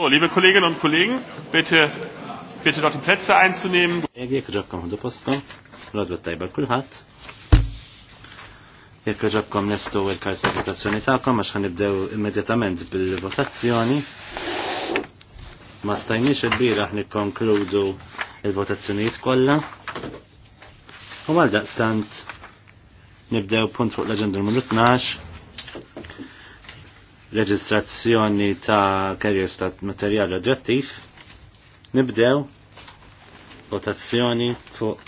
So, liebe Kolleginnen und Kollegen, bitte, bitte dort die Plätze einzunehmen. Jekk ġabkom għandu poskom, l-għodba tajba kullħat. Jekk ġabkom nestu il kajsa votazzjoni ta'kom, għax nibdew immedjatament bil-votazzjoni. Ma stajniex il-biraħ bira nikkonkludu il-votazzjonijiet kollha. U għal daqstant nibdew punt fuq l-agenda numru 12 reġistrazzjoni ta' karjers ta' materjal radioattiv. Nibdew votazzjoni fuq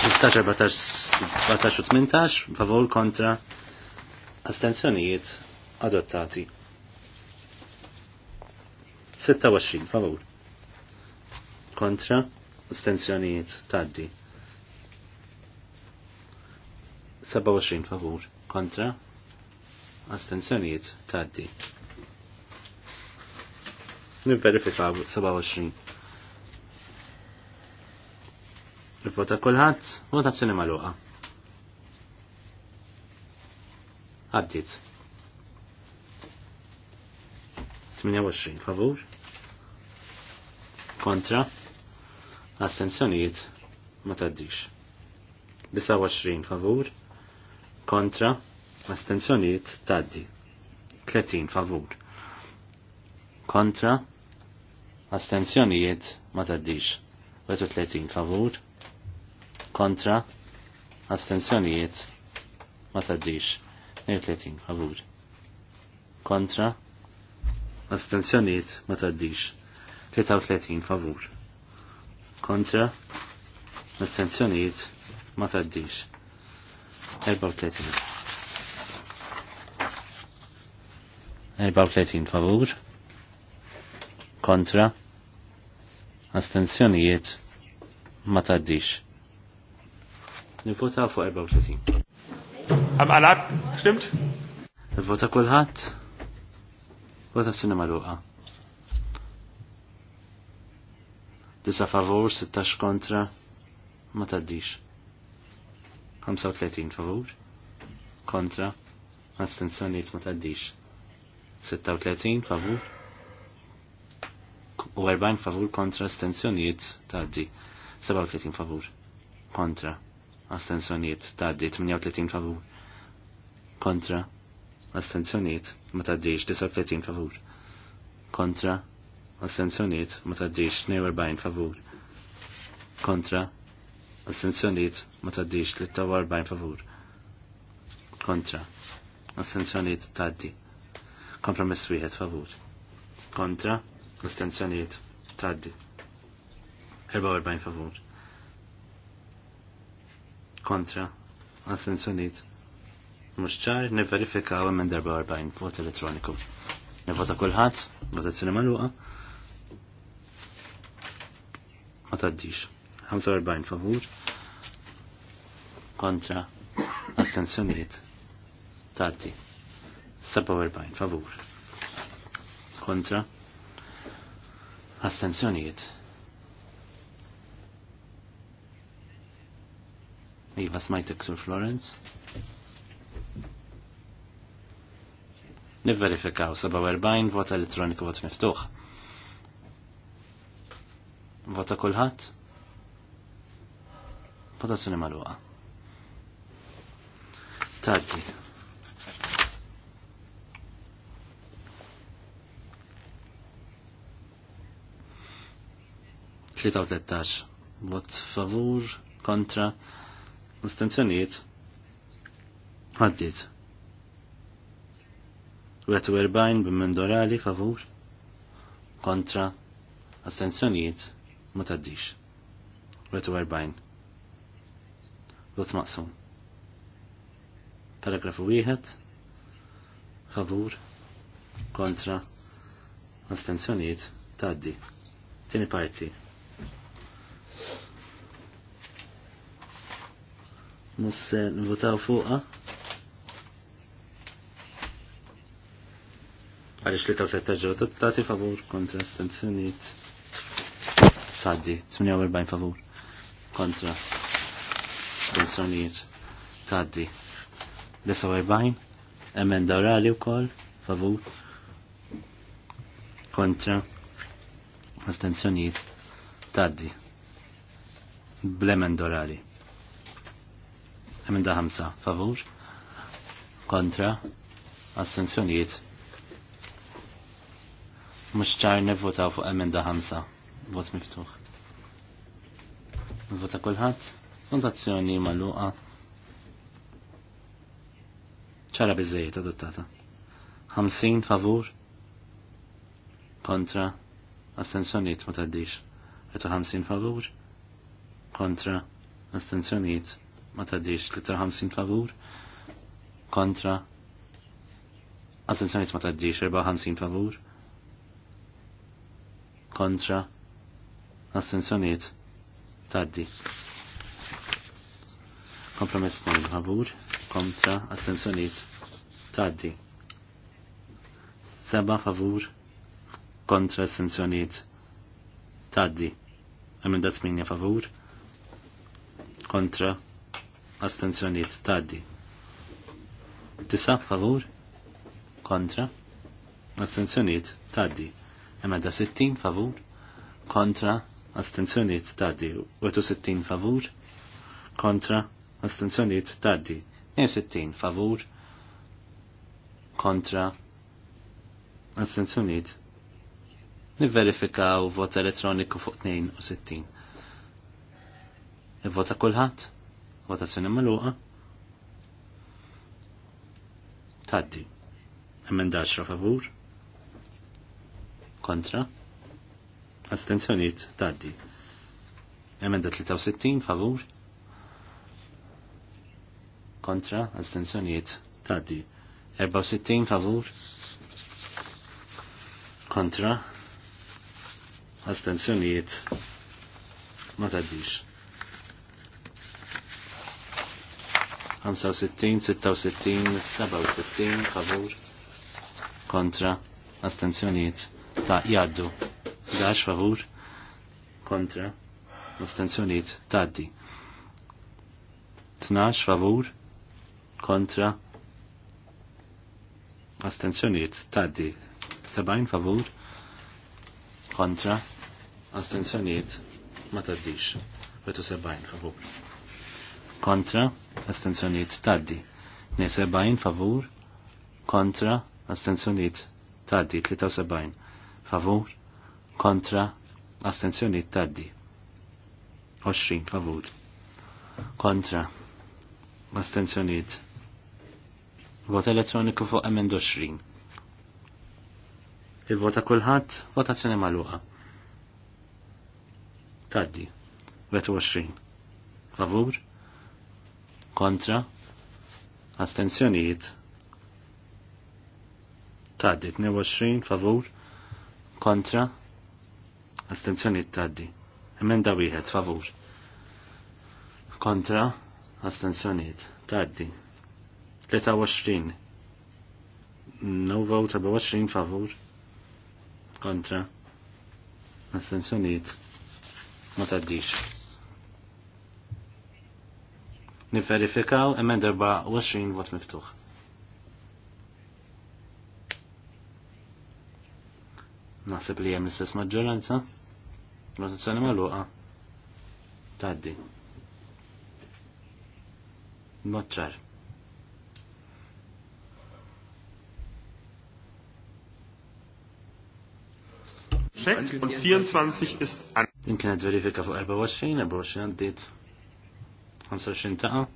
15-14-18 favor kontra astenzjonijiet adottati. 26 favor kontra astenzjonijiet taddi. 27 favor kontra astenzjonijiet taddi. Nivverifika 27. Il-vota kulħadd, votazzjoni magħluqa. Għaddit. 28 favur. Kontra. Astenzjonijiet ma taddix. 29 favur. Kontra astenzjoniet taddi. 30 favur. Kontra, astenzjonijiet ma taddix. 30 favur. Kontra, astenzjonijiet ma taddix. 32 favur. Kontra, astenzjonijiet ma taddix. 33 favur. Kontra, astenzjonijiet ma taddix. 34 34 favur kontra astensjonijiet ma taddix. Nivvota fuq 34. Għam għalab, xlimt? Vota kullħat? Vota s-sinna maluqa. Disa favur, 16 kontra, ma taddix. 35 favur, kontra, astenzjonijiet ma taddix. 36 favur u 40 favur kontra astensjonijiet taddi 37 favur kontra astensjonijiet taddi 38 favur kontra astensjonijiet ma taddix 39 favur kontra astensjonijiet ma taddix 42 favur kontra astensjonijiet ma taddix 43 favur kontra astensjonijiet taddi Kompromiss wieħed favur. Kontra, astenzjonijiet taddi. 44 favur. Kontra, astenzjonijiet. Mux ċar, niverifikaw emmen 44 vot elettroniku. Nivota kulħadd, votazzjoni magħluqa. Ma taddix. 45 favur kontra astensjoniet tati. 47 favur. Kontra. Astenzjonijiet. Iva smajtek sur Florence. Nivverifikaw 47 vota elettroniku vot miftuħ. Vota kulħadd? Suni magħluqa. Taddi. 33. Vot favur, kontra, astenzjoniet, għaddit. 41 b'mendorali favur, kontra, astenzjoniet, ma taddix. 41. Vot maqsum. Paragrafu 1. Favur, kontra, astenzjoniet, taddi. Tieni parti mus nvotaw fuqa. Għalix li taw tletta ġota tati favur kontra stanzjoniet. Faddi, 48 favur kontra stanzjoniet. Taddi, 49 emenda orali u kol favur kontra astenzjoniet taddi. Blemen dorali. Emenda 5 favur kontra Assenzjoniet? mux ċar nivvotaw fuq emenda 5 vot miftuħ Nevvota kulħadd Fondazzjoni maluqa? ċara bizzejiet adottata 50 favur kontra Assenzjoniet ma Eto 50 favur kontra astensjoniet ma taddix 53 favur kontra Attenzjoni ma taddix 54 favur kontra astenzjoniet taddi kompromess nejn favur kontra astenzjoniet taddi seba favur kontra astenzjoniet taddi emendat minja favur kontra astenzjoniet taddi. Tisa favur kontra astenzjoniet taddi. Emenda 60 favur kontra astenzjoniet taddi. 60 favur kontra astenzjoniet taddi. 60 favur kontra astenzjoniet Niverifikaw vot elettroniku fuq 62. Ivvota kulħadd? Votazzjoni maluqa. Taddi. Emenda daċra favur. Kontra. Attenzjoniet, taddi. Emenda 63 favur. Kontra. Attenzjoniet, taddi. 64 favur. Kontra. Attenzjoniet, ma taddix. 65, 66, 67, favur, kontra, astenzjoniet ta' jaddu. 11 favur, kontra, astenzjoniet taddi. 12 favur, kontra, astenzjoniet taddi. 70 favur, kontra, astenzjoniet ma taddix. 70 favur kontra, astenzjoniet taddi. Nej favur, kontra, astenzjoniet taddi. 73 favur, kontra, astenzjoniet taddi. 20 favur, kontra, astenzjoniet. Vot elettroniku fuq emend 20. Il-vota kulħadd, votazzjoni magħluqa. Taddi. 20. Favur? kontra astenzjonijiet taddi 22 favur kontra astenzjonijiet taddi emenda wieħed favur kontra astenzjonijiet taddi 23 no vote 24 favur kontra astenzjonijiet ma taddix Niverifikaw emmen darba 20 vot miftuħ. Naħseb li jem l-istess maġġoranza. Votazzjoni magħluqa. Taddi. Moċċar. Check und 24 ist an. Din kienet verifika fuq 24, 24 għaddit. 25 taqa,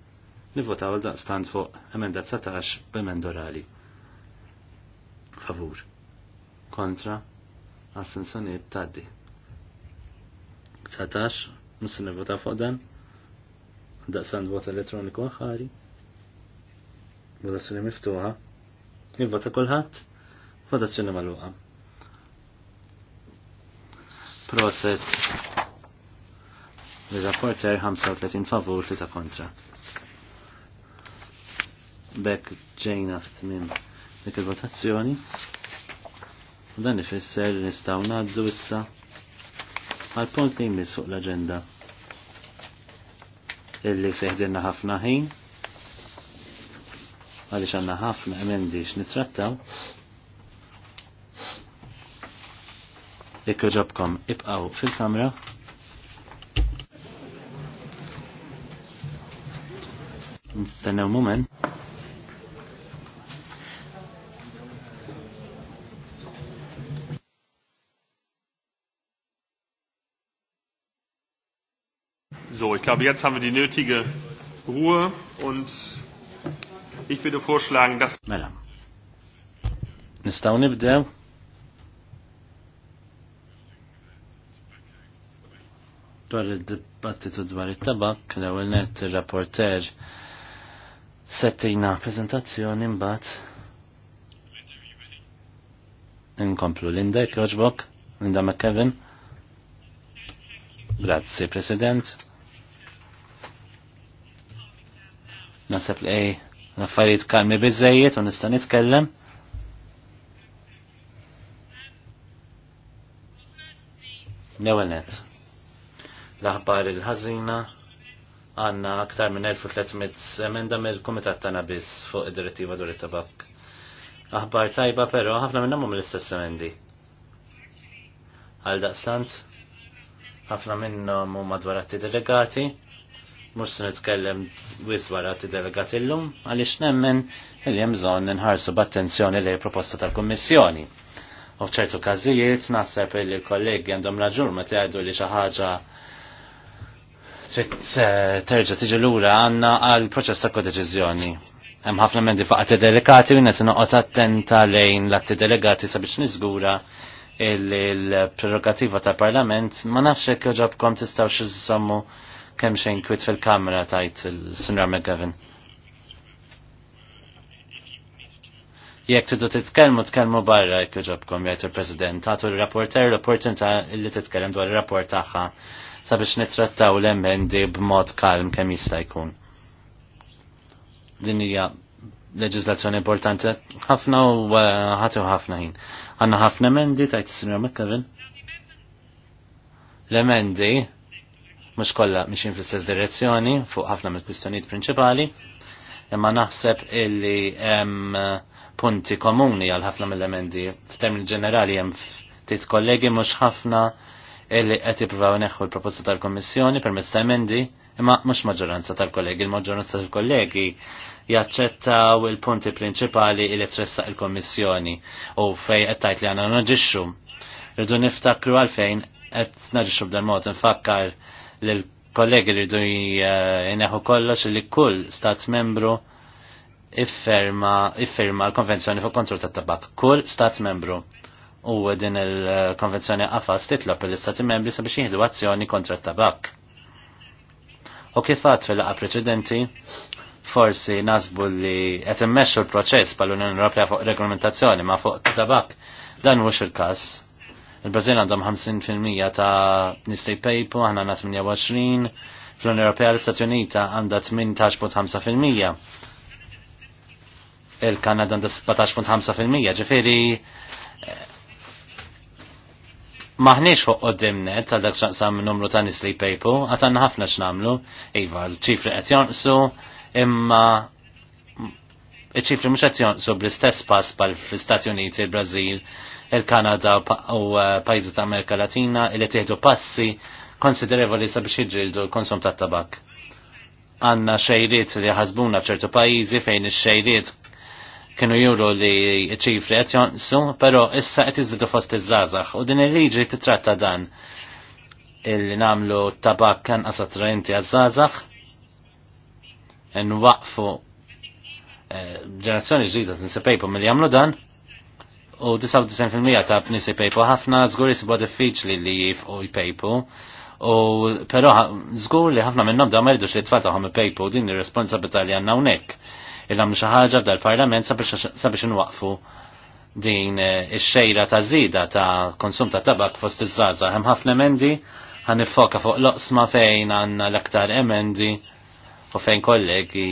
nivvotaw għal daqstant fuq emenda 19 b'emenda orali. Favur. Kontra. Assenzjoniet taddi. 19, mus nivvotaw fuq dan. Daqstant vot elettroniku ħari. Votazzjoni miftuħa. Nivvota kulħadd. Votazzjoni maluqa. Proset. Il-rapporter 35 favur 3 kontra. Bek ġejna f'tmim dik il-votazzjoni. U dan ifisser li nistgħu ngħaddu issa għal punt li jmiss fuq l-aġenda. Illi se seħdilna ħafna ħin għaliex għandna ħafna emendi nitrattaw. Ikkoġobkom ibqgħu fil-kamra. Nistennew moment. So, ich glaube, jetzt haben wir die nötige Ruhe und ich würde vorschlagen, dass... Mela. Nistaw nibdew? Dwar il-dibattitu dwar il-tabak, l-ewel net il-rapporter settina prezentazzjoni mbagħad inkomplu Linda Kroġbok, Linda McKevin. Grazzi President. Nasab li ej l-affarijiet kalmi biżejjed u nista' nitkellem. L-ewwel L-aħbar il-ħażina għanna aktar minn 1300 emenda mill komitat tana biss fuq id-direttiva dwar it-tabak. Aħbar tajba però ħafna minnhom hum l-istess emendi. Għal daqstant, ħafna minnhom huma dwar delegati, mux se nitkellem wis dwar atti delegati llum għaliex nemmen il jem bżonn nħarsu b'attenzjoni li proposta tal-Kummissjoni. U f'ċertu każijiet naħseb li l-kollegi għandhom raġur ma jgħidu li xi ħaġa trid eh, terġa' tiġi lura għandna għal proċess ta' kodeċiżjoni. Hemm ħafna mendi fuq atti delegati u nes noqgħod attenta lejn l-atti delegati sabiex niżgura il-prerogativa ta' parlament ma nafx hekk joġobkom tistgħu xi kemm xejn kwit fil-kamra tajt il-Sinra McGavin. Jekk tiddu titkellmu tkellmu barra jekk iġobkom jgħid il-President, għatu l-rapporter l-opportunità li titkellem dwar ir-rapport tagħha sabiex nittrattaw l-emendi b'mod kalm kemm jista' jkun. Din hija leġislazzjoni importanti ħafna u uh, ħatu ħafna ħin. Għanna ħafna emendi tajt is sinjor McKevin. L-emendi mhux kollha mixin fl-istess direzzjoni fuq ħafna mill kwistjonijiet prinċipali, imma naħseb illi hemm uh, punti komuni għal ħafna mill-emendi. F'termin ġenerali hemm ftit kollegi mhux ħafna illi qed jippruvaw neħħu l-proposta tal-Kommissjoni permezz ta' emendi, imma mhux maġġoranza tal-kollegi, il-maġġoranza tal-kollegi jaċċettaw il-punti prinċipali li tressaq il-Kommissjoni u fej qed tajt li għandna naġixxu. Rridu niftakru għalfejn qed naġixxu b'dan mod nfakkar lil kollegi li rridu jneħu eh, kollox li kull stat membru ifferma iffirma l-Konvenzjoni fuq kontrol tat tabak kull stat membru u din il-konvenzjoni għafas titlob l-istati membri sabiex jihdu azzjoni kontra t-tabak. U kifat fil-laqa preċedenti, forsi nasbu li qed immexxu l-proċess bħall unjoni Ewropea fuq regolamentazzjoni ma fuq tabak dan mhux il-każ. Il-Brażil għandhom 50% ta' nistej pejpu, aħna għandna 28, fl-Unjoni Ewropea l-Istati Unita għandha 18.5% il-Kanada għandha 17.5% ġifieri eh, maħniex fuq qoddimnet għal dak xaqsam numru ta' nisli pejpu, għatanna ħafna x'namlu, iva l-ċifri qed jonqsu, imma iċ-ċifri mhux qed jonqsu bl-istess pass bħal fl-Istati Uniti, il-Brażil, il-Kanada u eh, pajjiżi ta' Amerika Latina li tieħdu passi konsiderevoli sabiex jiġġieldu l-konsum tat-tabak. Għanna xejriet li ħasbuna f'ċertu pajjiżi fejn ix-xejriet kienu juru li ċifri qed jonqsu, però issa qed iżidu fost iż żazax u din il-liġi titratta dan illi nagħmlu tabak kan rajinti għaz-żazax, n waqfu eh, ġenerazzjoni ġdida tinsepejpu milli jagħmlu dan u 99% ta' nisipejpu ħafna żgur jisibha diffiċli li jifqu jpejpu. U pero żgur li ħafna minnhom da meridux li tfal tagħhom ipejpu din ir-responsabilità li għandna hawnhekk il-għamlu xaħġa f'dal-parlament sabiex nwaqfu din eh, ix-xejra ta' zida ta' konsum ta' tabak fost iż-żaza. Hemm ħafna emendi ħan foka fuq loqsma fejn għandna l-aktar emendi u fejn kollegi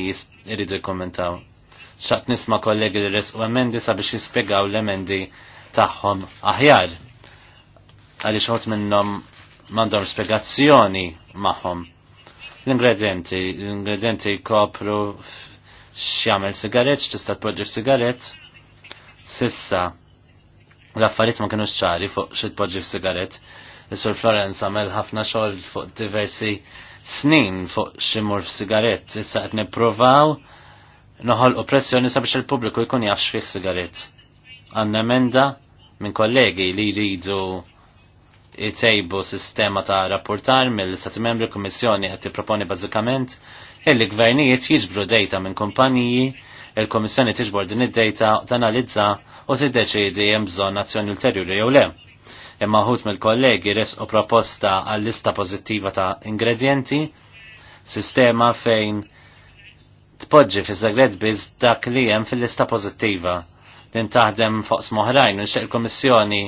jridu jkommentaw. Xaqt nisma' kollegi li resqu emendi sabiex jispjegaw l-emendi tagħhom aħjar. Għaliex ħodt minnhom m'għandhom spjegazzjoni magħhom. L-ingredienti, l-ingredienti kopru xiamel sigaret, x'tista' tpoġġi sigaret Sissa l-affarijiet ma kinux ċari fuq xi tpoġġi f'sigaret. Is-Sur Florence għamel ħafna xogħol fuq diversi snin fuq xi mur f'sigaret. Issa qed nippruvaw u pressjoni sabiex il-pubbliku jkun jaf x'fih sigaret. Għanna emenda minn kollegi li jridu jtejbu sistema ta' rapportar mill-Stati Membri Kummissjoni qed tipproponi bażikament il-gvernijiet jiġbru data minn kumpaniji, il-Komissjoni tiġbor din id-dejta tanalizza u tiddeċiedi hemm bżonn azzjoni ulterjuri jew le. Imma ħut mill-kollegi resqu proposta għal lista pożittiva ta' ingredienti, sistema fejn tpoġġi fi segret biz dak li hemm fil-lista pożittiva. Din taħdem fuq smoħrajn u il-Komissjoni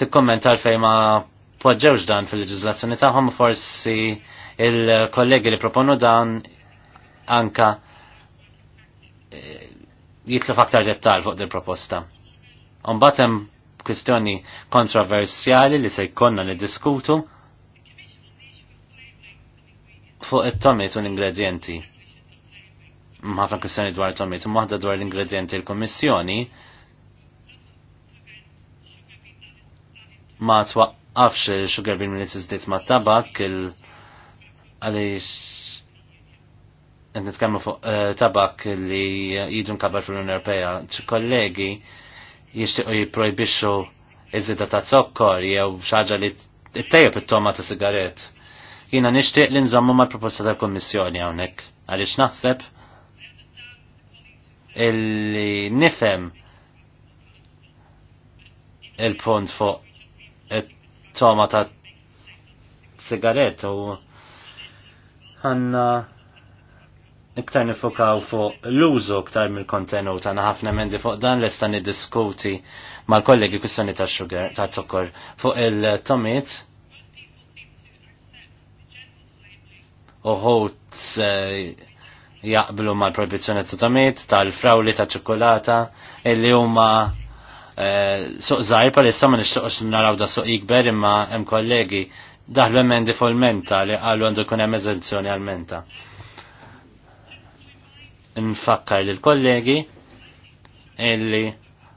tikkommentar fejn ma poġġewx dan fil leġizlazzjoni tagħhom forsi Il-kollegi li proponu dan anka eh, jitlu faktar dettal fuq dil proposta. Unbatem kwistjoni kontroversjali li se jkonna li diskutu fuq it-tomit u l-ingredienti. Mħafna kwistjoni dwar tomit, mħadda dwar l-ingredienti l komissjoni ma twaqqafx il-sugar bean li tizdit ma' tabak, il- għaliex qed nitkellmu fuq eh, tabak li jidru nkabar fl-Unjoni Ewropea, ċi kollegi jixtiequ jipprojbixxu iż-żieda ta' zokkor jew xaġa li ttejjeb it-toma ta' sigaret. Jiena nixtieq li nżommu mal-proposta tal-Kummissjoni hawnhekk għaliex naħseb illi nifhem il-punt fuq it-toma ta' sigaret u għanna iktar nifokaw fuq l-użu iktar mill-kontenut għanna ħafna mendi fuq dan l-istan diskuti mal-kollegi kussjoni ta' sugar ta' zokkor fuq il-tomit uħut eh, jaqblu mal-proibizjoni ta' tomit tal-frawli ta' ċokolata illi huma eh, suq zaħir pal-issa ma nixtieqx naraw da suq ikber imma hemm kollegi daħlu emendi fuq il-menta li għallu għandu kun hemm eżenzjoni għal-menta. Nfakkar l kollegi illi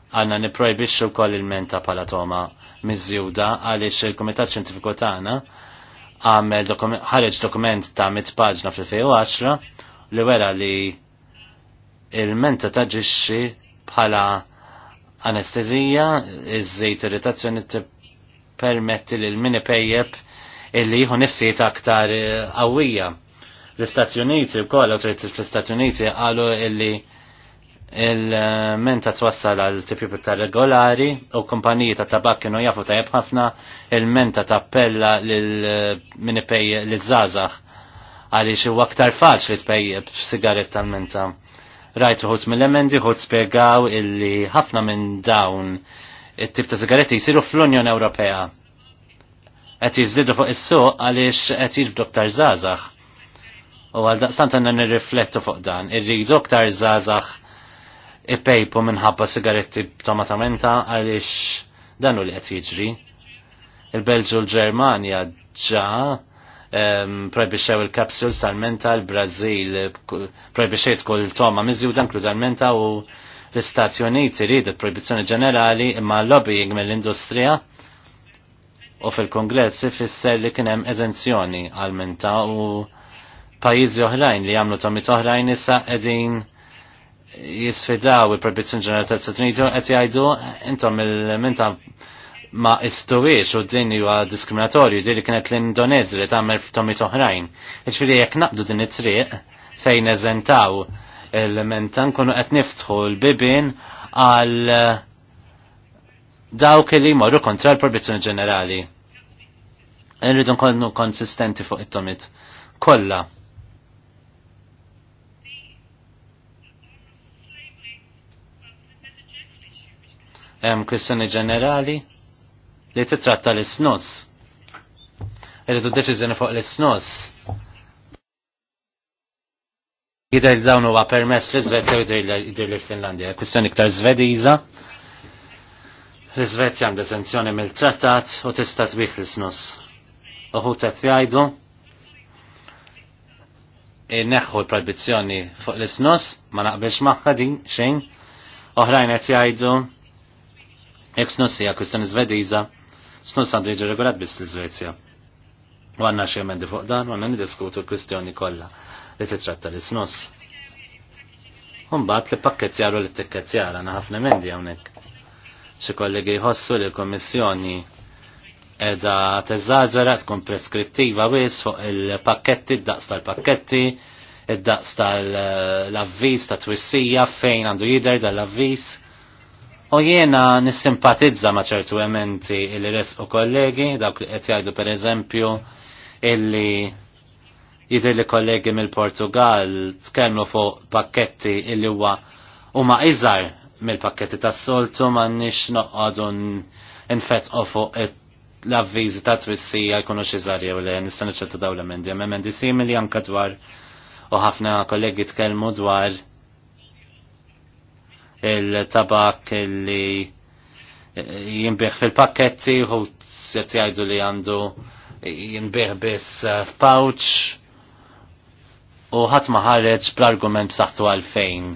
għanna niprojbixu wkoll il-menta pala toma miżjuda għaliex il-Kumitat Xjentifiku tagħna għamel ħareġ dokument ta' mit paġna fl-2010 li wera li il-menta taġixxi bħala anestezija, iż-żejt irritazzjoni permetti li l-mini pejjeb illi jieħu nifsijiet aktar eh, qawwija. L-Istati Uniti wkoll awtoritajiet fl-Istati Uniti qalu illi il-menta twassal għal tipju iktar regolari u kumpaniji ta' tabak kienu jafu ta' ħafna il-menta tappella l-minipej eh, l-żazax għaliex huwa aktar faċli tpej sigaret tal-menta. Rajt uħut mill-emendi uħut spiegaw illi ħafna minn dawn it-tip ta' sigaretti jisiru fl-Unjon Ewropea qed jiżdiedu fuq is-suq għaliex qed jiġbdu ktar żgħażagħ. U għal daqstant għandna nirriflettu fuq dan, irridu ktar żgħażagħ pejpu minħabba sigaretti b'tomatamenta għaliex dan u li qed jiġri. Il-Belġu l-Ġermanja ġa ehm, projbixxew il capsules tal-menta, l-Brażil projbixxejt kull toma miżju dan klu tal-menta u l-Istati Uniti rid il ġenerali imma l lobbying mill-industrija u fil-kongress ifisser li kien hemm eżenzjoni għal minta u pajjiżi oħrajn li jagħmlu tomit oħrajn issa qegħdin jisfidaw il-Probizzjoni Ġenerali tal-Stati Uniti qed jgħidu intom il-minta ma istuwiex u din huwa diskriminatorju din li kienet l-Indonezja li tagħmel f'tomit oħrajn. Jiġifieri jekk naqdu din it-triq fejn eżentaw il-menta nkunu qed niftħu l-bibin għal uh, dawk li jmorru kontra l-probizzjoni ġenerali. Nridu nkunu konsistenti fuq it-tomit. Kolla. Hemm kwistjoni ġenerali li titratta l-isnus. Irridu deċiżjoni fuq l-isnus. Jidher dawn huwa permess l-Iżvezja u jidher l-Finlandja. Kwistjoni iktar Svediża L-Svezja għandha esenzjoni mill-trattat u tista' tbih l-snus. Uħu qed jgħidu neħħu l-proibizzjoni fuq l-snus, ma naqbilx magħha din xejn. Oħrajn qed jgħidu jekk snus hija kwistjoni Svediża, snus għandu jiġi regolat biss l-Svezja. U għandna xi emendi fuq dan u għandna niddiskutu l-kwistjoni kollha li titratta l-snus. Umbat li pakket jaru li t-tikket jara, ħafna mendi għonek. Xi kollegi jħossu li l-Kommissjoni edha teżaġġera tkun preskrittiva wis fuq il-pakketti, id-daqs tal-pakketti, id-daqs tal-avviż ta' twissija fejn għandu jidher dal-avviż. U jiena nissimpatizza ma' ċertu elementi li res u kollegi, dawk li qed jgħidu pereżempju illi jidher li kollegi mill-Portugal tkellmu fuq pakketti illi huwa huma iżgħar mill-pakketti tas-soltu m'għandniex noqogħdu nfetqu fuq l-avviżi ta' twissija jkunu xi żarjew le nista' niċċetta dawn l-emendi. Emendi simili anke dwar u ħafna kollegi tkellmu dwar il-tabak li jimbiħ fil-pakketti u set jgħidu li għandu jinbih biss f'pouch u ħadd ma ħareġ bl-argument b'saħħtu għalfejn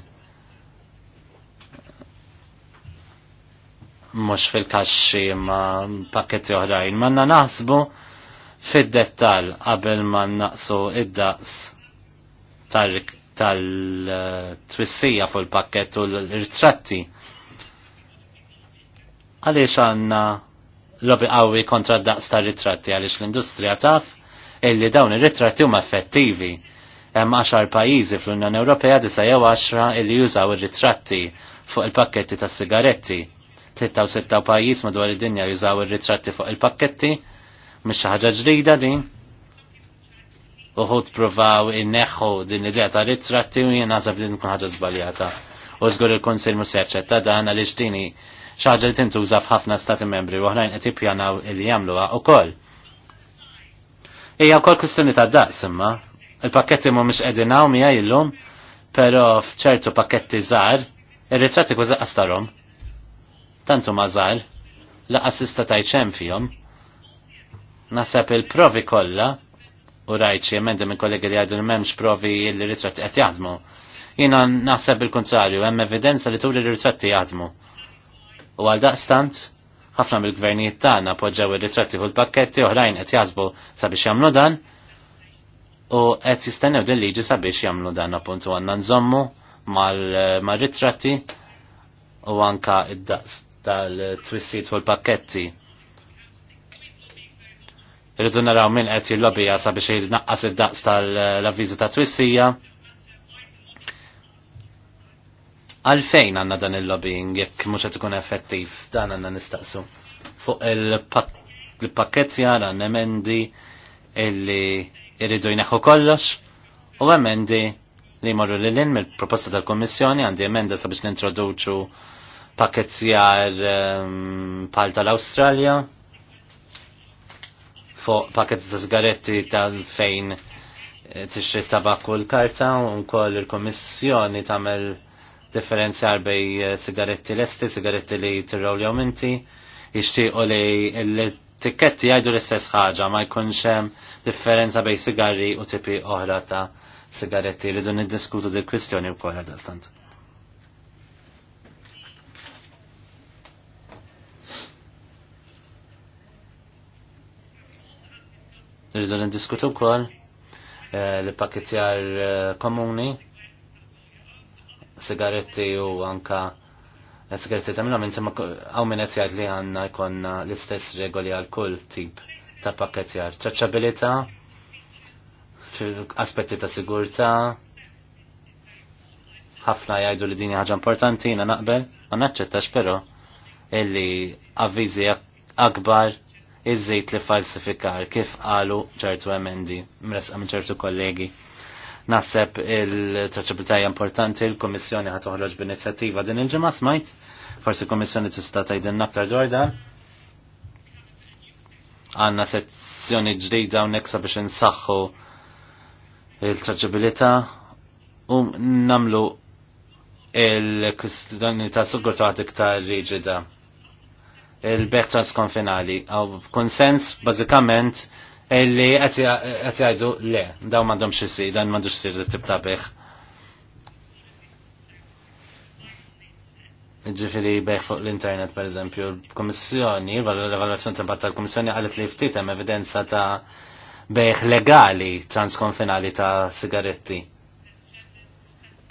mhux fil-kaxxi ma' pakketti oħrajn. Manna naħsbu fid-dettal qabel ma naqsu id-daqs tal-twissija fuq il-pakket u l-ritratti. Għaliex għanna lobby qawwi kontra d-daqs tal-ritratti għaliex l-industrija taf illi dawn ir-ritratti huma effettivi. Hemm 10 pajjiżi fl-Unjoni Ewropea disa jew 10 illi jużaw ir-ritratti fuq il-pakketti tas-sigaretti. 36 pajjiż madwar id-dinja jużaw ir-ritratti fuq il-pakketti, mhix xi ħaġa ġrida din. Uħud provaw inneħħu din l-idea ta' ritratti u jien naħseb li nkun ħaġa żbaljata. U żgur il-Kunsill mhux jaċċetta dan għaliex dini xi ħaġa li tintuża f'ħafna stati membri u oħrajn qed jippjanaw li jagħmluha wkoll. Ejja wkoll kwistjoni ta' daqs imma. Il-pakketti mhumiex qegħdin hawn miegħi illum, però f'ċertu pakketti żgħar ir-ritratti kważi qastarhom tantu mażar, la tista' tajt xem fihom. Nasab il-provi kollha u rajt xi il kollegi li għadu m'hemmx provi li ritratti qed jaħdmu. Jiena naħseb il-kontrarju, hemm evidenza li tuli li ritratti jaħdmu. U għal daqstant, ħafna mill-gvernijiet tagħna poġġew ir-ritratti fuq l-pakketti oħrajn qed jaħsbu sabiex jagħmlu dan u qed jistennew din liġi sabiex jagħmlu dan appuntu għandna nżommu mal-ritratti eh, u anka id-daqs tal-twissit fuq il-pakketti. Rridu naraw minn qed jillobija sabiex jitnaqqas id-daqs tal-avviżi ta' twissija. Għalfejn għanna dan il-lobbying jekk mhux qed ikun effettiv dan għandna nistaqsu. Fuq il-pakket jara emendi illi irridu jneħħu kollox u emendi li jmorru l lin mill-proposta tal-Kommissjoni għandi emenda sabiex nintroduċu pakket ehm, pal tal-Australja, fuq pakket ta' sigaretti tal-fejn eh, tixri tabakku l-karta, unkoll il-Komissjoni tamel differenzjar bej eh, sigaretti lesti, sigaretti li tirraw li jominti, u li l-tikketti jgħidu l-istess ħaġa, ma jkunx hemm differenza bej sigarri u tipi oħra ta' sigaretti. Ridu niddiskutu dil kwistjoni wkoll għal dastant. Nridu nindiskutu wkoll eh, li pakketjar eh, komuni sigaretti u anka eh, sigaretti tamilom insemma għaw minn qed li għandna jkollna l-istess regoli għal kull tip ta' pakketjar. Traċċabilità aspetti ta' sigurtà ħafna jgħidu li dini ħaġa importanti, jina naqbel, ma naċċettax però illi avvizi akbar iż-żejt li falsifikar kif qalu ċertu emendi mresqa minn ċertu kollegi. Naħseb il-traċabilità importanti l komissjoni ħat toħroġ b'inizjattiva din il-ġimgħa smajt, forsi l-Kommissjoni tista' tgħidilna aktar dwar dan. Għandna sezzjoni ġdida hawnhekk sabiex insaħħu il-traċabilità u namlu il-kustudani ta' sugur ta' iktar riġida il-beħ transkonfinali, għaw konsens bazikament illi għati jgħidu le, daw mandom xissi, dan mandu xissi li tibta beħ. Ġifiri beħ fuq l-internet, per eżempju, l-Komissjoni, l-evaluazzjoni ta' tal l-Komissjoni għalet li ftit hemm evidenza ta' beħ legali transkonfinali ta' sigaretti.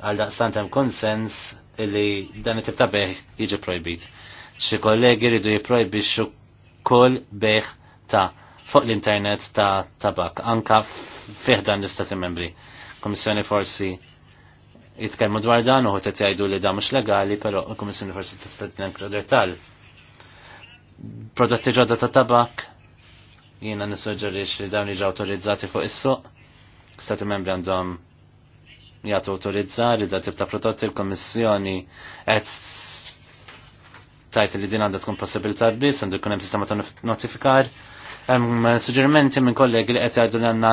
Għal daqsantem hemm konsens illi dan it-tibta beħ jiġi projbit. Xi kollegi ridu jipprojbixxu kull beħ ta' fuq l-internet ta' tabak, anka fiħdan l-istati membri. Komissjoni forsi jitkellmu dwar dan uħu qed jgħidu li dan mhux legali, però l-Kummissjoni forsi titkellem proder tal. Prodotti ġodda ta' tabak jiena nissuġġerix li dawn jiġu awtorizzati fuq is-suq. Stati membri għandhom jagħtu awtorizzar li da tip ta' prodotti l-Kummissjoni qed tajt li din għandha tkun possibilità biss, għandu jkun hemm sistema ta' notifikar. Hemm suġġerimenti minn kollegi li qed jgħidu li għandna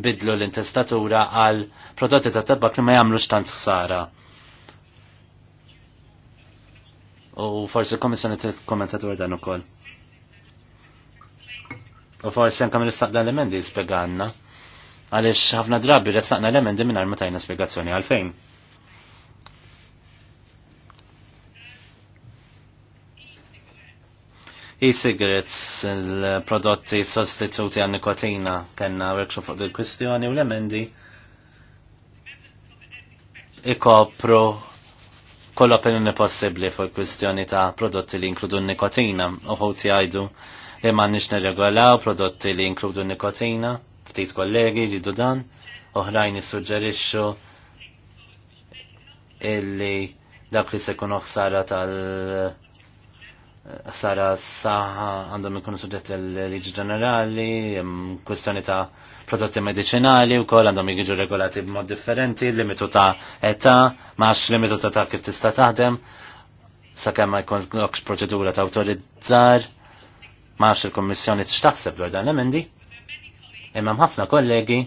nbidlu l-intestatura għal prodotti ta' tabak li ma jagħmlux tant ħsara. U forsi l-Komissjoni tikkommenta dwar dan ukoll. U forsi anke kamil istaqda l-emendi jispjeganna għaliex ħafna drabi ressaqna l-emendi minn ma tajna spjegazzjoni għalfejn. e-cigarettes, il-prodotti sostituti għan nikotina, kena workshop fuq dil-kwistjoni u l-emendi ikopru koll opinjoni possibbli fuq kwistjoni ta' prodotti li inkludu nikotina u ħuti għajdu li ma' nix neregolaw prodotti li inkludu nikotina, ftit kollegi li dan, oħrajn jissuġġerixxu illi dak li se kun ħsara tal- sara saħħa għandhom ikunu suġġett l-liġi ġenerali, kwistjoni ta' prodotti medicinali u koll għandhom jiġu regolati b'mod differenti, limitu ta' età, max limitu ta' ta' kif tista' taħdem, sakemm ma jkunx proċedura ta' awtorizzar, max il-Kommissjoni tixtaħseb dwar dan l-emendi. Imma ħafna kollegi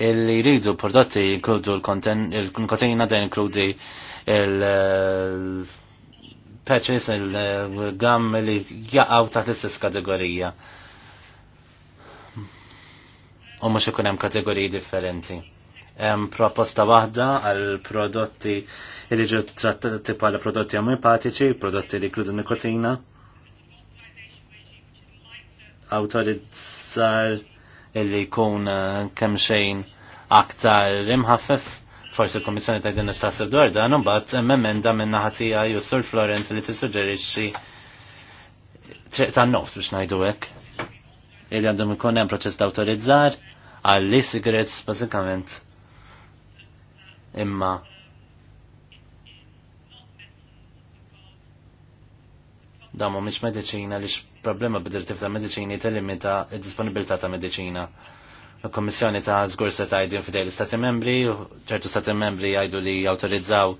illi jridu prodotti jinkludu l-kontenina da jinkludi il-patches, eh, il-gam eh, li jaqaw taħt l-istess kategorija. U mux ikun hemm kategoriji differenti. proposta waħda għal prodotti li ġu trattati bħala prodotti omipatiċi, prodotti li jkludu nikotina. Autorizzar illi jkun eh, kemm xejn aktar imħaffef forsi l kummissjoni ta' din nistaħseb dwar dan imbagħad hemm emenda minn naħa tiegħi u Sur Florence li tissuġġerixxi triq tan-nofs biex ngħidu hekk. Illi għandhom ikun hemm proċess ta' awtorizzar għall cigarettes bażikament imma damu mhix mediċina li problema b'dirtif ta' medicini telimita il-disponibilità ta' medicina. Il-Kommissjoni ta' zgur se tajdin fidej l-Stati membri, ċertu Stati membri jgħidu li jautorizzaw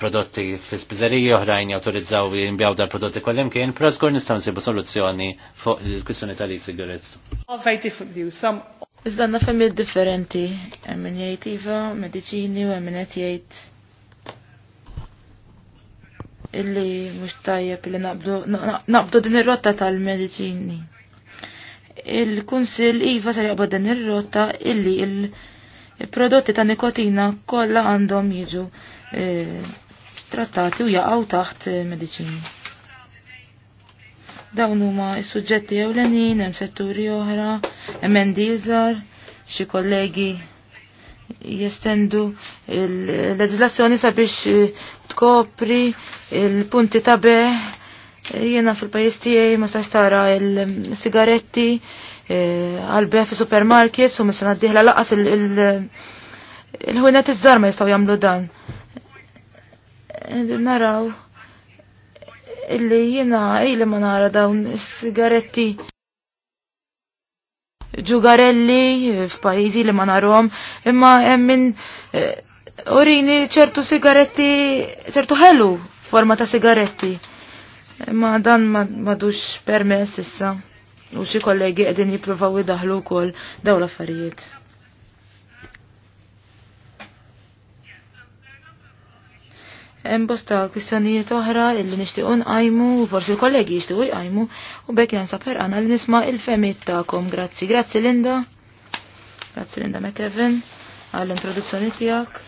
prodotti fi spizzeriji oħrajn jautorizzaw jimbjaw dal prodotti kollimkien, pero zgur nistaw nsibu soluzzjoni fuq il-kwissjoni tal-e-cigarettes. Iżda nafem il-differenti, min jgħid iva, medicini u emmin jgħid illi mhux tajjeb li naqbdu din ir-rotta tal-mediċini. Il-Kunsill iva ser jaqbad din ir-rotta illi il-prodotti ta' nikotina kollha għandhom jiġu e, trattati u jaqgħu taħt e, mediċini. Dawn huma s-suġġetti ewlenin, hemm setturi oħra, hemm endizar, xi kollegi jestendu l-leġislazzjoni sabiex e, tkopri il-punti ta' be, jiena fil-pajis tiegħi ma stax tara il-sigaretti eh, be fi supermarkets u mis-sena diħla laqas il-ħwinet iż-żar ma jistgħu jagħmlu dan. Eh, naraw illi jiena ejli ma nara dawn is-sigaretti ġugarelli f'pajjiżi li ma narhom imma hemm min eh, urini ċertu sigaretti, ċertu ħelu forma ta' sigaretti. Ma dan madux permess issa. U xi kollegi qegħdin jippruvaw idaħlu wkoll daw l-affarijiet. Em bosta kwistjonijiet oħra illi nixtiequ nqajmu u forsi l-kollegi jixtiequ jqajmu u bekk jansab għana li nisma' il femit tagħkom. Grazzi, grazzi Linda. Grazzi Linda McKevin għall-introduzzjoni tiegħek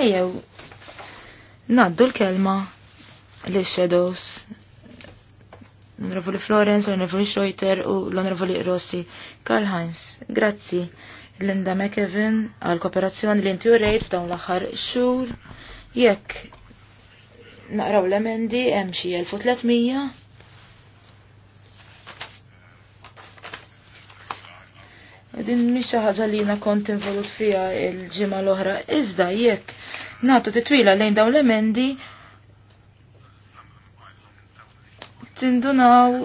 ejjew naddu l-kelma li shadows l-Onorevoli Florence, l-Onorevoli Schroeter u l-Onorevoli Rossi. Karl Heinz, grazzi Linda McEvin għal kooperazzjoni li inti rejt f'dawn l-aħħar xhur. Jekk naqraw l-emendi hemm xi 1300 Din mi xi ħaġa li na kont involut fiha il-ġimgħa l-oħra, iżda jekk nagħtu titwila lejn dawn l-emendi tindunaw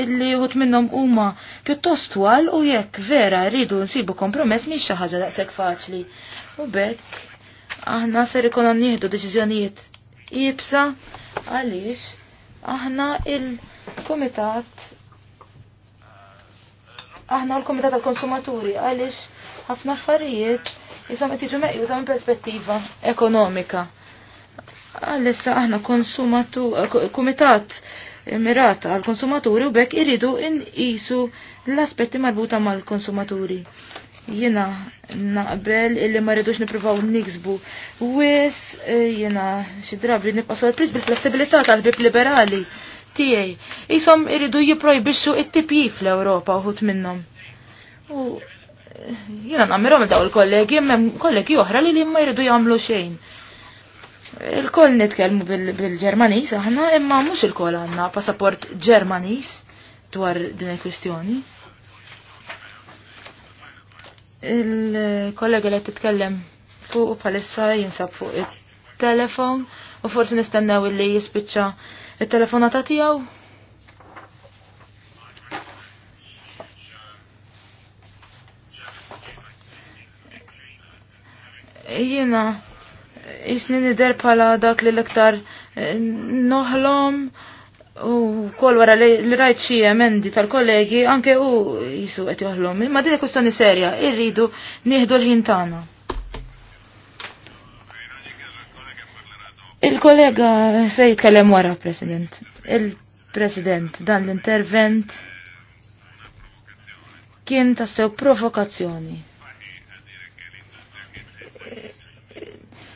illi uħut minnom huma pjuttost twal u jekk vera rridu nsibu kompromess mi xi ħaġa daqshekk faċli. U bekk aħna ser ikun njihdu deċiżjonijiet jibsa għaliex aħna il-kumitat aħna l-Komitat tal-Konsumaturi għaliex ħafna affarijiet jisom qed jiġu meqjuża minn perspettiva ekonomika. Għalissa aħna kumitat mirat għal konsumaturi u bekk irridu inqisu l-aspetti marbuta mal-konsumaturi. Jiena naqbel illi ma rridux nippruvaw niksbu. Wis jiena xi drabi nibqa' sorpriż bil-flessibilità tal-bib liberali tiegħi. Ishom iridu jipprojbixxu it tipji fl-Ewropa uħut minnhom. U jiena nagħmirhom daw il-kollegi, hemm kollegi oħra li li ma jridu jagħmlu xejn. Il-koll nitkellmu bil-Ġermaniż aħna imma mhux il-koll għandna passaport Ġermaniż dwar din il-kwistjoni. Il-kollega li titkellem fuq palissa jinsab fuq il-telefon u forsi nistennew illi jispiċċa Il-telefonata tijaw? Jina, jisni nider pala dak li l-iktar eh, noħlom u kol wara li rajt xie emendi tal-kollegi anke u jisu għet joħlom. Ma din kustoni serja, irridu nieħdu l-ħintana. Il-kollega se jitkellem wara, President. Il-President dan l-intervent kien tassew provokazzjoni.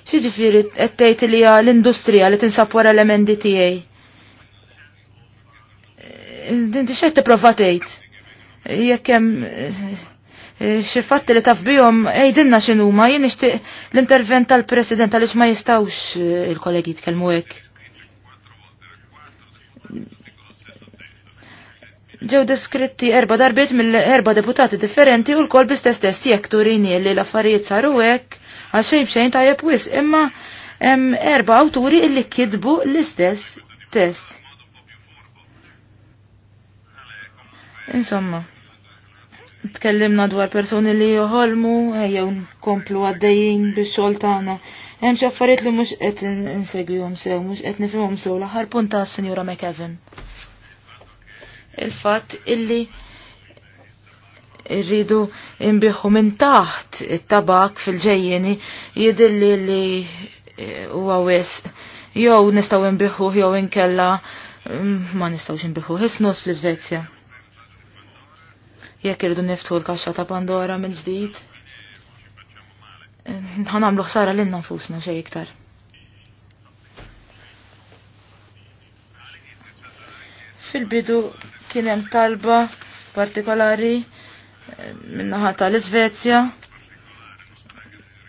Xieġifiri tgħid li l-industrija li tinsab wara l-emendi tijaj. Dinti tipprova tgħid. provatejt Jekkem xi fatti li taf bijom, ejdinna x'inhuma jien nixtieq l-intervent tal-President għaliex ma jistawx eh, il-kollegi tkelmu hekk. ġew diskritti erba darbiet mill-erba deputati differenti u l-kol bistess test jekk turini li l-affarijiet saru hekk għal xejn b'xejn tajjeb wis imma hemm erba awturi li kidbu l-istess test. Insomma. Tkellimna dwar persuni li joħolmu, ejjew nkomplu għaddejjin biex xogħol tagħna. Hemm xi affarijiet li mhux qed insegwihom sew, mhux qed nifhimhom sew l-aħħar punt ta' Sinjura McEvin. Il-fatt illi irridu imbiħu minn taħt it-tabak fil-ġejjeni jidilli li e, huwa wis jew nistgħu nbiħu jew inkella mm, ma nistgħux nbiħu ħisnus fl-Iżvezja jekk irridu niftħu l-kaxxa ta' Pandora mill-ġdid. nagħmlu ħsara lil nfusna xejn iktar. Fil-bidu kien hemm talba partikolari eh, minnaħa tal-Iżvezja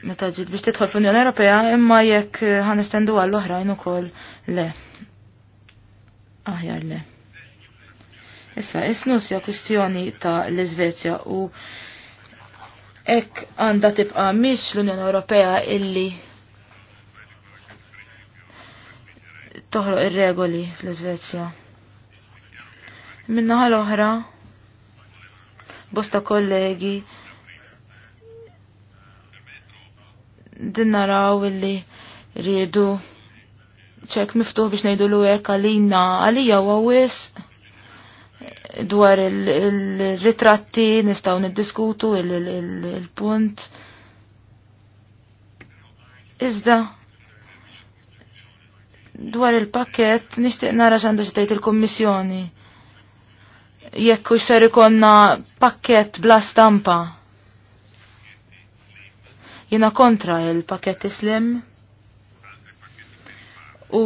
meta ġiet biex tidħol fl-Unjoni Ewropea imma jekk eh, ħanistendu għall oħrajn ukoll le. Aħjar le. Issa, isnusja kwistjoni ta' l-Izvezja u ek għanda tibqa miex l-Unjoni Ewropea illi toħlo ir-regoli fl-Iżvezja. Minna l-oħra, bosta kollegi, din naraw illi rridu ċek miftuħ biex nejdu l-għek għalina għalija għawis dwar il-ritratti il nistaw niddiskutu il-punt. Il il Iżda dwar il-pakket nixtieq nara xandu xi tgħid il-Kummissjoni. Jekk hux ser ikonna pakket bla stampa. Jiena kontra il-pakket islim u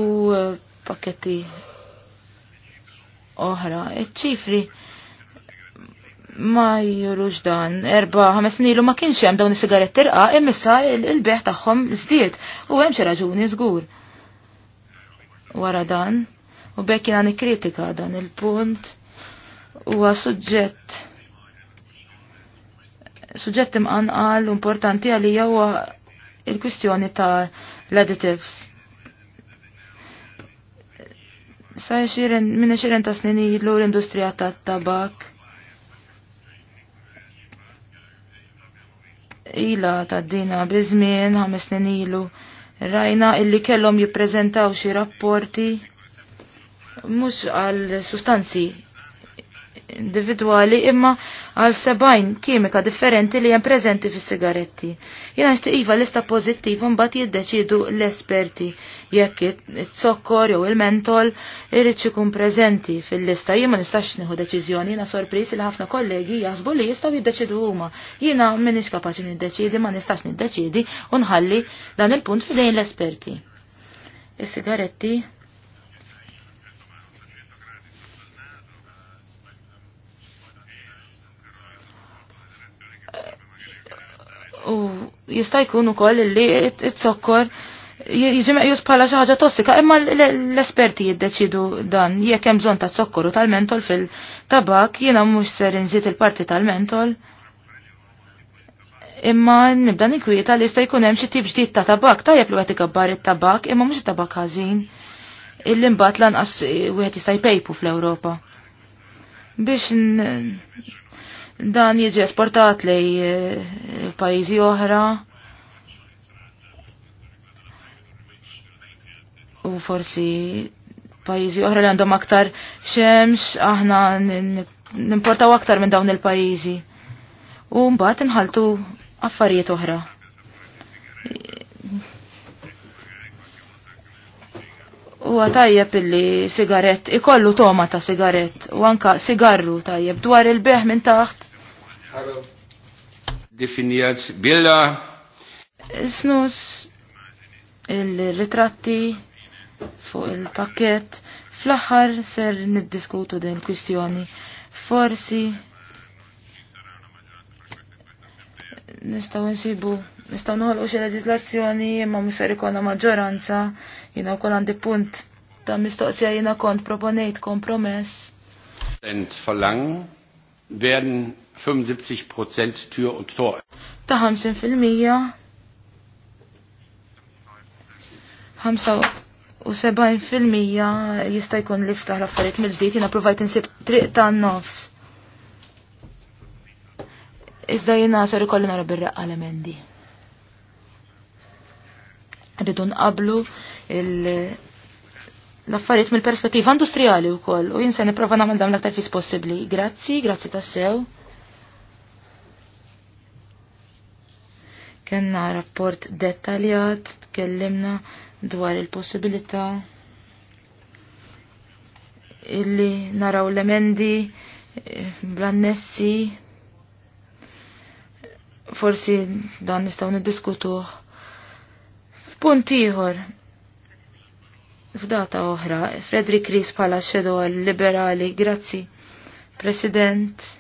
pakketti oħra. ċifri ma jurux dan. Erba, ħames nilu ma kienx hemm dawn is-sigaretti irqa, imissa il-beħ tagħhom żdied u hemm xi raġuni żgur. Wara dan, u bekk jiena nikkritika dan il-punt huwa suġġett suġġett imqanqal importanti għalija huwa il-kwistjoni ta' l-additives Sa minn xiren ta' snin jidlu l-industrija ta' tabak. Ila ta' dina bizmin, ħames snin ilu. Rajna illi kellhom jippreżentaw xi rapporti mhux għal sustanzi individwali imma għal sebajn kimika differenti li hemm preżenti fis-sigaretti. Jena nixtieq iva lista pożittiv imbagħad jiddeċidu l-esperti jekk it-sokkor jew il-mentol irid ikun preżenti fil-lista. Jien ma nistax nieħu deċiżjoni, jiena sorpriż li ħafna kollegi jaħsbu li jistgħu jiddeċidu huma. Jiena m'iniex kapaċi niddeċidi, ma nistax niddeċidi u nħalli dan il-punt fidejn l-esperti. Is-sigaretti u jista' jkun ukoll li it-sokkor jiġi meqjus bħala xi ħaġa tossika, imma l-esperti jiddeċidu dan jekk hemm bżonn ta' sokkor u tal-mentol fil-tabak, jiena mhux ser inżid il-parti tal-mentol. Imma nibda nikwieta li jista' jkun hemm xi tip ġdid ta' tabak, tajjeb li qed ikabbar it-tabak, imma mhux tabak ħażin illi mbagħad lanqas wieħed jista' jpejpu fl-Ewropa. Biex dan jiġi esportat lej eh, pajjiżi oħra. U forsi pajjiżi oħra li għandhom aktar xemx, aħna nimportaw aktar minn dawn il-pajjiżi. U mbagħad inħaltu affarijiet oħra. U tajjeb illi sigaret, ikollu toma ta' sigaret, u anka sigarru tajjeb dwar il-beħ minn taħt, Definiert billa. Snus, il-ritratti fuq il-pakket, fl axar ser niddiskutu din kwistjoni. Forsi nistaw nsibu, nistaw nħolqu xi leġislazzjoni imma mhux ser ikolna maġġoranza, jiena wkoll għandi punt ta' mistoqsija jiena kont proponejt kompromess. Ent falang werden 75% Tür und Tor. Ta' 50% 75% jista' jkun li ftaħ l-affarijiet mill-ġdid jiena provajt insib triq ta' nofs. Iżda jiena ser ikolli nara bir-reqqa emendi Rridu nqablu l-affarijiet mill-perspettiva industrijali wkoll u jinsa nipprova nagħmel dawn l-aktar fis possibbli. Grazzi, grazzi tassew. Kenna rapport dettaljat, tkellimna dwar il-possibilità illi naraw l-emendi eh, blannessi forsi dan nistaw niddiskutuh f'punt ieħor f'data oħra Frederick Ries bħala xedo liberali grazzi President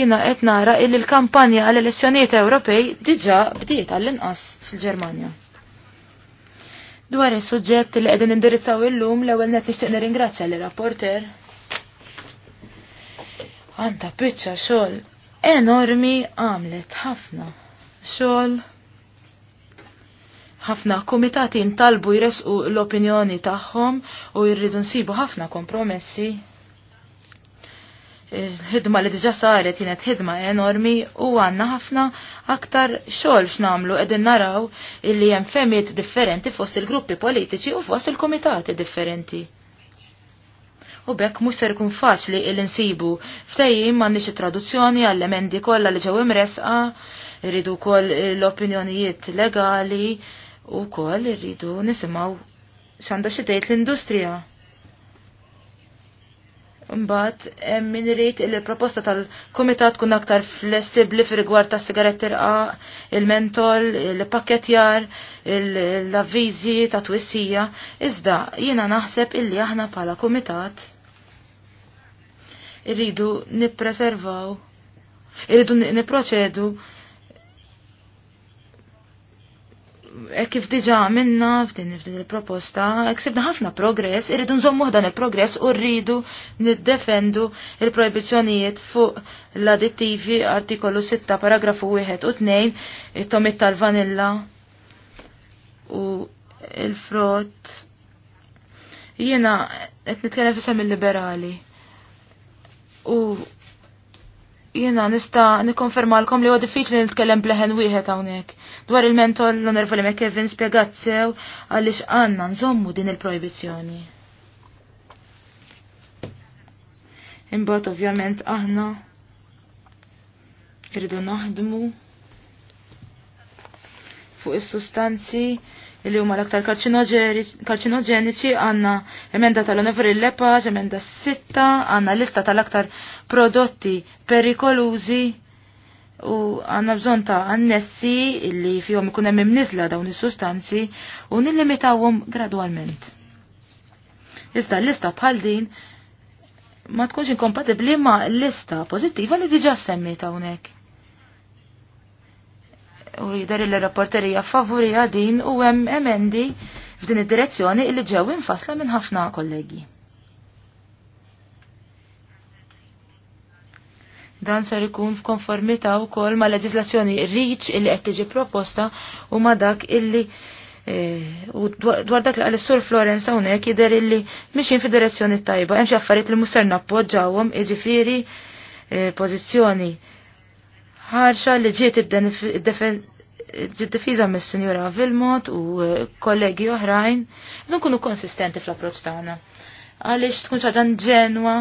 jina qed nara illi l-kampanja għall elezzjonijiet Ewropej diġà bdiet għall-inqas fil-Ġermanja. Dwar is-suġġett li qegħdin indirizzaw illum l-ewwel net nixtieq nirringrazzja lir rapporter Għanta biċċa xogħol enormi għamlet ħafna xogħol ħafna kumitati ntalbu jresqu l-opinjoni tagħhom u jrridu nsibu ħafna kompromessi il-ħidma li diġa saret kienet ħidma enormi u għanna ħafna aktar xogħol x'namlu qegħdin naraw illi hemm femiet differenti fost il-gruppi politiċi u fost il-komitati differenti. U bekk mhux ser ikun faċli il insibu ftejjim m'għandniex traduzzjoni għall-emendi kollha li ġew imresqa, irridu wkoll l-opinjonijiet legali u koll irridu nisimgħu x'għandha xi tgħid l-industrija. Mbagħad hemm min irid il proposta tal-kumitat tkun aktar flessibbli fir-rigward tas-sigaretti irqaq, il-mentol, il-pakketjar, l-avviżi ta' twissija, iżda jiena naħseb illi aħna bħala kumitat irridu nippreservaw, irridu nipproċedu. E kif diġa minna f'din f'din il-proposta, e ksibna ħafna progress, irridu nżommu dan il-progress u rridu niddefendu il-proibizjonijiet fuq l-additivi artikolu 6 paragrafu 1 u 2, it-tomit tal-vanilla u il-frott. Jena, qed nitkellem fisem il-liberali. U Jiena nista nikkonfermalkom li huwa diffiċli nitkellem bleħen wieħed hawnhekk. Dwar il-mentor l-Onorevoli McKevin spjegat sew għaliex għandna nżommu din il-projbizzjoni. Imbagħad ovvjament aħna irridu naħdmu fuq is-sustanzi li huma l-aktar karċinoġeniċi għanna emenda tal-onevri l-lepaġ, emenda sitta, għanna lista tal-aktar prodotti perikolużi u għanna bżon ta' annessi illi fihom ikun hemm imniżla dawn is-sustanzi u nillimitawhom gradwalment. Iżda l-lista bħal din ma tkunx inkompatibbli ma' lista pożittiva li diġà semmita hawnhekk u jider il-rapporterija favorija din u hemm emendi f'din id-direzzjoni li ġew infasla minn ħafna kollegi. Dan sar ikun f'konformità wkoll ma' leġislazzjoni riċ illi qed tiġi proposta u ma' dak illi eh, u dwar dak li għal-Sur Florence hawnhekk jidher illi mixin fid-direzzjoni tajba, hemm xi affarijiet li ser nappoġġawhom, jiġifieri pożizzjoni ħarxa li ġiet id-defiża mis-Sinjura Vilmot u eh, kollegi oħrajn, kunu konsistenti fl-approċċ tagħna. Għaliex tkun ċaġa ġenwa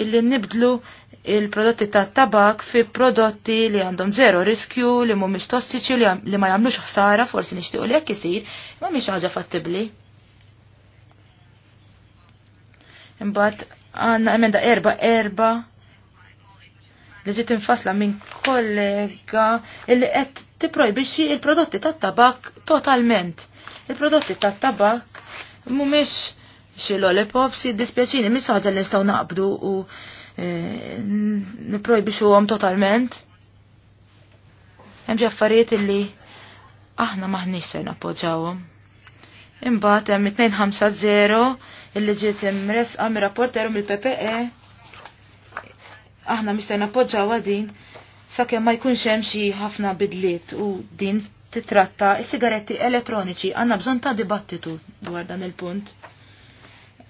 illi nibdlu il-prodotti ta' tabak fi prodotti li għandhom zero riskju, li mhumiex tossiċi, li ma jagħmlux ħsara, forsi nixtiequ li jekk isir, ma mhix ħaġa fattibbli. Imbagħad għandna emenda erba erba' li ġiet infasla minn kollega li qed tipprojbixxi il-prodotti tat-tabak totalment. Il-prodotti tat-tabak mhumiex xi lollipops jiddispjaċini mhix ħaġa li nistgħu naqbdu u e, nipprojbixxuhom totalment. Hemm ġi affarijiet illi aħna maħniex se nappoġġawhom. Imbagħad hemm 250 illi ġiet imresqa mir-rapporteru mill-PPE aħna mister nappoġġaw din sakemm ma jkunx hemm xi ħafna bidliet u din titratta is-sigaretti elettroniċi għandna bżonn ta' dibattitu dwar dan il-punt.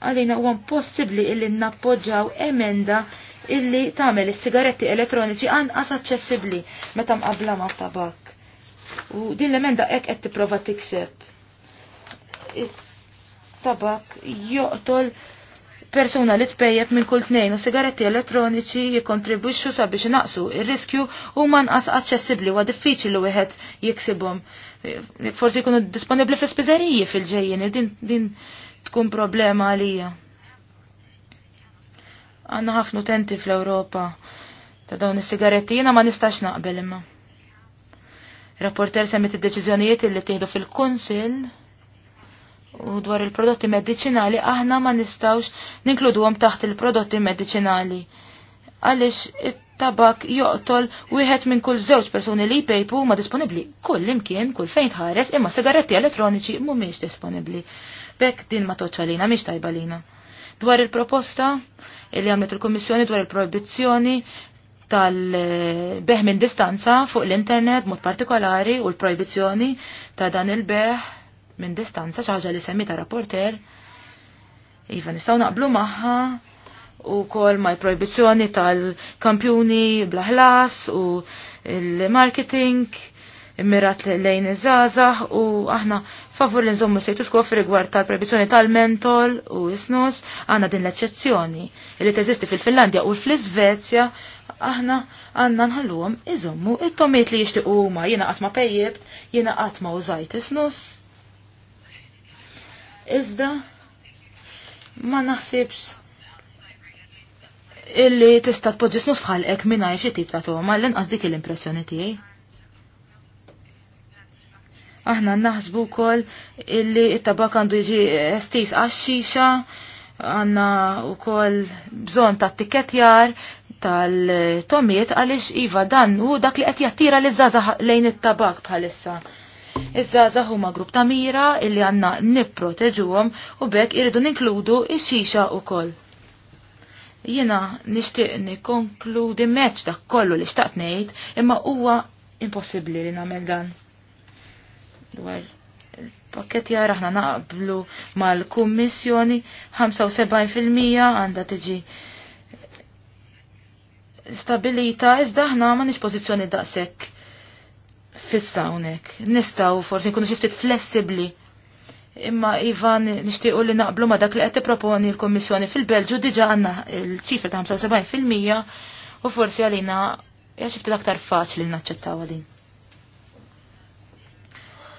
Għalina huwa possibbli illi nappoġġaw emenda illi tagħmel is-sigaretti elettroniċi anqas aċċessibbli meta mqabbla ma' tabak. U din l-emenda hekk qed tipprova tikseb. Tabak joqtol persuna li tpejjeb minn kull tnejn u sigaretti elettroniċi jikkontribwixxu sabiex naqsu ir-riskju huma nqas aċċessibbli huwa diffiċli wieħed jiksibhom. Eh, forsi jkunu disponibbli fl-ispiżeriji fil-ġejjin eh, din, din tkun problema għalija. Għanna ħafna utenti fl-Ewropa ta' dawn is-sigaretti jiena ma nistax naqbel imma. Rapporter semmit id-deċiżjonijiet li tieħdu fil-Kunsill u dwar il-prodotti medicinali aħna ma nistawx ninkluduhom taħt il-prodotti medicinali. Għaliex it-tabak joqtol wieħed minn kull żewġ persuni li jpejpu ma disponibbli kull imkien kull fejn tħares imma sigaretti elettroniċi mhumiex disponibbli. Bekk din ma toċċalina mhix tajba lina. Dwar il-proposta li għamlet il-Kommissjoni dwar il-proibizzjoni tal-beħ minn distanza fuq l-internet mod partikolari u l-proibizzjoni ta' dan il-beħ minn distanza xi ħaġa li semmita rapporter iva nistgħu naqblu magħha u kol ma' proibizjoni tal-kampjuni blaħlas u il-marketing immirat lejn iż-żazax u aħna favur li nżommu sejtu tusko fi rigward tal-proibizjoni tal-mentol u isnus għandna din l-eċċezzjoni li teżisti fil-Finlandja u fl-Iżvezja aħna għandna nħalluhom iżommu it-tomiet li jixtiequ ma jina qatt pejjibt jina jiena qatt ma użajt isnus. Iżda ma naħsibx illi tista' tpoġġi snus fħalqek mingħajr xi tip ta' toma l-inqas dik l-impressjoni tiegħi. Aħna naħsbu wkoll illi t-tabak għandu jiġi estis għax-xixa, għandna wkoll bżonn ta' tikketjar tal-tomiet għaliex iva dan hu dak li qed jattira li żgħażagħ lejn it-tabak bħalissa. Iż-żaza huma grupp ta' mira illi għanna nipproteġuhom u bekk irridu ninkludu x xixa wkoll. Jiena nixtieq nikkonkludi meċ dak kollu li xtaqt ngħid, imma huwa impossibbli li nagħmel dan. Dwar il pakket jara ħna naqblu mal-kummissjoni 75% għandha tiġi stabilita iżda ħna ma nix pożizzjoni daqshekk fissawnek. hawnhekk. Nistgħu forsi nkunu xi ftit flessibbli. Imma Ivan nixtiequ li naqblu ma dak li qed tipproponi l-Kommissjoni fil-Belġu diġà għandna l-ċifra ta' 75% u forsi għalina hija ftit aktar faċli naċċettawha din.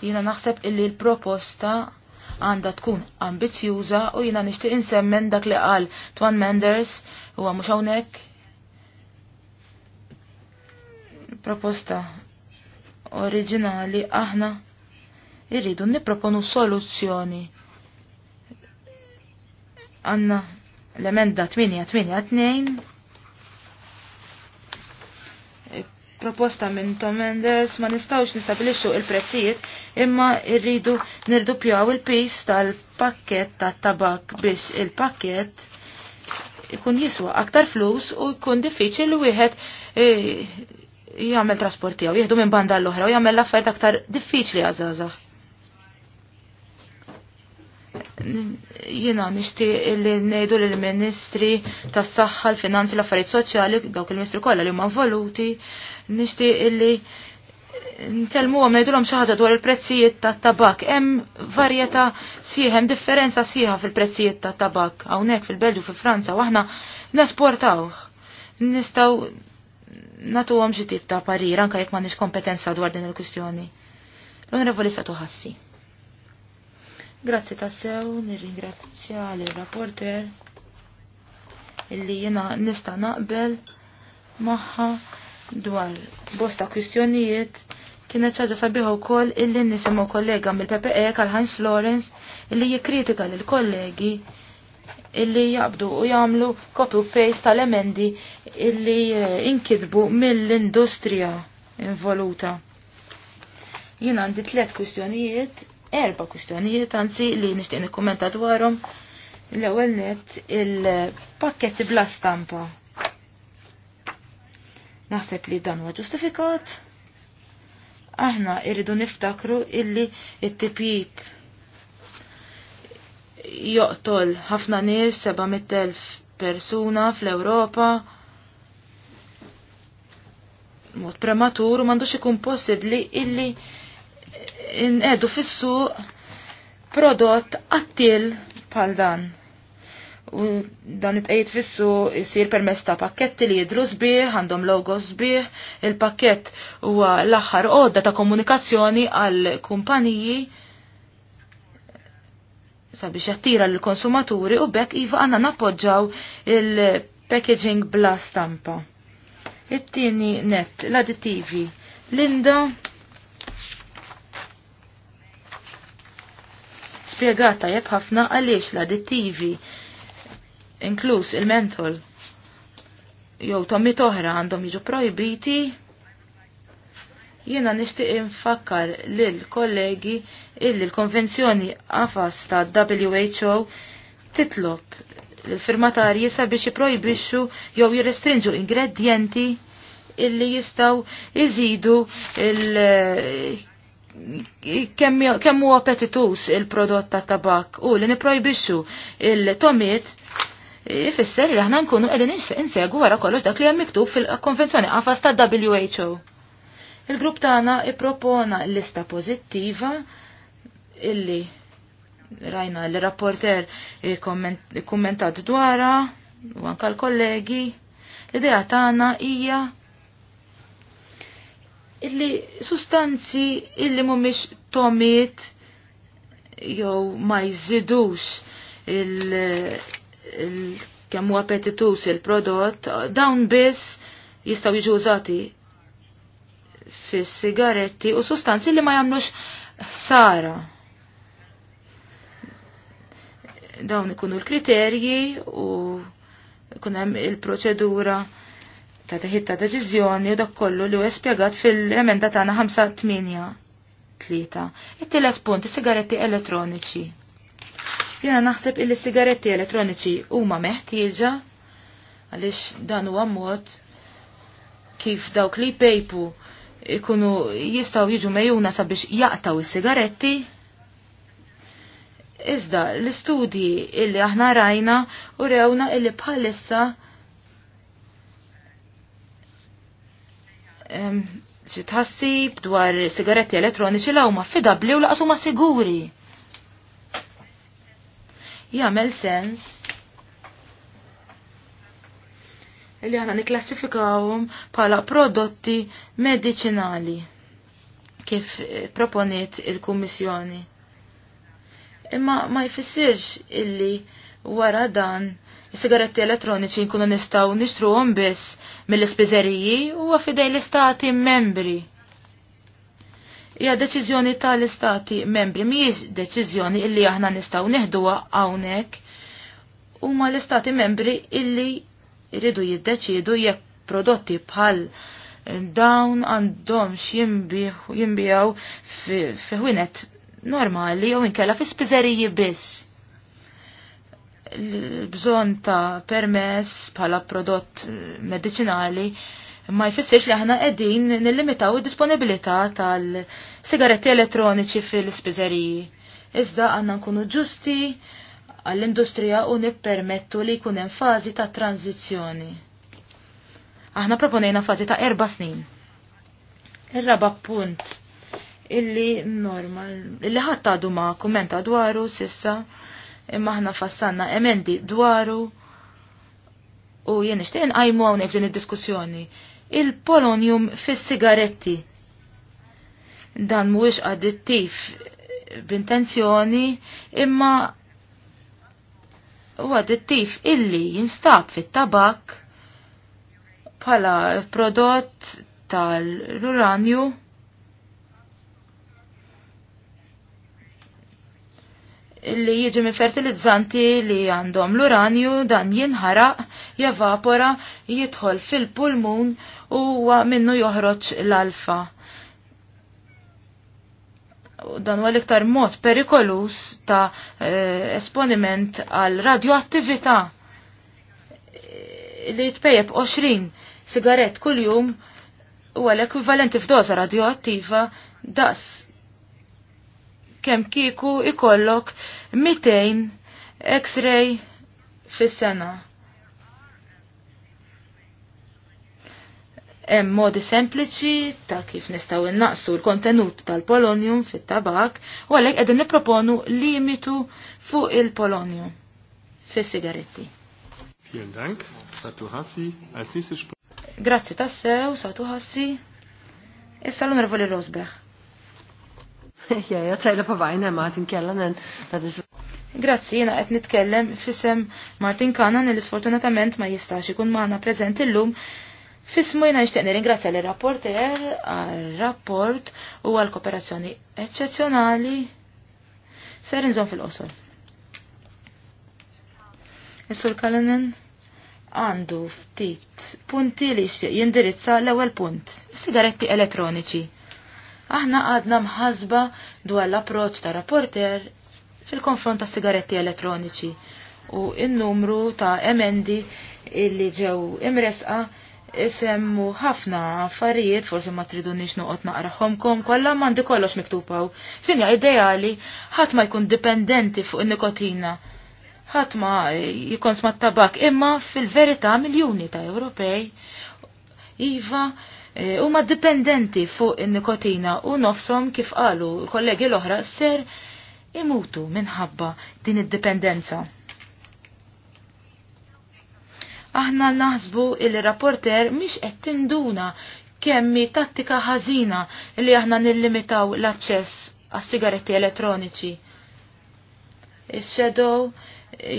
Jiena naħseb illi l-proposta għandha tkun ambizjuża u jiena nixtieq insemmen dak li qal Twan Menders huwa mhux hawnhekk proposta oriġinali aħna irridu nipproponu soluzzjoni. Għanna l-emenda 8 8-8-2 e, proposta minn Tom Enders ma nistawx nistabilixu il-prezzijiet imma irridu nirdupjaw il-pis tal-pakket tat-tabak biex il-pakket ikun jiswa aktar flus u jkun diffiċli wieħed e, jgħamil trasporti għaw, jieħdu minn banda l-oħra u jagħmel l-affarijiet aktar diffiċli għażażagħ. Jiena nishti li ngħidu lill ministri tas-saħħa, l-finanzi, l-affarijiet soċjali, dawk il-ministri kollha li huma voluti, nixtieq illi nkellmu għom najdulom xaħġa dwar il-prezzijiet ta' tabak. Hem varjeta sieħem differenza sieħa fil-prezzijiet ta' tabak. Hawnhekk fil-Belġu fil-Franza u aħna nesportaw. Nistaw natu għom xi ta' parir anka jekk m'għandix kompetenza dwar din il-kwistjoni. L-Onorevoli Satu Ħassi. Grazzi tassew, nirringrazzja l-rapporter illi jena nista naqbel maħħa dwar bosta kwistjonijiet kienet ċaġa sabiħa kol illi nisimu kollega mill-PPE għal Heinz Florence illi jikritika l-kollegi illi jaqbdu u jagħmlu copy-paste tal-emendi illi eh, inkidbu mill-industrija involuta. Jien għandi tliet kwistjonijiet, erba kwistjonijiet anzi li nixtieq nikkumenta dwarhom. L-ewwel net il-pakketti bla stampa. Naħseb li dan huwa ġustifikat. Aħna irridu niftakru illi it-tipjib joqtol ħafna nies 700.000 persuna fl-Ewropa mod prematur u m'għandux ikun possibbli illi n-edu fissu prodott qattil bħal dan. U dan it-qejt fissu jisir permess ta' pakketti li jidru sbieħ, għandhom logo sbieħ, il-pakkett huwa l-aħħar odda ta' komunikazzjoni għal kumpaniji sabiex jattira l-konsumaturi u bekk iva għanna nappoġġaw il-packaging bla stampa. It-tieni net, l-additivi. Linda spiegata jeb ħafna għaliex l-additivi inkluż il-mentol jew tommi toħra għandhom jiġu projbiti Jiena nixtieq infakkar lil kollegi illi l-konvenzjoni għafas ta' WHO titlob l-firmatarji sabiex jiprojbixxu jew jirrestrinġu ingredienti illi jistaw iżidu il kemm huwa appetitus il-prodott ta' tabak u li niprojbixxu il tomit ifisser li aħna nkunu qegħdin insegu wara kollox dak li hemm miktub fil-konvenzjoni qafas ta' WHO. Il-grupp tagħna ippropona lista pożittiva illi rajna li rapporter kommentat dwara u anka l-kollegi. L-idea tagħna hija illi sustanzi illi mhumiex tomiet jew ma jżidux il, il kemm huwa appetitus il-prodott dawn biss jistgħu jiġu fis sigaretti u sustanzi li ma jamlux sara. Dawn ikunu l-kriterji u ikun hemm il-proċedura ta' teħid ta' deċiżjoni u dak kollu li hu spjegat fil remenda tagħna 5-8-3. it telet punt is-sigaretti elettroniċi. Jiena naħseb illi sigaretti elettroniċi huma meħtieġa għaliex dan huwa mod kif dawk li pejpu ikunu jistaw jiġu mejjuna sabiex jaqtaw is-sigaretti. Iżda l-istudji illi aħna rajna u rewna illi bħalissa xi tħassib dwar sigaretti elettroniċi law ma fidabli u laqsu ma siguri. Jagħmel sens li aħna niklassifikawhom bħala prodotti medicinali kif eh, proponiet il-Kummissjoni. Imma ma jfissirx illi wara dan is-sigaretti elettroniċi nkunu nistgħu nixtruhom biss mill-ispiżeriji huwa fidej l-istati membri. Hija deċiżjoni tal-istati membri mhijiex deċiżjoni illi aħna nistgħu neħduha hawnhekk huma l-istati membri illi irridu jiddeċiedu jekk prodotti bħal dawn għandhom jimbijaw fi ħwienet normali jew inkella fi spiżeriji biss. Bżon ta' permess bħala prodott medicinali ma jfissirx li aħna qegħdin nillimitaw id-disponibilità tal-sigaretti elettroniċi fil-spiżeriji. Iżda għandna nkunu ġusti għall-industrija u nippermettu li jkun hemm fażi ta' tranzizzjoni. Aħna proponejna fażi ta' erba' snin. Ir-raba' punt illi normal, illi ħadd għadu ma' kummenta dwaru sissa, imma aħna fassanna emendi dwaru u jien nixtieq nqajmu hawnhekk f'din id-diskussjoni. Il-polonium fis-sigaretti dan mhuwiex addittiv b'intenzjoni imma u addittiv illi jinstab fit-tabak bħala prodott tal-uranju illi jieġi minn fertilizzanti li għandhom l-uranju dan jinħaraq, jevapora, jidħol fil-pulmun u minnu joħroġ l-alfa dan huwa l-iktar mod perikolus ta' eh, esponiment għal radioattività eh, li jitpejjeb 20 sigaret kuljum huwa l-ekwivalenti f'doza radioattiva daqs kemm kieku ikollok 200 X-ray fis-sena. Hemm modi sempliċi ta' kif nistgħu innaqsu l-kontenut tal-polonium fit-tabak u għalhekk qegħdin nipproponu limitu fuq il-polonium fis-sigaretti. Vielen Dank, Satu Hassi. Als nächstes Grazzi tassew, Satu Hassi. Issa l-onorevoli Rosbech. Ja, ja, tajla pavajna Martin Kellanen. Grazzi, jena qed nitkellem fissem Martin Kanan li sfortunatament ma jistax ikun maħna prezent il-lum. Fismu jina nishtiq nirringrazzja l-rapporter għal-rapport u għal-kooperazzjoni eccezzjonali ser nżon fil-qosor. Is-sur Kalinen għandu ftit punti li xtieq jindirizza l-ewwel punt, sigaretti elettroniċi. Aħna għadna mħasba dwar l-approċċ ta' rapporter fil-konfront ta' sigaretti elettroniċi u n-numru ta' emendi illi ġew imresqa' isemmu ħafna affarijiet, forse ma tridu nix nuqot kom, kolla mandi kollox miktupaw. Sinja ideali, ħat ma jkun dipendenti fuq il-nikotina, ħat ma jkun smat tabak, imma fil-verita miljoni ta' Ewropej, Iva, eh, u ma dipendenti fuq il-nikotina u nofsom kif qalu kollegi l-oħra ser imutu minħabba din id-dipendenza aħna naħsbu il-rapporter miex qed tinduna kemmi tattika ħażina li aħna nillimitaw l-aċċess għas-sigaretti elettroniċi. Ix-shadow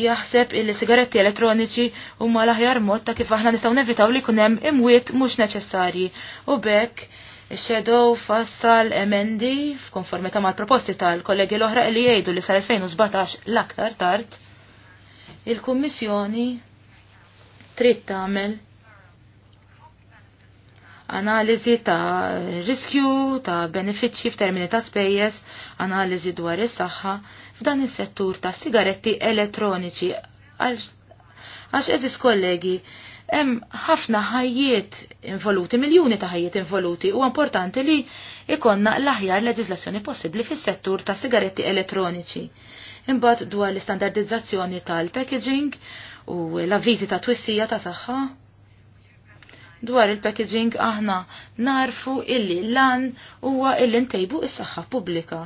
jaħseb il sigaretti elettroniċi huma l-aħjar mod ta' kif aħna nistgħu nevitaw li jkun hemm imwiet mhux neċessarji u bekk Shadow fassal emendi f'konformità mal-proposti tal-kollegi l-oħra li jgħidu li sar 2017 l-aktar tard il-Kummissjoni trid tagħmel analiżi ta' riskju, ta' benefiċċji f'termini ta' spejjeż, analiżi dwar is-saħħa f'dan is-settur ta' sigaretti elettroniċi għax eżis kollegi hemm ħafna ħajjiet involuti, miljuni ta' ħajjiet involuti u importanti li ikonna l-aħjar leġislazzjoni possibbli fis-settur ta' sigaretti elettroniċi. Imbagħad dwar l-istandardizzazzjoni tal-packaging u l-avviżi ta' twissija ta' saħħa. Dwar il-packaging aħna narfu illi lan huwa illi ntejbu is-saħħa pubblika.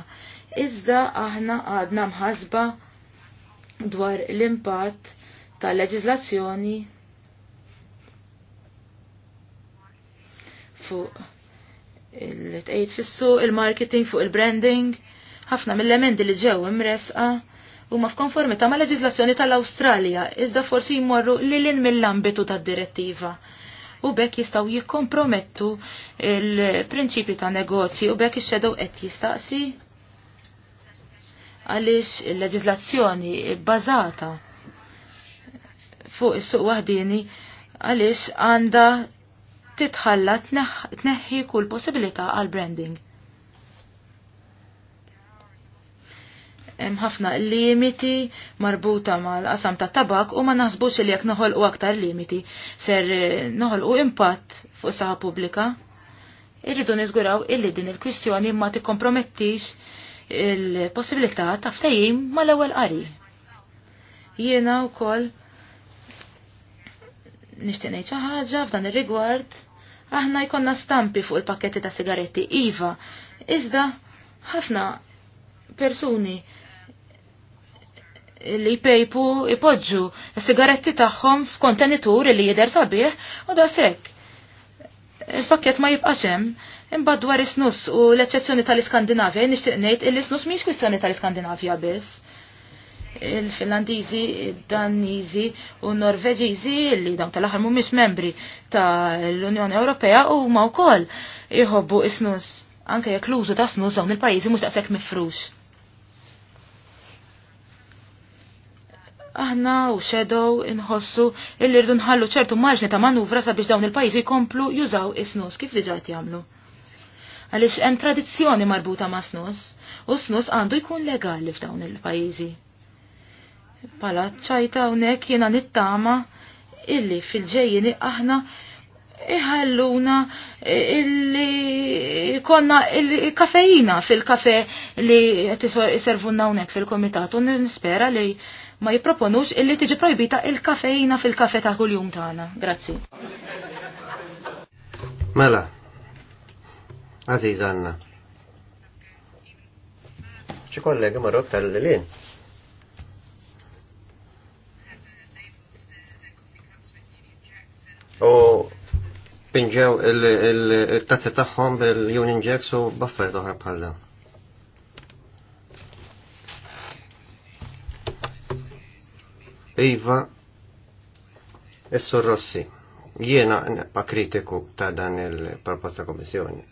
Iżda aħna għadna mħasba dwar l-impatt tal-leġiżlazzjoni fuq il-tqejt fissu, il-marketing, fuq il-branding, ħafna mill lemendi li ġew imresqa huma f'konformità ma' leġislazzjoni tal-Awstralja, iżda forsi jmorru lilin mill-ambitu tad-direttiva. U bekk jistaw jikkompromettu il-prinċipi ta' negozji u bekk ix-xedew qed jistaqsi għaliex il-leġiżlazzjoni bbażata fuq is-suq waħdini għaliex għandha titħalla tneħħi kull possibilità għal branding. hemm ħafna limiti marbuta mal-qasam ta' tabak u ma naħsbux li jekk noħolqu aktar limiti ser eh, noħolqu impatt fuq saħa pubblika. Irridu niżguraw illi din il-kwistjoni ma tikkompromettix il-possibilità ta' ftehim mal-ewwel qari. Jiena wkoll nixtieq ngħid xi ħaġa f'dan ir-rigward aħna jkollna stampi fuq il-pakketti ta' sigaretti iva, iżda ħafna persuni li jpejpu ipoġġu s-sigaretti tagħhom f'kontenitur li jidher sabiħ u da sekk. Il-pakket ma jibqax hemm. Imbagħad dwar is-snus u l-eċċezzjoni tal-Iskandinavja nixtieq ngħid il snus mhix kwistjoni tal-Iskandinavja biss. Il-Finlandiżi, id-Daniżi u Norveġiżi li dawn tal-aħħar mhumiex membri tal-Unjoni Ewropea huma wkoll jħobbu is-snus anke jekk l-użu ta' snus dawn il-pajjiżi mhux daqshekk mifrux. aħna u xedow inħossu illi rridu nħallu ċertu marġni ta' manuvra sabiex dawn il-pajjiżi jkomplu jużaw is-snus kif diġà jagħmlu. Għaliex hemm tradizzjoni marbuta ma' snus u snus għandu jkun legali f'dawn il-pajjiżi. Pala ċajta hawnhekk jiena nittama illi fil-ġejjini aħna iħalluna illi konna il-kafejina fil-kafe li servunna unek fil u nispera li ma jipproponux illi tiġi projbita il-kafejna fil-kafe ta' kuljum tagħna. Grazzi. Mela, Aziz Anna. ċi kollega rotta tal-lilin? U pinġew il-tazzi tagħhom bil-Union Jacks u baffet oħra bħal dan. Iva Essu Rossi. Jiena nibqa' kritiku ta' dan il-proposta Komissjoni.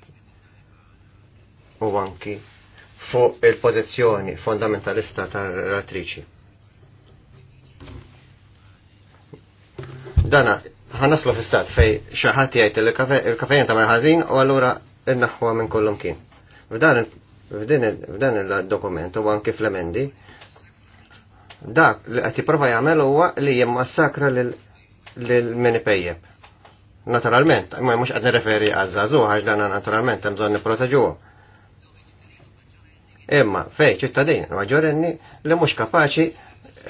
U anki fuq il-pożizzjoni fondamentalista tal-relatriċi. Dana, ħanaslu fistat fej xaħati jgħid il-kafejn ta' ħażin u allura innaħwa minn kollum kien. F'dan il-dokument u anki fl-emendi, Dak li qed jipprova jagħmel huwa li jimmassakra lil min ipejjeb. Naturalment, ma mhux qed nirreferi għaż-żagħżugħ għax dan naturalment hemm bżonn nipproteġuhom. Imma fej ċittadin maġġorenni li mhux kapaċi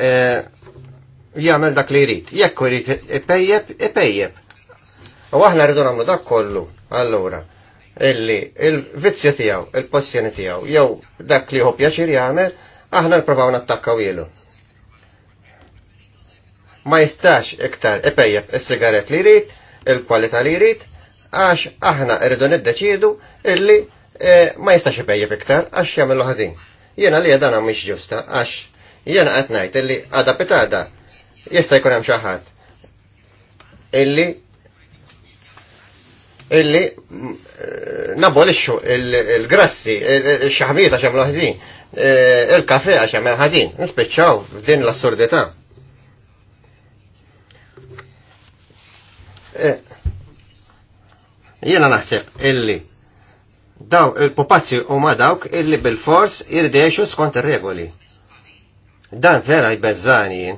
e, jagħmel dak li jrid. Jekk jrid ipejjeb, ipejjeb. U aħna rridu nagħmlu dak kollu allura illi il-vizzja tiegħu, il-passjoni tiegħu, jew dak li hu jaċir jagħmel, aħna nipprovaw nattakkaw ilu ma jistax iktar epejjeb is-sigaret li jrid, il-kwalità li jrid, għax aħna irridu niddeċiedu illi eh, ma jistax ipejjeb iktar għax jagħmlu ħażin. Jiena li għadana mhix ġusta għax jiena qed ngħid illi għada pitada jista' jkun hemm xi ħadd illi illi eh, nabolixxu il-grassi, il-xaħmita xemlu ħażin, eh, il-kafe għax jagħmel ħażin, nispiċċaw f'din l-assurdità. Eh, Jena naħseb illi daw il-popazzi huma dawk illi bil-fors jirdeċu skont ir-regoli. Dan vera jbezzani jien.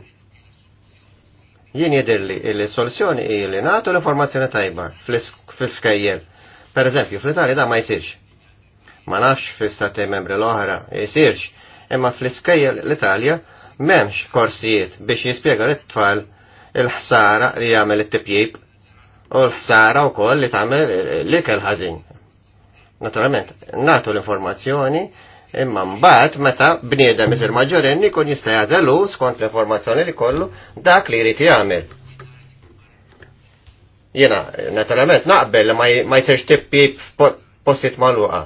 Jien jidirli il-soluzzjoni illi natu nagħtu l-informazzjoni tajba fl skajjel Per eżempju, fl-Italja da ma jsirx. Ma nafx fl-istati membri l-oħra jsirx, imma fl skajjel l-Italja m'hemmx korsijiet biex jispjega l tfal il-ħsara li jagħmel it-tipjib u l-ħsara u koll li tagħmel l-ikel ħażin. Naturalment, natu l-informazzjoni imma mbagħad meta bniedem iżir maġġorenni kun jista' jagħżelu skont l-informazzjoni li kollu dak li jrid jagħmel. Jiena naturalment naqbel li ma jsirx tippi postit magħluqa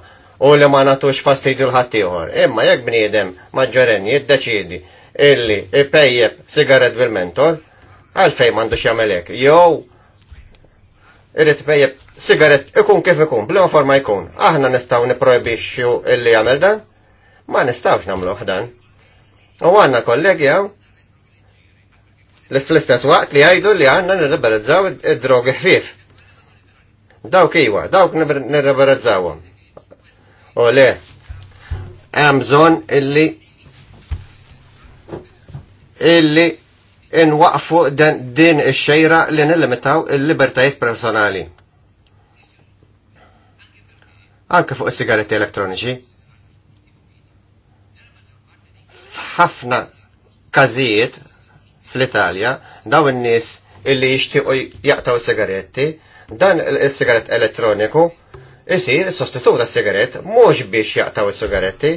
u li ma nagħtux fastidju l ieħor. Imma jekk bniedem maġġorenni jiddeċiedi illi ipejjeb sigaret bil-mentor, għalfejn m'għandux jagħmel hekk. Jew irrit pejjeb sigaret ikun kif ikun, blima forma jkun. Aħna nistaw niprojbixxu illi jagħmel dan? Ma nistawx nagħmluh dan. U għandna kollegi hawn li fl-istess waqt li jgħidu li għandna nirriberizzaw id-drogi ħfief. Dawk iwa, dawk nirriberizzawhom. U le, hemm bżonn illi illi inwaqfu din ix-xejra li nillimitaw il-libertajiet personali. Anke fuq is-sigaretti elettroniċi. F'ħafna każijiet fl-Italja daw in-nies illi jixtiequ jaqtaw sigaretti, dan is sigaret elettroniku isir sostitut tas-sigarett mhux biex jaqtaw is-sigaretti.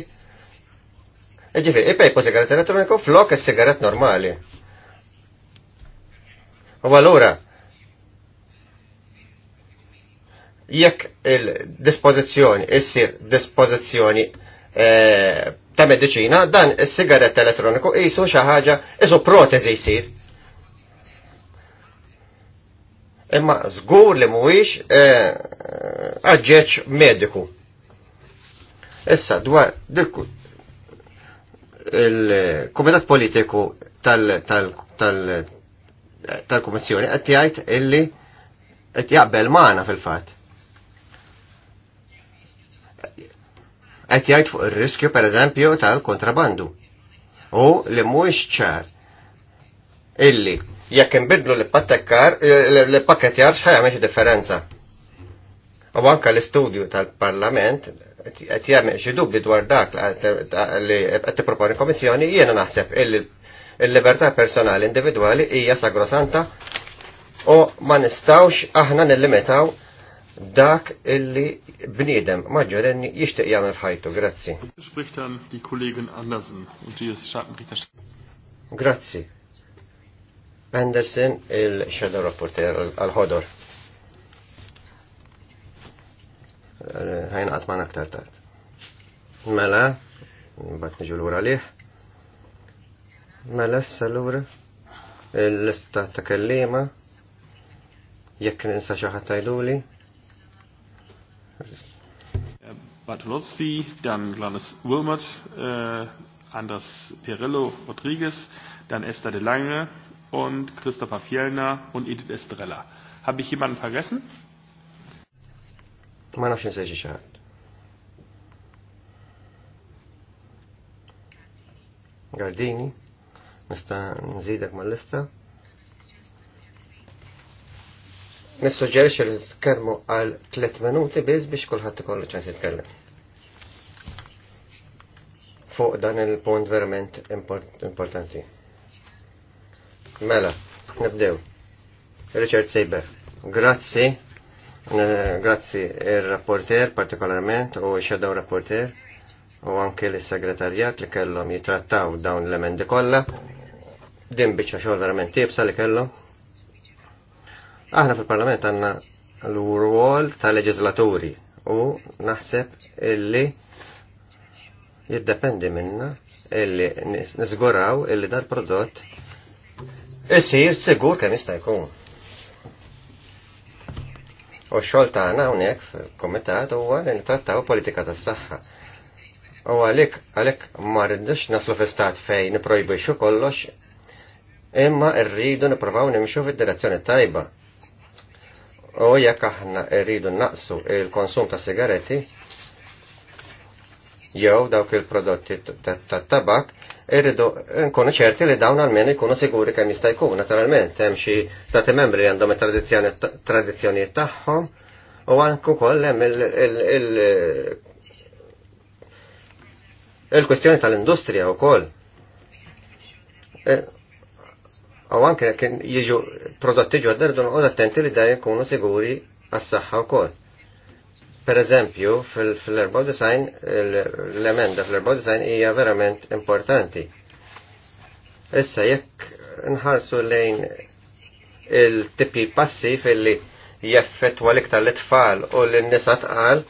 Ġifieri, ipejpu sigaret elettroniku flok is sigaret normali. U allura jekk il dispozizjoni issir dispożizzjoni eh, ta' medicina, dan is sigaretta elettroniku qisu xi ħaġa isu protezi jsir. Imma żgur li mhuwiex eh, mediku. Issa dwar il-Kumitat Politiku tal-Kumitat tal, tal, tal, tal-Kummissjoni qed jgħid illi qed jaqbel magħna fil-fatt. Qed jgħid fuq ir-riskju pereżempju tal-kontrabandu. U li mhuwiex ċar illi jekk inbidlu li pattekkar li pakketjar x'ħajja differenza. U anka l-istudju tal-Parlament qed jagħmel xi dubbi dwar dak li qed tipproponi Komissjoni jiena naħseb illi il-libertà personali individuali hija sagrosanta u ma nistawx aħna nillimitaw dak illi bniedem maġġorenni jixtieq jagħmel f'ħajtu. Grazzi. Grazzi. Andersen il-Shadow Rapporteur għal-ħodor. Eh, Ħajna qatt ma aktar tard. Mela, bat niġu lura liħ. Mela issa lura l-lista ta' kellima jekk ninsa xi ħadd tajluli. Bartolozzi, Dan Glanis Wilmot, äh, Anders Perello Rodriguez, dann Esther de Lange und Christopher Fjellner und Edith Estrella. Habe ich jemanden vergessen? Ma nafx insejġi xaħat. Gardini. Nista nżidek mal-lista. Nissuġġerixi li tkellmu għal 3 minuti biss biex kulħadd ikollu ċans jitkellem. Fuq dan il-punt verament importanti. Mela, nibdew. Richard Seiber. Grazzi. Grazzi il-rapporter partikolarment u i-Shadow rapporter u anke l-segretarjat li kellhom jitrattaw dawn l-emendi kollha din biċċa xogħol verament tibsa li kellhom. Aħna fil-Parlament għandna l-rwol ta' leġislaturi u naħseb illi jiddependi minna illi nizguraw illi dal-prodott Isir sigur kemm jista' jkun. U xogħol tagħna hawnhekk fil-kumitat huwa li nittrattaw politika tas-saħħa. U għalik, għalik ma naslu fi stat fejn niprojbixxu kollox imma rridu niprofaw nimxu fid-direzzjoni tajba. U jekk aħna rridu naqsu il-konsum ta' sigaretti, jew dawk il-prodotti ta' tabak, irridu nkunu ċerti li dawn għalmen ikunu siguri kemm jista' jkun. Naturalment, hemm xi stati membri li għandhom it-tradizzjonijiet tagħhom u anke wkoll hemm il-kwestjoni tal-industrija wkoll. Eh, Aw anke jekk jiġu prodotti ġodder, rridu noqgħod attenti li dawn jkunu siguri għas-saħħa wkoll. Per eżempju, fil design, l-emenda fil design hija verament importanti. Issa jekk nħarsu lejn il-tipi passi fil-li jaffetwa l-iktar l-tfal u l-nisa tqal,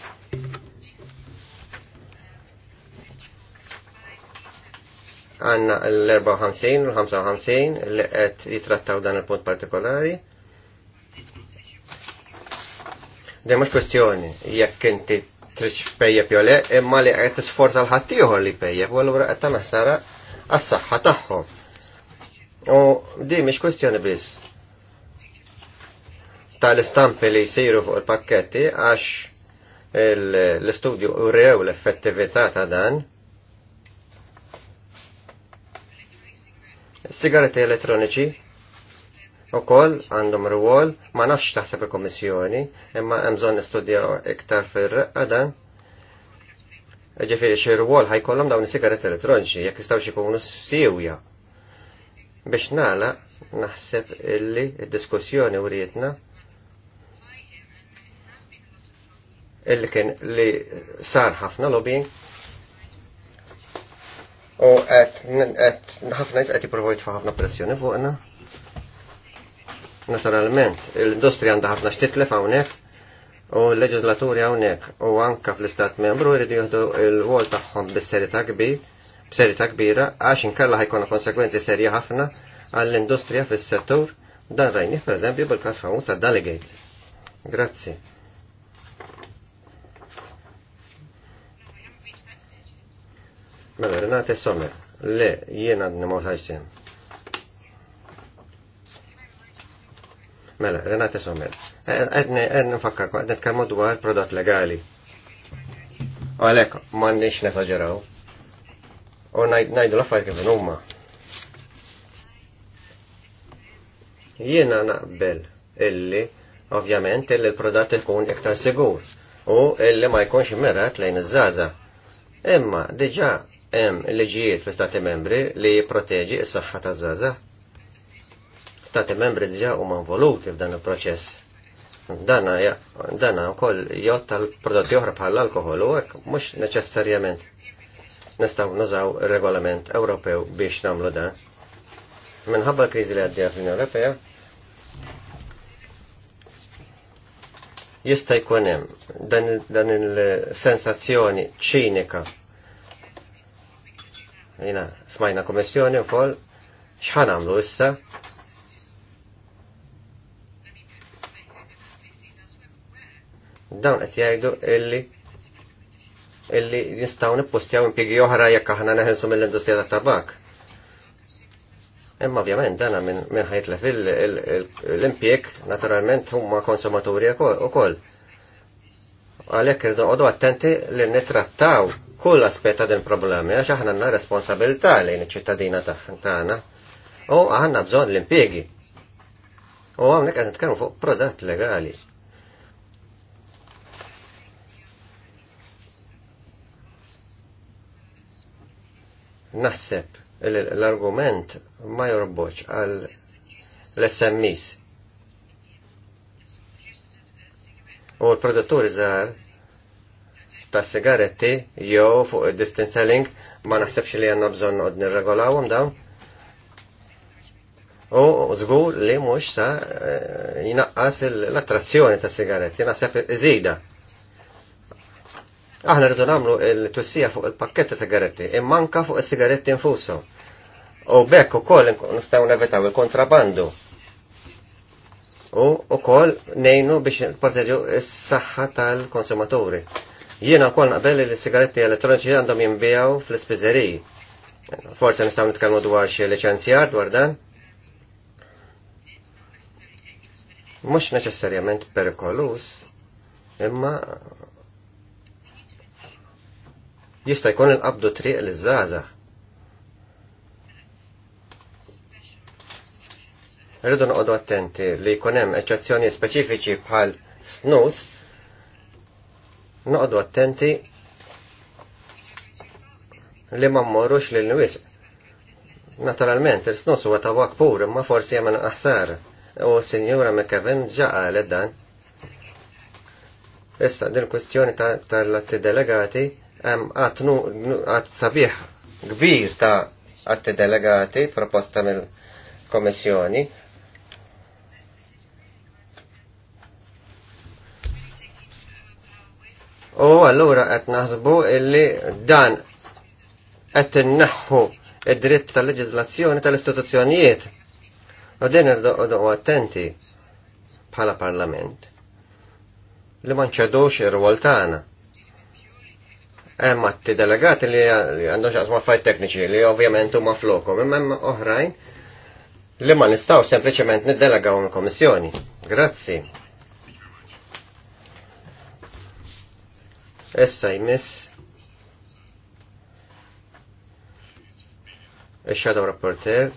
għanna l-54 u l-55 li qed jitrattaw dan il-punt partikolari. Dej mux kwestjoni jekk inti triċ pejja pjole, imma li t-sforza l-ħadd li pejja, u allura għed ta' messara għas-saħħa tagħhom. U di mux kwestjoni biss tal-istampi li jsiru fuq il-pakketti għax l-istudju urew l-effettività ta' dan Sigaretti elettroniċi u koll għandhom rwol, ma nafx taħseb il-Komissjoni, imma emżon nistudjaw iktar fil-reqqa dan. Ġifiri xie rwol ħajkollhom dawn is-sigaretti elettroniċi jekk jistgħux ikunu siwja. Biex nala naħseb illi id-diskussjoni urietna illi kien li sar ħafna lobbying u qed ħafna qed jipprovojt jiprovojt ħafna pressjoni fuqna. Naturalment, l-industrija għandha ħafna xtitlef hawnhekk u l-leġislaturi hawnhekk u anka fl-istat membru jridu jieħdu l-wol tagħhom bis serita kbir b'serjetà kbira għax inkella ħajkona konsekwenzi serji ħafna għall-industrija fis-settur dan rajni eżempju, bil-każ famu ta' Delegate. Grazzi. Mela, Renate Sommer, le, jiena d-nimaw tajsim. Mela, Renate Sommer, e, għedni nfakkar, għedni t-kalmu dwar prodott legali. Għalek, ma nix nesagġeraw. U najdu l-affajt kif n-umma. Jiena naqbel illi ovvjament illi l-prodott ikun iktar sigur u illi ma jkunx merat lejn iż-żaza. Imma diġa hemm liġijiet fl-Stati membri li jipproteġi s-saħħa taż-żgħażagħ. Stati membri diġà huma involuti f'dan il-proċess. Dana wkoll jgħod tal-prodotti oħra bħal l-alkoħol u hekk mhux neċessarjament nistgħu nużaw regolament Ewropew biex nagħmlu dan. Minħabba l-kriżi li għaddija fl-Unjoni Ewropea, jista' jkun hemm dan il-sensazzjoni ċinika jina smajna komissjoni u kol, xħan għamlu issa? Dawn għet jajdu illi illi jistaw nippostjaw impiegi oħra jekk aħna neħilsu mill-industrija ta' tabak Imma ovvjament dana minn min ħajtlef l-impjeg naturalment huma konsumaturi u ukoll. Għalhekk irdu attenti li nittrattaw kull aspetta del din problemi għax aħna għanna responsabilità lejn iċ-ċittadina tagħna. U għanna bżonn l impiegi U hawnhekk t nitkellmu fuq prodat legali. Naħseb l-argument ma jorboċ għal l-SMIs. U l produttori zaħar ta' sigaretti jew fuq distance selling ma naħsebx li għanna bżon għod nirregolawhom dawn. U żgur li mhux sa eh, jinaqqas l-attrazzjoni ta' sigaretti, naħseb iżida. Aħna rridu nagħmlu l-tussija fuq il-pakket ta' sigaretti, immanka fuq is-sigaretti infushom. U bekk ukoll nistaw nevetaw il-kontrabandu. U ukoll nejnu biex portedju s-saħħa tal-konsumaturi. Jiena kol naqbel li s-sigaretti elettroniċi għandhom jinbijaw fl spizzeri Forse nistgħu nitkellmu dwar xi liċenzjar dwar dan. Mhux neċessarjament perikolus, imma jista' jkun il-qabdu triq l żgħażagħ. Rridu noqogħdu attenti li jkun hemm eċċezzjoni speċifiċi bħal snus noqdu attenti li ma mmorrux l-nwis. Naturalment, il-snus huwa tabak pur, imma forsi hemm aħsar. U s-Signora McKevin l dan. Issa din kwestjoni tal-atti delegati hemm sabiħ kbir ta' atti delegati proposta mill-Komissjoni u allura qed naħsbu illi dan qed inneħħu id-dritt tal-leġiżlazzjoni tal-istituzzjonijiet. U din irdoqgħu attenti bħala Parlament li ma nċedux ir-rwol tagħna. Hemm atti delegati li għandhom xaqsma fajt tekniċi li ovvjament huma flokhom, imma hemm oħrajn li ma nistgħu sempliċement niddelegaw mill-Komissjoni. Grazzi. Essa jmiss il-Shadow e Rapporteur,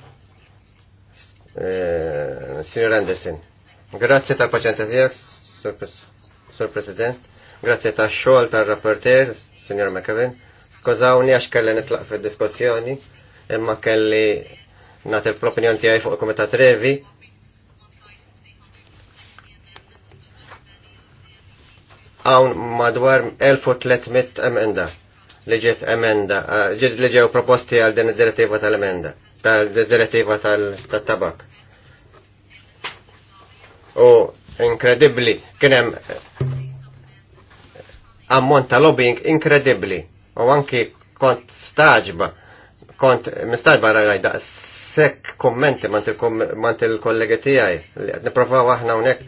e, Sir Anderson. Grazie tal paċenta tijak, Sur President. Grazie ta' xol tal Rapporteur, Sir McAvin. Skużawni għax kelli nitlaq fil-diskussjoni, imma kelli nat l propinjon tijaj fuq il-Komitat Revi għawn madwar 1300 emenda li ġiet emenda, eh, li ġew proposti għal din id-direttiva tal-emenda, tal-direttiva tal-tabak. U inkredibli, kienem hemm eh, ammont ta' lobbying inkredibli, u anki kont staġba kont mistaġba rajda sekk kommenti mant il-kollegi tiegħi li qed niprofaw għahna unek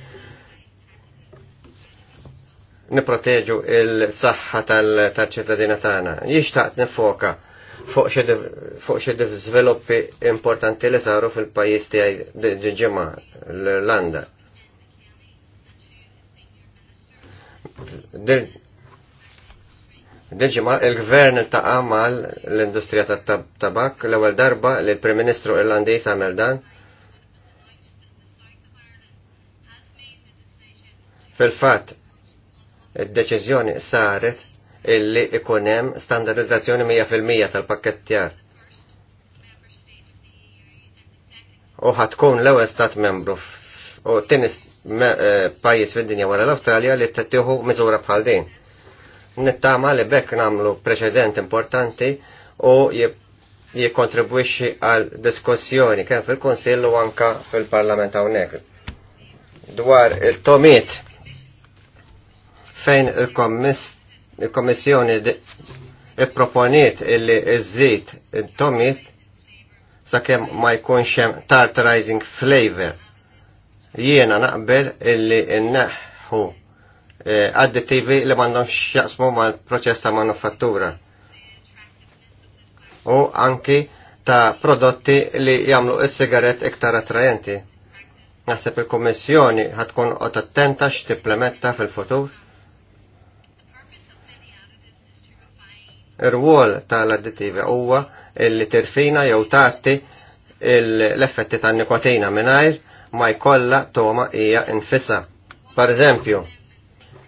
niproteġu il-saħħa tal-ċittadina tagħna. Jixtaqt nifoka fuq xi sviluppi importanti li saru fil-pajjiż tiegħi ġimgħa l-Irlanda. Din-ġimgħa, il-gvern ta' għamal l-industrija tat-tabak l-ewwel darba li l-Prim Ministru Irlandiż għamel dan. Fil-fatt, id-deċiżjoni saret illi ikun hemm standardizzazzjoni 100% tal-pakkettjar. U ħatkun l-ewwel stat membru u t-tieni eh, pajjiż fid-dinja wara l-Awstralja li tieħu miżura bħal din. Nittama li bekk nagħmlu preċedent importanti u jikontribuixi għal diskussjoni kemm fil-Kunsill u anka fil-Parlament hawnhekk dwar il tomit fejn il il proponiet illi iżżid tomit sakemm ma jkunx hemm tartarizing flavor. Jiena naqbel illi nneħħu eh, additivi li m'għandhomx jaqsmu mal-proċess ta' manufattura. U anki ta' prodotti li jagħmlu s-sigaret iktar attrajenti. Naħseb il-Kummissjoni ħatkun qod attenta x'tipplementa fil-futur ir wol tal-additivi huwa illi tirfina jew tatti l-effetti tan-nikotina mingħajr ma jkollha toma hija infissa. Par eżempju,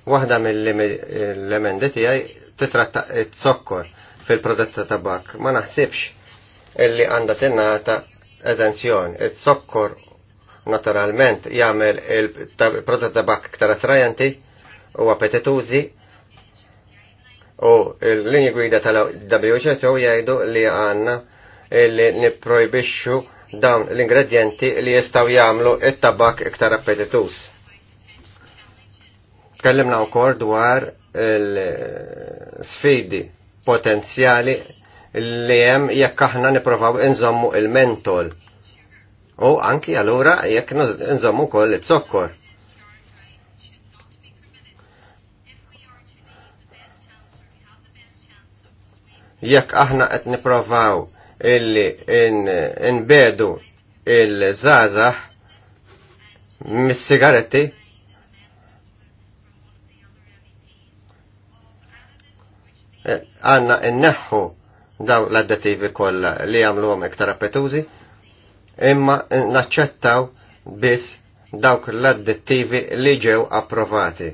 waħda mill-emendi tiegħi titratta t-sokkor fil prodotta tabak. Ma naħsibx illi għandha tingħata eżenzjoni. It-sokkor naturalment jagħmel il prodotta tabak ktar attrajenti u appetitużi u l-linji gwida tal-WHO jgħidu li għanna li niprojbixxu dawn l-ingredienti li jistaw jagħmlu it-tabak iktar appetitus. Kellimna wkoll dwar l-sfidi potenzjali li hemm jekk aħna nipprovaw inżommu il-mentol. U anki allura jekk inżommu wkoll iż-zokkor. jekk aħna qed nipprovaw illi nbedu il-żgħażagħ mis-sigaretti eh, għanna inneħħu daw l addettivi kolla li għamlu għom iktar appetużi, imma naċċettaw biss dawk l addettivi li ġew approvati.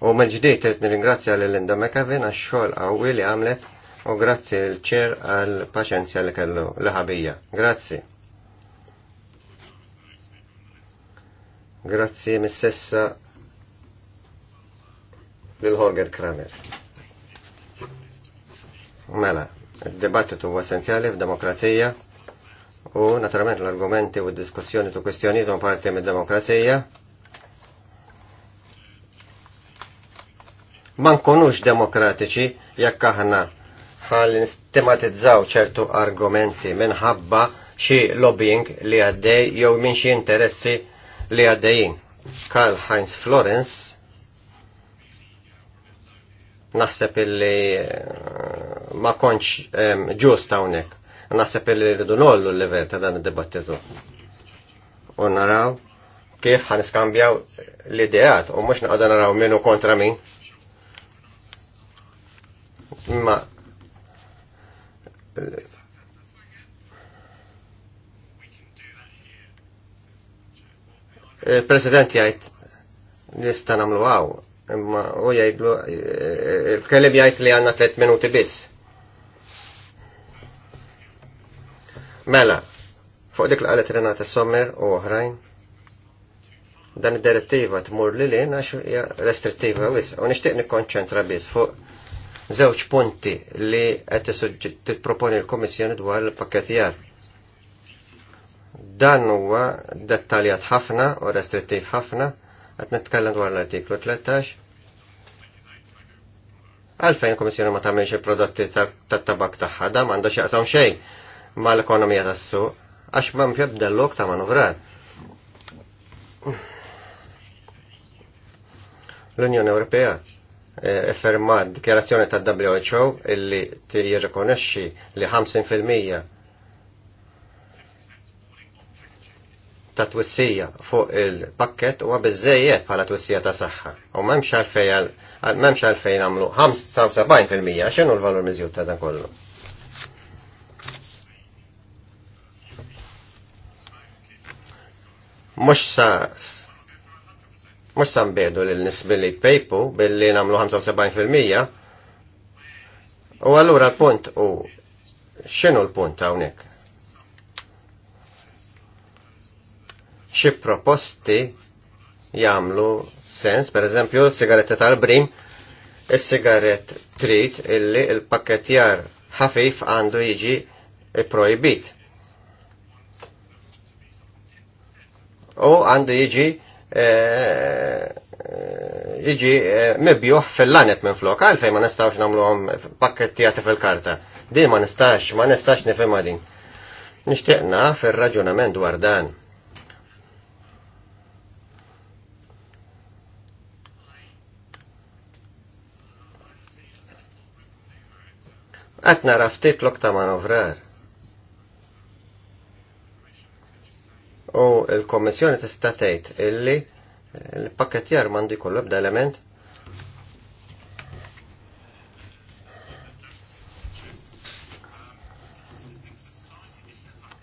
U maġdejt nir-ingrazzja l Linda Mekavin għax-xogħol qawwi li għamlet u grazzi l-ċer għal paċenzja li kellu l-ħabija. Grazzi. Grazzi mis-sessa lil Holger Kramer. Mela, id-dibattitu huwa essenzjali f'demokrazija u naturalment l-argumenti u d-diskussjoni tu kwestjoni tu parti mid-demokrazija. ma nkunux demokratiċi jekk aħna ħal nistematizzaw ċertu argumenti minħabba xi lobbying li għaddej jew minn xi interessi li għaddejin. Karl Heinz Florence naħseb illi eh, ma konċ ġust hawnhekk. Naħseb illi rridu nollu l-level ta' dan id-dibattitu. U naraw kif ħaniskambjaw l-ideat u mhux naqgħdu naraw minnu kontra min. Ma il-President eh, jgħid nista namlu għaw, imma u jajdlu, eh, il-kelib jajt li għanna 3 minuti bis. Mela, fuq dik l-għalet Renata Sommer u oħrajn, dan id-direttiva t-mur li li għax restrittiva wis, u nishtiq nikkonċentra bis fuq żewġ punti li qed proponi l komissjoni dwar il-pakketjar. Dan huwa dettaljat ħafna u restrittiv ħafna qed netkellem dwar l-artiklu 13. Għalfejn il ma tagħmilx il-prodotti tat-tabak tagħha dan m'għandux jaqsam xejn mal-ekonomija tas-suq għax ma mfjabda l-lok ta' manovra. L-Unjoni Ewropea d eh, dikjarazzjoni ta' WHO illi jirrekonesċi li 50% ta' twissija fuq il-pakket huwa għabizzejiet bħala twissija ta' saħħa. U m'hemmx għalfejn għalfejn għamlu 75% x'inhu l-valur mizjut ta' dan kollu. Mux sa Mux sambedu li nisbilli pejpu billi namlu 75% u għallura l-punt u xinu l-punt għawnek? Xi proposti jamlu sens, per eżempju, sigaretta tal-brim, il-sigaret trit illi il-pakketjar ħafif għandu jiġi projbit. U għandu jiġi Eh, eh, iġi eh, mibjuħ fil-lanet minn flok, għalfej ma nistawx namluħom pakkettijati fil-karta. Din ma nistax, ma nistax nifema din. Nishtiqna fil-raġunament dwar dan. Għatna raftit lok ta' manovrar. u l-Kommissjoni tista' tgħid illi l-pakketjar m'għandu kollu b'da element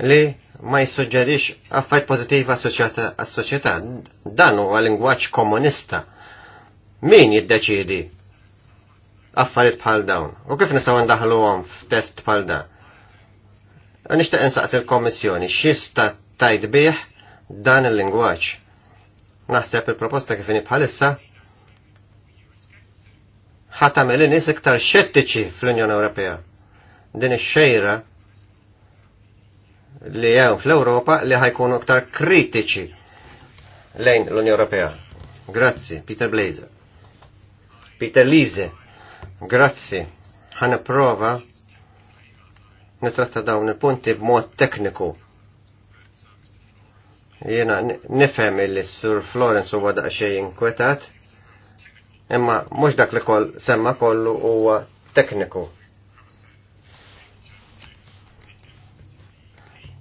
li ma jissuġġerix affajt pozittiv għas-soċjetà. Dan huwa lingwaġġ komunista. Min jiddeċidi affarijiet bħal dawn? U kif nistgħu ndaħluhom f'test bħal dan? Nixtieq insaqs il-Kommissjoni x'jista' tajt bih dan il-lingwaġġ. Naħseb il-proposta kif bħalissa Melin nis iktar xettiċi fl-Unjoni Ewropea. Din ix-xejra li jew fl-Ewropa li ħajkunu iktar kritiċi lejn l-Unjoni Ewropea. Grazzi, Peter Blazer. Peter Lise, grazzi. Ħana prova nitratta dawn il-punti b'mod tekniku Jena nifhem illi Sur Florence huwa daqsxejn kwetat, imma mhux dak li kol semma kollu huwa tekniku.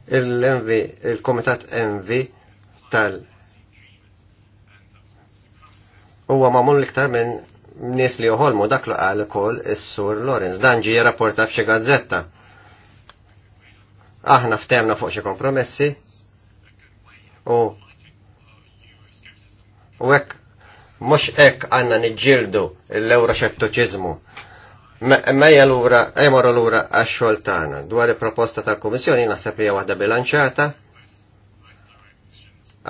Il-envi, il-komitat envi tal huwa mamul iktar minn nies li joħolmu dak li qal ukoll is-sur Lorenz. Dan ġie jirrapporta f'xi gazzetta. Aħna ftemna fuq xi kompromessi, u u ek, mux ek għanna niġġieldu l-euroxettoċiżmu. Mejja lura, ejmor lura l xogħol għaxxoltana. dwar il-proposta tal komissjoni naħseb hija waħda bilanċata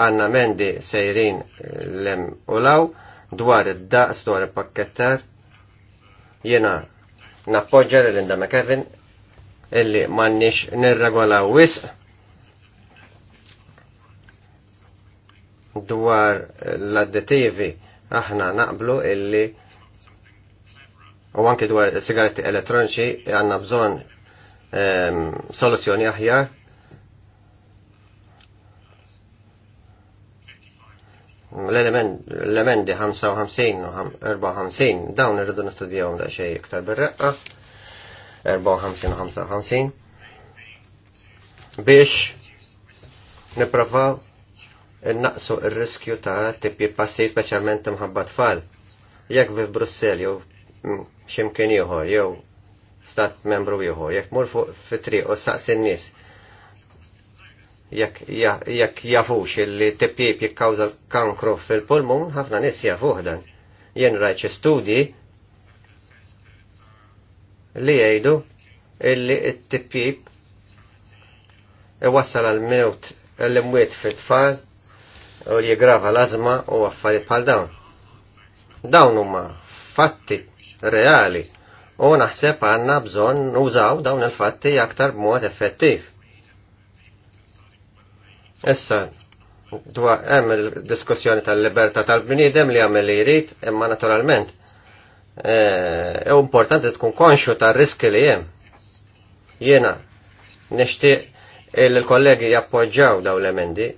għanna mendi sejrin lem u law dwar id-daqs dwar il pakketter jena nappoġġa l indama Kevin illi mannix nirregola wisq dwar l-additivi aħna naqblu illi u anki dwar sigaretti elettroniċi għanna bżon ehm, soluzzjoni aħjar l-elementi 55 u 54 dawn irridu nistudjawhom da xejn iktar bir 54 u 55 biex nipprovaw naqsu il-riskju ta' tippi passi specialment mħabba tfal. Jekk vi Brussel jew mm, ximkien ieħor jew stat membru ieħor, jekk mur fuq fitri u saqsin nies jekk jafux li tippib jikkawza l-kankru fil-pulmun, ħafna nies jafuh dan. Jien rajt studi li jgħidu illi t-tippib iwassal għal minut l-imwiet fit-tfal u li grava l-azma u affarijiet bħal dawn. Dawn huma fatti reali u naħseb għanna bżon nużaw dawn il-fatti aktar b'mod effettiv. Issa, dwa hemm il-diskussjoni tal-libertà tal-bniedem li għamil li jrid, imma naturalment e importanti tkun konxu tar risk li hemm. Jiena nixtieq il-kollegi jappoġġaw daw l-emendi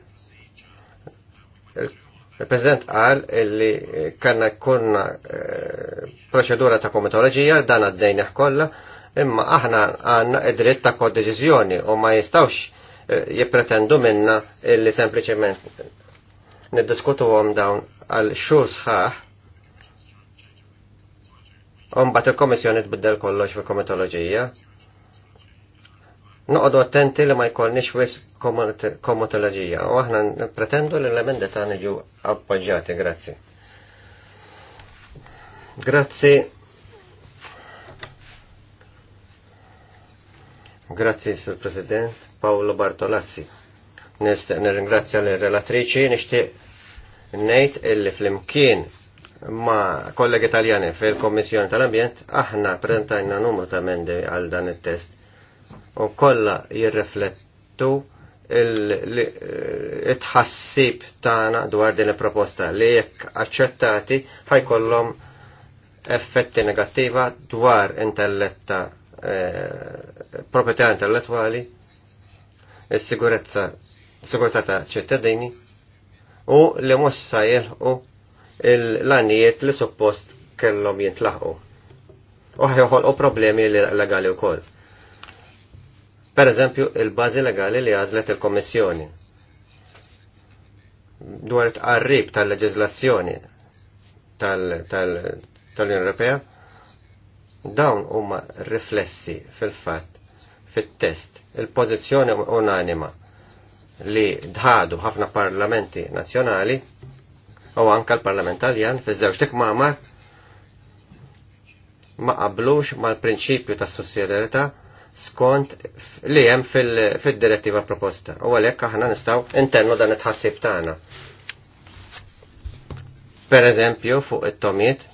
Il-President qal illi kanna kunna eh, proċedura ta' komitoloġija dan għaddejna kollha, imma aħna għanna id-dritt ta' kodeċiżjoni u ma jistawx eh, jippretendu minna illi sempliċement niddiskutu għom dawn għal xhur sħaħ bat il-Komissjoni tbiddel kollox fil komitologija Noqdu attenti li ma jkollniex wis komotologija. U aħna pretendu li l-emendi ta' niġu appoġġjati, grazzi. Grazzi. Grazzi, Sir President Paolo Bartolazzi. Nirringrazzja l-relatriċi, nishtiq nejt illi fl-imkien ma kollegi italjani fil-Kommissjoni tal-Ambjent aħna prezentajna numru ta' mendi għal dan it-test u kollha jirreflettu il-tħassib tagħna dwar din il-proposta li jekk aċċettati ħajkollhom effetti negattiva dwar intelletta eh, proprietà intellettwali is-sigurezza sigurtà ta' ċittadini u li mossa jilħu l-għanijiet li suppost kellhom u Uħjoħol u problemi legali u koll. Per eżempju, il-bazi legali li għazlet il-Kommissjoni dwar tqarrib tal-leġizlazzjoni tal-Unjoni Ewropea, dawn huma riflessi fil-fatt fit-test il-pożizzjoni unanima li dħadu ħafna parlamenti nazzjonali u anka l-Parlament Taljan fiż-żewġ tikmamar ma qablux mal-prinċipju tas-sussidjarjetà skont li hemm fil-direttiva proposta. U għalhekk aħna nistgħu intennu dan it-ħassib tagħna. Per eżempju, fuq it-tomiet,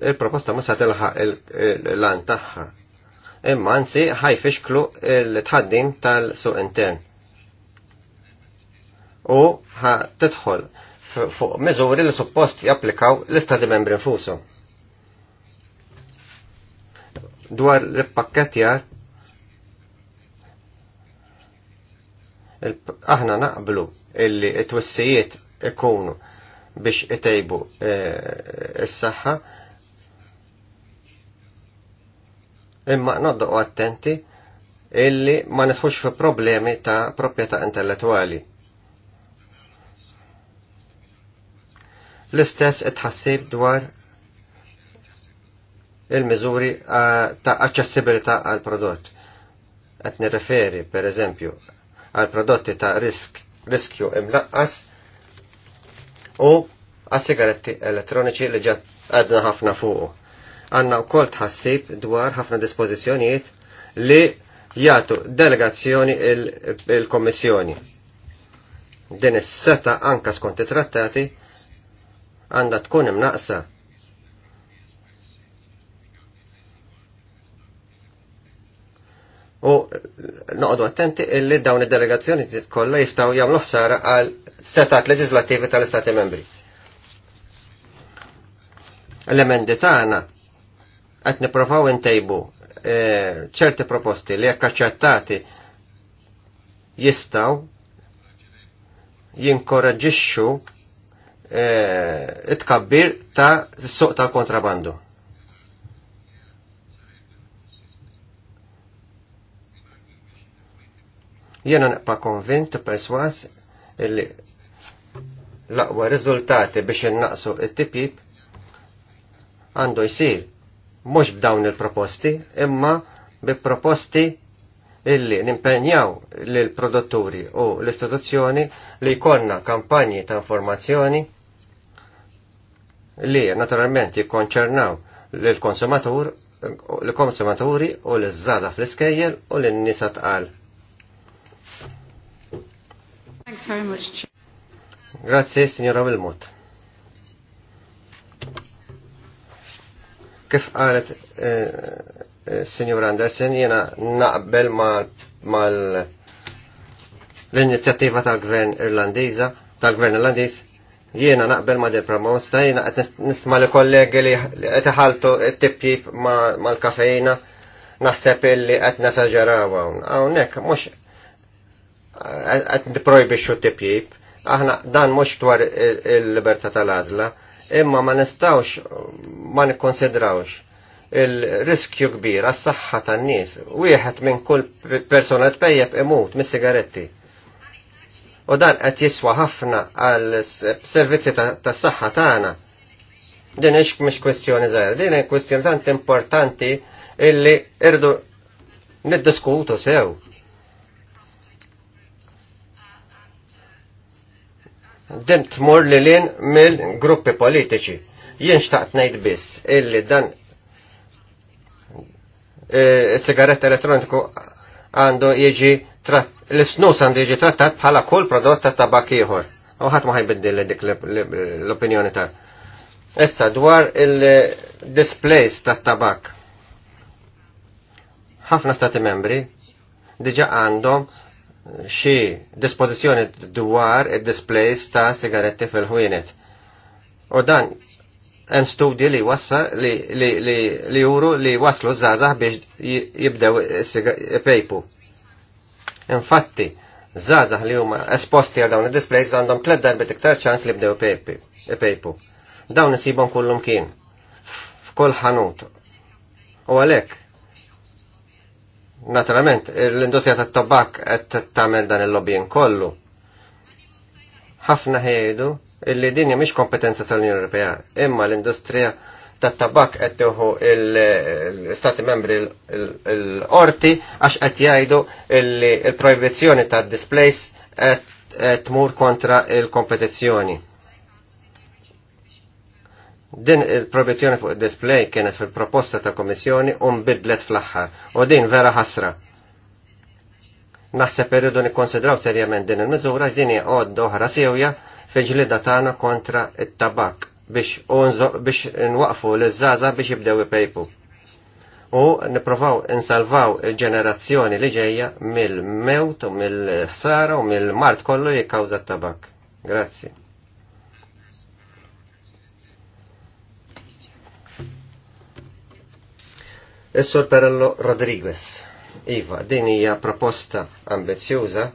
il-proposta ma sa tilħaq l-lan tagħha. Imma anzi ħajfixklu l-tħaddim tal-suq intern. U ħa tidħol fuq miżuri li suppost japplikaw l-istati membri nfusu dwar l-pakketjar aħna naqblu illi t-twissijiet ikunu biex itejbu eh, s-saħħa imma noddoqu attenti illi ma nitħux fi problemi ta' proprjetà intellettuali. L-istess itħassib dwar il-miżuri ta' aċċessibilità għal prodott. Qed nirreferi, per eżempju, għal prodotti ta' risk, riskju imlaqqas u għas sigaretti elettroniċi li ġat għadna ħafna fuqu. Għanna u kol tħassib dwar ħafna dispozizjonijiet li jgħatu delegazzjoni il-Kommissjoni. Din is-seta anka skont it-trattati għandha tkun imnaqsa u noqdu attenti illi dawn id-delegazzjoni kollha jistgħu jagħmlu ħsara għal setat leġislattivi tal-Istati membri. L-emendi tagħna qed nipprovaw intejbu e, ċerti proposti li jekk aċċettati jistgħu jinkoraġixxu e, it-tkabbir ta' suq tal-kontrabandu. Jena naqpa konvint perswas illi l-aqwa riżultati biex innaqsu it-tipjib għandu jsir mhux b'dawn il-proposti imma bi proposti illi nimpenjaw l-produtturi u l-istituzzjoni li jkollna kampanji ta' informazzjoni li naturalment jikkonċernaw l-konsumatur l-konsumaturi u l-żada fl-iskejjel u l-nisa tqal. Grazie, signora Wilmot. Kif qalet eh, eh, signor signora Andersen, jena naqbel mal, l-inizjattiva tal-gvern irlandiza, tal-gvern irlandiz, jiena naqbel ma del promosta, jiena qed nisma li kollegi li qed ħaltu t-tipjib mal-kafejna, naħseb li qed nesaġeraw hawn. Hawnhekk għat xo tipjib, aħna dan mhux dwar il-libertà tal-għażla, imma ma nistawx ma nikkonsidrawx il-riskju kbir għas saħħa tan-nies. Wieħed minn kull persona tpejjeb imut mis-sigaretti. U dan qed jiswa ħafna għal servizzi tas-saħħa tagħna. Din hix mhix kwestjoni żgħira, din hija kwestjoni tant importanti illi irdu niddiskutu sew din tmur li lin mill-gruppi politiċi. Jien xtaqt ngħid biss illi dan e, is-sigarett elettroniku għandu jiġi l-snus għandu jiġi trattat bħala kull prodott ta' tabak ieħor. U ħadd ma ħajbiddil dik l-opinjoni ta' Issa dwar il-displays tat tabak. Ħafna stati membri diġa għandhom xi dispożizzjoni dwar id-displays ta' sigaretti fil-ħwienet. U dan hemm studji li wassa li, li, li, li juru li waslu żgħażagħ biex jibdew pejpu. Infatti, żgħażagħ li huma esposti għal dawn id-displays għandhom tliet darbit iktar ċans li jibdew pejpu. Dawn isibhom kullum kien f'kull ħanut. U għalhekk Naturalment, l-industrija tat-tabak qed tagħmel dan il-lobbying kollu. Ħafna ħejdu illi din mhix kompetenza tal-Unjoni Ewropea, imma l-industrija tat-tabak qed tieħu l-Stati membri l-orti għax qed jgħidu illi l-projbizzjoni tad-displays qed tmur kontra il-kompetizzjoni. Din il-proibizjoni fuq display kienet fil-proposta ta' komissjoni u bidlet fl-aħħar u din vera ħasra. Naħseb periodu nikkonsidraw serjament din il-miżura x'din hija għodda oħra sewja fil-ġlida tagħna kontra it-tabak biex biex nwaqfu l-żaza biex jibdew ipejpu. U nipprovaw insalvaw il-ġenerazzjoni li ġejja mill-mewt u mill-ħsara u mill-mart kollu jikkawża t-tabak. Grazzi. Is-Sur Perello Rodriguez. Iva, din hija proposta ambizjuża.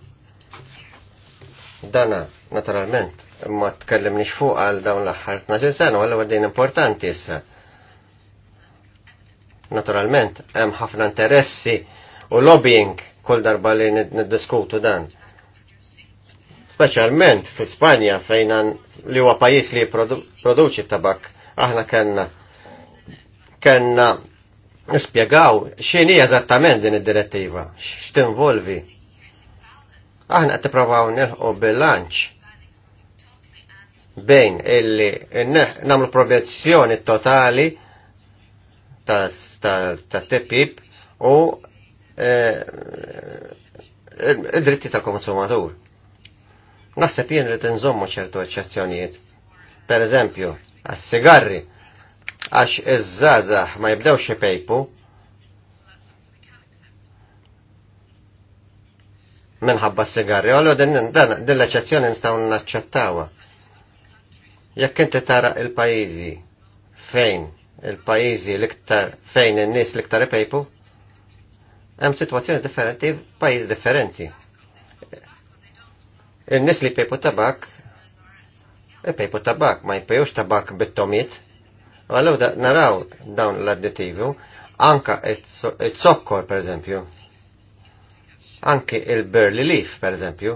Dana, naturalment, ma tkellimniex fuq għal dawn l-aħħar 12 sena, għal din importanti issa. Naturalment, hemm ħafna interessi u lobbying kull darba li niddiskutu dan. Speċjalment fi Spanja fejn li huwa pajjiż li jipproduċi tabak, aħna kellna kenna nispiegaw x'inhi eżattament din id-direttiva, x'tinvolvi. Aħna qed tipprovaw nilħu bilanċ bejn illi nagħmlu protezzjoni totali ta' tepib u eh, id-dritti tal-konsumatur. Naħseb jien li tinżommu ċertu eċċezzjonijiet. Per eżempju, għas-sigarri, għax iż-żazax ma jibdewx ipejpu minħabba s-sigarri, għallu din l-eċezzjoni nistaw naċċettawa. Jekk inti tara il-pajizi fejn il-pajizi l-iktar fejn in-nies l-iktar ipejpu, hemm sitwazzjoni differenti f'pajjiż differenti. In-nies li pejpu tabak, pejpu tabak, ma jpejux tabak bit tomit Għallu naraw dawn l-additivu, anka il-zokkor per eżempju, anki il-burly leaf per eżempju,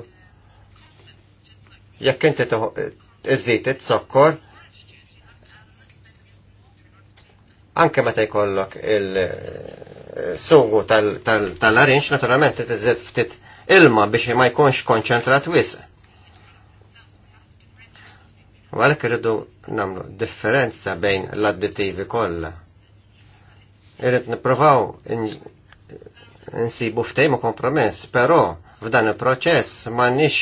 jekk inti iżżid it-zokkor, anke meta jkollok il-sugu tal-arinx, naturalment tiżżid ftit ilma biex ma jkunx konċentrat wisq U għalhekk irridu nagħmlu differenza bejn l-additivi kollha. Irrid nipprovaw insibu ftejmu kompromess, però f'dan il-proċess m'għandniex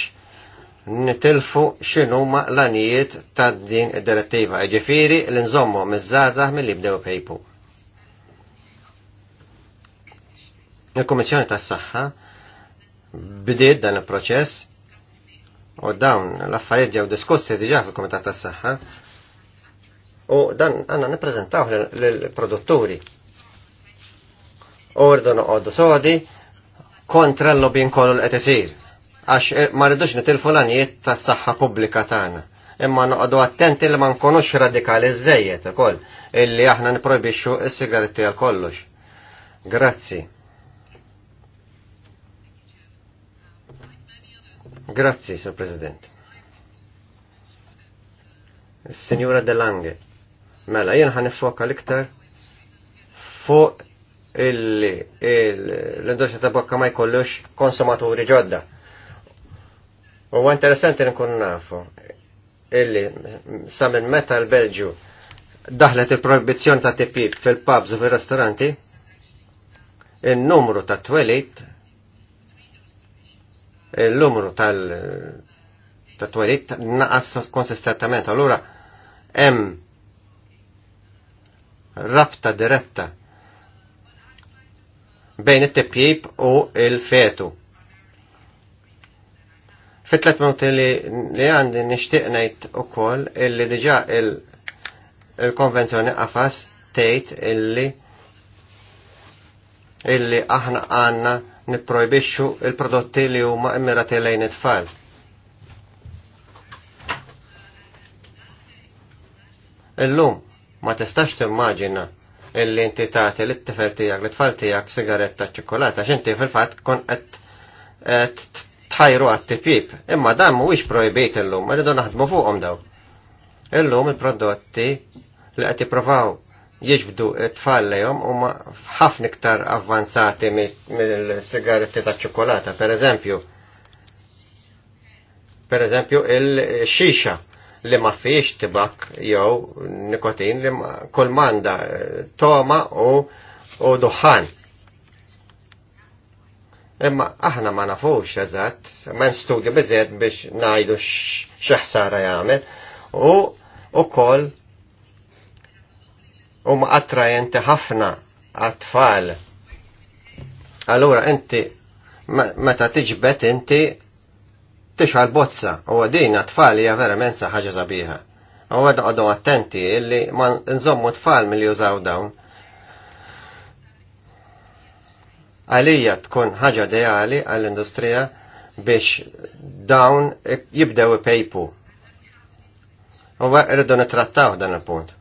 nitilfu x'inhuma l-anijiet ta' din id-direttiva, ġifieri l nżommu mizzazah mill bdew pejpu. Il-Kummissjoni tas-Saħħa bdiet dan il-proċess U dawn l-affarijiet ġew diskussi diġà fil-Kumitat tas-Saħħa. U dan għandna nippreżentaw lill-produtturi. Ordu noqogħdu sodi kontra l-lobin kollu l-qed isir. Għax eh, ma rridux nitilfu l-għanijiet tas-saħħa pubblika tagħna. Imma noqogħdu attenti li ma nkunux radikali żejjed ukoll illi aħna niprojbixxu s-sigaretti għal kollox. Grazzi. Grazzi, Sir President. Signora Delange, mela, jien ħan nifoka l-iktar fuq l-industria ta' bokka ma jkollux konsumaturi ġodda. U interessanti nkun nafu illi sa minn meta l-Belġu daħlet il-proibizzjoni ta' tipib fil-pubs u fil-ristoranti, il-numru ta' twelit l umru tal-twelit naqas konsistentament Allura, hemm rabta diretta bejn it-tepjib u il-fetu. Fitlet minuti li għandi nishtiqnajt ngħid ukoll illi diġa' il-konvenzjoni qafas tgħid illi illi aħna għanna nipprojbixxu il-prodotti li huma immirati lejn it-tfal. Illum ma tistax timmaġina illi inti tagħti lit tifel tiegħek lit tfal tiegħek sigaretta ċokolata x'inti fil-fatt kon qed tħajru għat-tipib. Imma dan mhuwiex projbit illum, irridu naħdmu fuqhom daw. Illum il-prodotti li qed jippruvaw jiġbdu t-tfal jom huma ħafna iktar avvanzati mill-sigaretti ta' ċokolata, per eżempju. Per eżempju il-xixa li ma fiex tibak jew nikotin li kolmanda toma u u duħan. Imma aħna ma nafux eżatt, m'hemm studju biżed biex ngħidu xeħsara jagħmel u ukoll huma attrajenti ħafna għat-tfal. Allura inti meta tiġbet inti tixħal bozza u għadin għat-tfal hija verament sa ħaġa sabiħa. U għadu għaddu attenti illi ma nżommu tfal mill jużaw dawn. Għalija tkun ħaġa ideali għall-industrija biex dawn jibdew pejpu. U għeddu nitrattaw dan il-punt.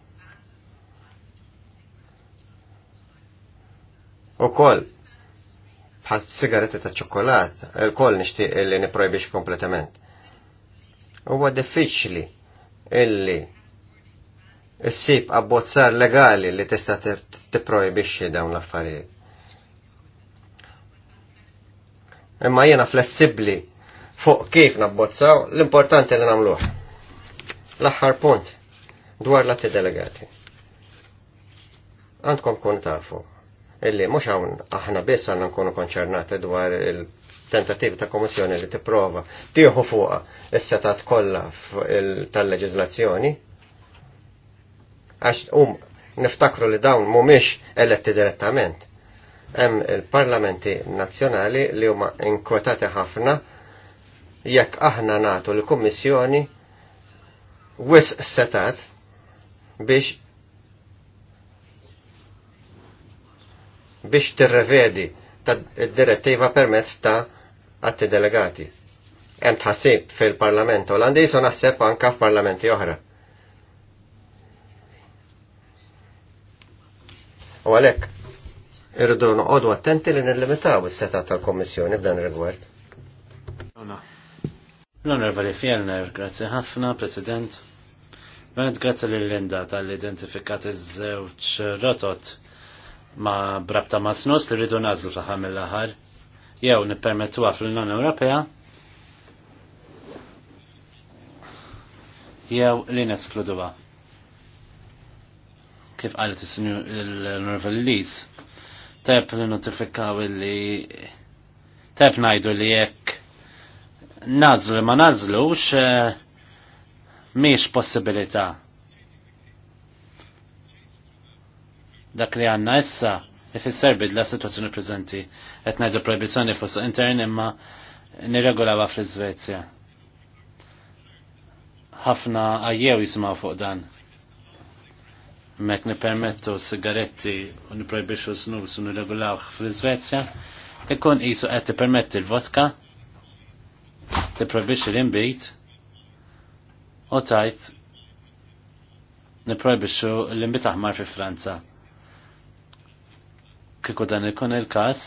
u kol, bħal sigaretta ta' ċokolat, il kol nishti illi niprojbix kompletament. Huwa diffiċli illi s-sib abbozzar legali li tista' tipprojbixxi dawn l-affarijiet. Imma jiena flessibbli fuq kif nabbozzaw, l-importanti li nagħmluh. L-aħħar punt dwar l-atti delegati. Għandkom kun tafu, illi mhux hawn aħna biss għandna nkunu konċernati dwar il-tentativi ta' komissjoni li tipprova tieħu fuqha is-setat kollha tal-leġiżlazzjoni. Għax hum niftakru li dawn mhumiex eletti direttament. Hemm il-parlamenti nazzjonali li huma inkwetati ħafna jekk aħna nagħtu l-Kummissjoni wisq setat biex biex tirrevedi ta' direttiva permezz ta' atti delegati. Hemm tħassib fil-Parlament Olandiż u naħseb anke f'parlamenti oħra. U għalhekk irridu noqogħdu attenti li nillimitaw is-seta tal-Kommissjoni f'dan ir-rigward. L-Onorevoli Fjellner, grazzi ħafna, President. Bant grazzi l-Linda tal-identifikat iż-żewġ rotot ma brabta masnus li rridu nazlu taħħa mill-aħħar. Jew nippermettuha fl-Unjoni Ewropea. Jew li neskluduha. Kif qalet il-Norvel Lis, teb li notifikaw li tajb najdu li jekk nażlu ma nażlux eh, miex possibilità dak li għanna issa ifisser bidla situazzjoni preżenti qed ngħidu proibizzjoni fuq intern imma nirregolawha fl-Iżvezja. Ħafna għajjew jismaw fuq dan. Mek nipermettu sigaretti u niprojbixu snus u nirregolawh fl-Iżvezja, ikun qisu qed tippermetti l-vodka, tipprojbixxi l imbit u tajt niprojbixxu l imbit aħmar fi Franza kiko dan ikun il-kas,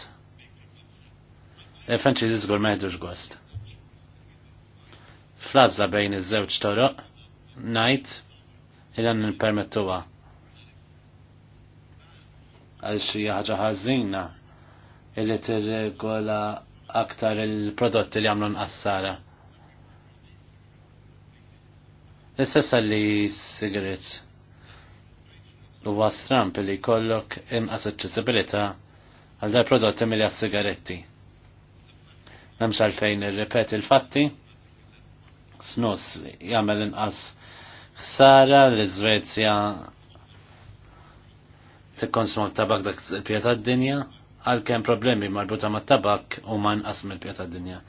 il-Franċiżi żgur ma jgħidux gost. Flazla bejn iż-żewġ toroq, ngħid il għan il-permettuwa. Għal xi ħaġa ħażina illi tirregola aktar il-prodotti li għamlu nqassara. L-istessa li sigaret huwa stramp li jkollok imqas aċċessibilità għal dar prodotti milja sigaretti. Memx għalfejn ir-repet il-fatti, snus jagħmel inqas ħsara l-Iżvezja tikkonsuma tabak dak il-pjata d-dinja, għal kem problemi marbuta ma' tabak u ma' nqas mill-pjata d-dinja.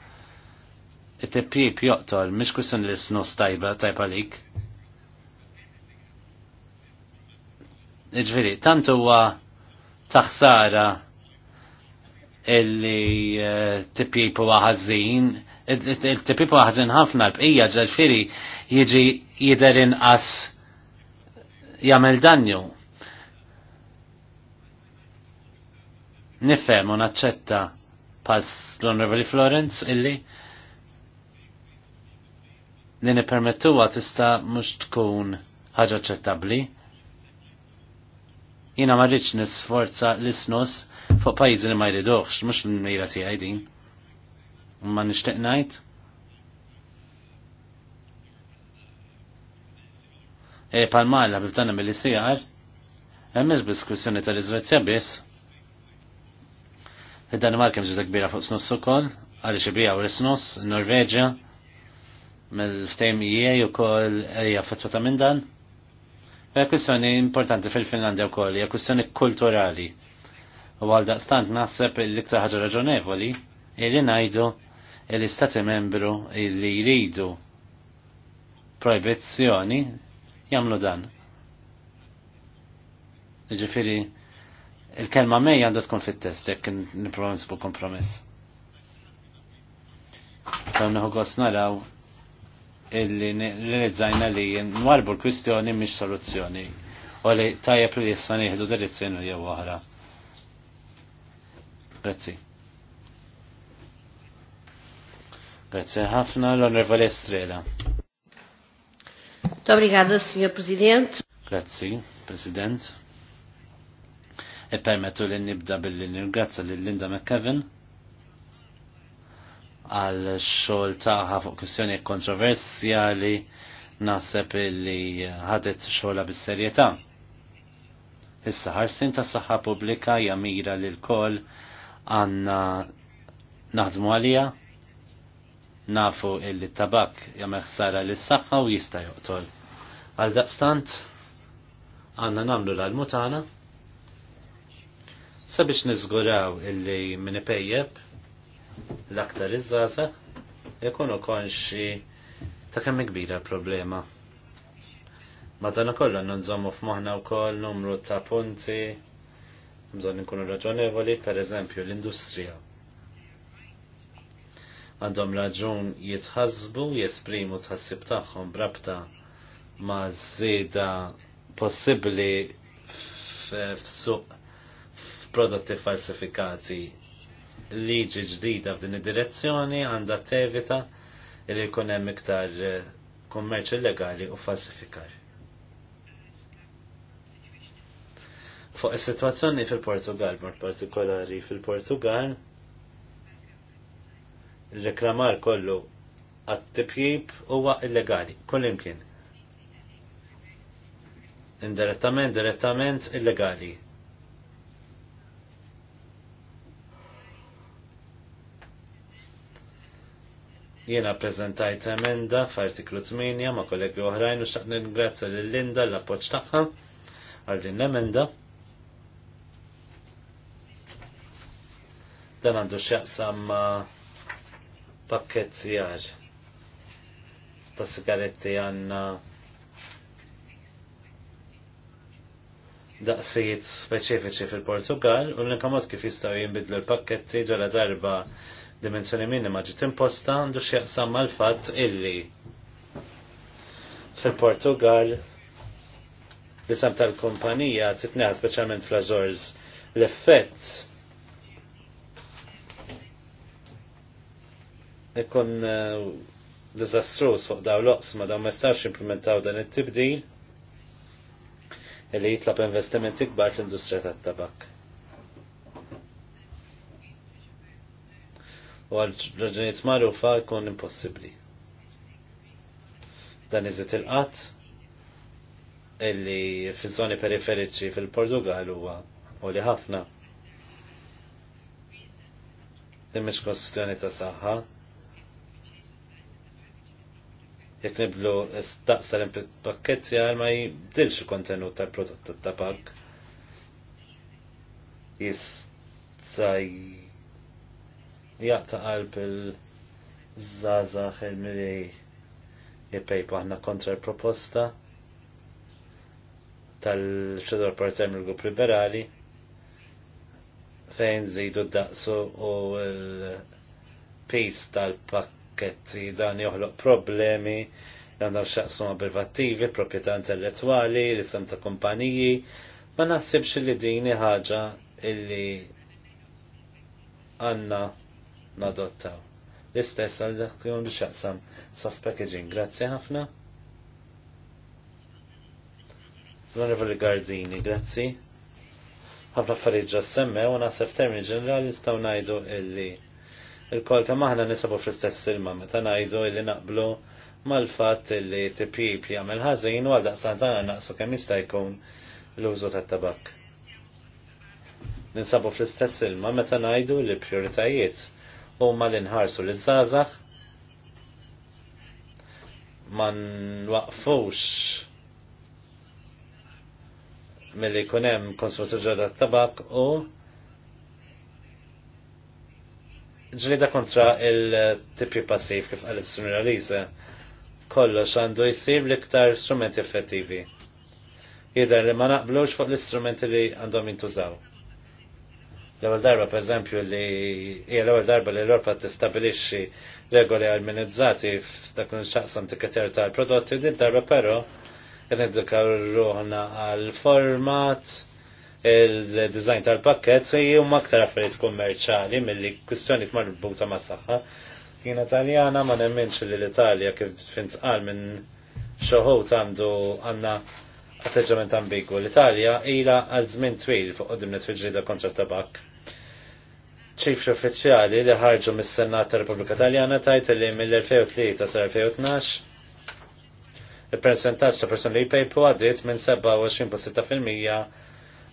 It-tippib joqtol, mhix kussin li snus tajba tajba lik, Iġviri, tant huwa taħsara illi eh, tipipu għazin, tipipu għazin ħafna b'ija ġalfiri jiġi jiderin inqas jagħmel danju. Nifhem u naċċetta pass l-Onorevoli Florence illi li nippermettuha tista' mhux tkun ħaġa ċettabli. Jina ma rridx nisforza l-isnus fuq pajjiżi li ma jridux, mhux l-mira tiegħi din. Ma nixtieq ngħid. E palmalla bibtana mill-ICR, hemmhekk biss tal-Iżvezja biss. Id-Danimarka mġiġa kbira fuq snus ukoll, għaliex u l-snus, Norveġa, mill-ftejm ijie u koll eja fatwata minn dan. Hija kwistjoni importanti fil-Finlandja wkoll, hija kwistjoni kulturali. U għal daqstant naħseb l-iktar ħaġa raġonevoli li ngħidu l-istati membru li jridu proibizzjoni jagħmlu dan. Ġifiri, il-kelma mej għandha tkun fit-test jekk nipprova nsibu kompromess. Kam gost naraw illi realizzajna li nwarbu l-kwistjoni mhix soluzzjoni. U li tajjeb li issa nieħdu direzzjoni jew oħra. Grazzi. Grazzi ħafna l-Onorevoli Estrela. Obrigada, signor President. Grazzi, President. E permettu li nibda billi nirgrazza lill Linda McKevin għal xogħol tagħha fuq kwistjoni kontroversjali naħseb li ħadet xola bis-serjetà. Issa ħarsin tas saħħa pubblika hija mira lil koll għandna naħdmu għalija nafu illi tabak jagħmel ħsara lis-saħħa u jista' joqtol. Għal daqstant għandna nagħmlu l-almutana sabiex niżguraw illi minipejjeb ipejjeb l-aktar iż-żaza ikunu konxi ta' kemm kbira problema. Madonna kollu nżommu f'moħħna wkoll numru ta' punti bżonn inkunu raġonevoli, per eżempju l-industrija. Għandhom raġun jitħasbu, jesprimu tħassib tagħhom brabta ma' żieda possibbli f'suq f'prodotti falsifikati liġi ġdida f'din id-direzzjoni għandha tevita li jkun hemm iktar eh, kummerċ illegali u falsifikar. Fuq is-sitwazzjoni fil-Portugal, mod partikolari fil-Portugal, reklamar kollu għat tipjib huwa illegali, kull imkien. Indirettament, direttament illegali. Jiena prezentajt emenda f'artiklu 8 ma' kollegi oħrajn u xaqni ningrazzja lil Linda l-appoġġ tagħha għal din l-emenda. Dan għandu x'jaqsam ma' pakket ta' sigaretti għanna daqsijiet speċifiċi fil-Portugal u l-inkamot kif jistaw jinbidlu l-pakketti ġala darba dimensjoni minima ġiet imposta għandu x'jaqsam mal-fatt illi fil-Portugal l-isem tal-kumpanija titneħa speċjalment fl-Azores l-effett ikun uh, dizastrus fuq daw l ma daw ma implementaw dan it-tibdil li jitlab investimenti kbar fl-industrija tat-tabak. u għal raġunijiet magħrufa jkun impossibli. Dan iżid il qat illi fiż-żoni periferiċi fil-Portugal huwa u li ħafna. Din kostjoni ta' saħħa. Jek niblu staqsa l-pakketti għal ma jibdilx kontenut tal-prodott tat-tabak. Jistaj jaqta qalb il-żazax il-mili jipejpa ħna kontra l-proposta tal-xedor partem l-grupp liberali fejn zidu d-daqsu u l-pis tal-pakketti dan joħloq problemi għanna xaqsuma privattivi, proprietà intellettuali, l-istam ta' kompaniji, ma nasibx li dini ħaġa illi għanna nadottaw. L-istess għal dak li xaqsam soft packaging. Grazzi ħafna. L-Onorevoli Gardini, grazzi. Ħafna affarijiet s semmew u naħseb termini ġenerali staw ngħidu illi il-kol kemm maħna nisabu fl-istess silma meta ngħidu illi naqblu mal-fatt illi tipip li għamil ħażin u għal daqstant għandna naqsu kemm jista' jkun l-użu tat-tabak ninsabu fl-istess ilma meta ngħidu li prioritajiet ma li nħarsu l zazax ma nwaqfux milli jkun hemm konsumatur ġodda tabak u ġlida kontra il-tipi passiv kif għalet s-sunira Lisa kollox għandu jisir l-iktar strumenti effettivi. Jidher li ma naqblux fuq l-istrumenti li għandhom jintużaw L-ewwel darba pereżempju li hija l-ewwel darba li l-Europa tistabilixxi regoli armonizzati f'dak l-inxaqsam tikketer tal-prodotti din darba però qed ruħna għall format il-design tal-pakket se huma aktar affarijiet kummerċali milli kwistjoni marbuta ma' saħħa. Kien Italjana ma nemminx li l-Italja kif fint qal minn xoħut għandu għandna atteġġament ambigu. L-Italja ila għal żmien twil fuq qudimnet fil-ġrida kontra tabak ċif uffiċjali li ħarġu mis-Senat ta' Repubblika Taljana tajt li mill-2003 sar 2012 il-percentaġġ ta' persuni li jpejpu għaddit minn 27.6%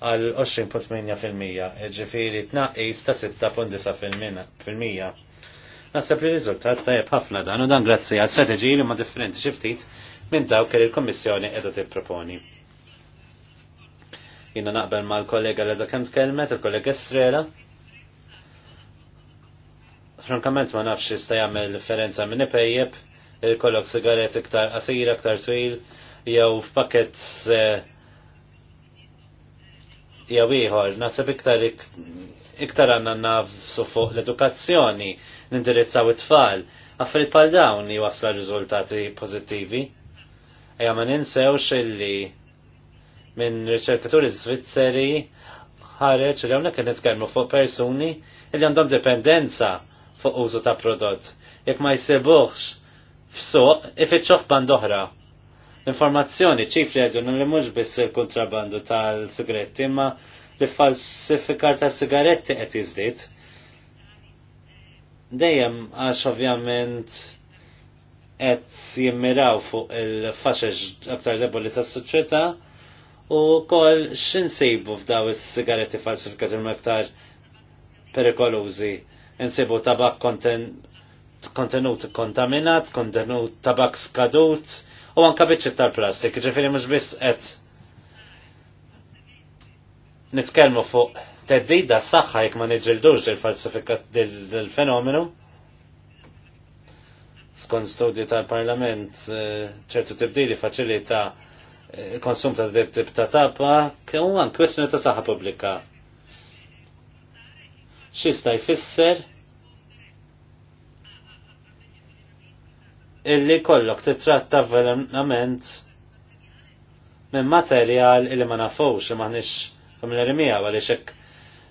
għal 20.8%, ġifiri tnaqqis ta' 6.9%. Nasab li rizultat tajjeb ħafna dan u dan grazzi għal strateġiji li ma' differenti xiftit minn dawk li l-Kommissjoni qiegħda tipproponi. Jina naqbel mal-kollega l-edha kant kelmet, il-kollega Estrela, frankament ma nafx jista' jagħmel differenza minn ipejjeb il-kollok sigaret iktar qasir, iktar twil, jew f'pakket eh, jew ieħor, naħseb iktar iktar għandna nafsu fuq l-edukazzjoni, nindirizzaw it-tfal, affarijiet bħal dawn li waslu riżultati pożittivi. Ejja ma ninsewx illi minn riċerkaturi Svizzeri ħareġ li hawnhekk qed nitkellmu fuq persuni li għandhom dipendenza fuq użu ta' prodott. Jekk ma jsebuħx f'suq, ifittxuh band oħra. Informazzjoni ċifri għedun li mhux biss il-kontrabandu tal-sigaretti, imma li falsifikar ta' sigaretti qed jiżdied. Dejjem għax ovvjament qed jimmiraw fuq il faxeġ aktar deboli tas soċieta u kol sejbu f'daw is-sigaretti falsifikati il aktar perikolużi insibu tabak kontenut kontaminat, kontenut tabak skadut, u anka biċċi tal-plastik, ġifiri mux biss et nitkelmu fuq teddida saħħa jek ma nġildux dil-falsifikat dil-fenomenu. Skon studju tal-parlament eh, ċertu tibdili faċilita eh, konsum ta' dib tib ta' tabak, u għan kwestjoni ta' saħħa publika xista jfisser illi kollok titratta verament minn materjal illi ma nafux li nix familjari miegħu għaliex hekk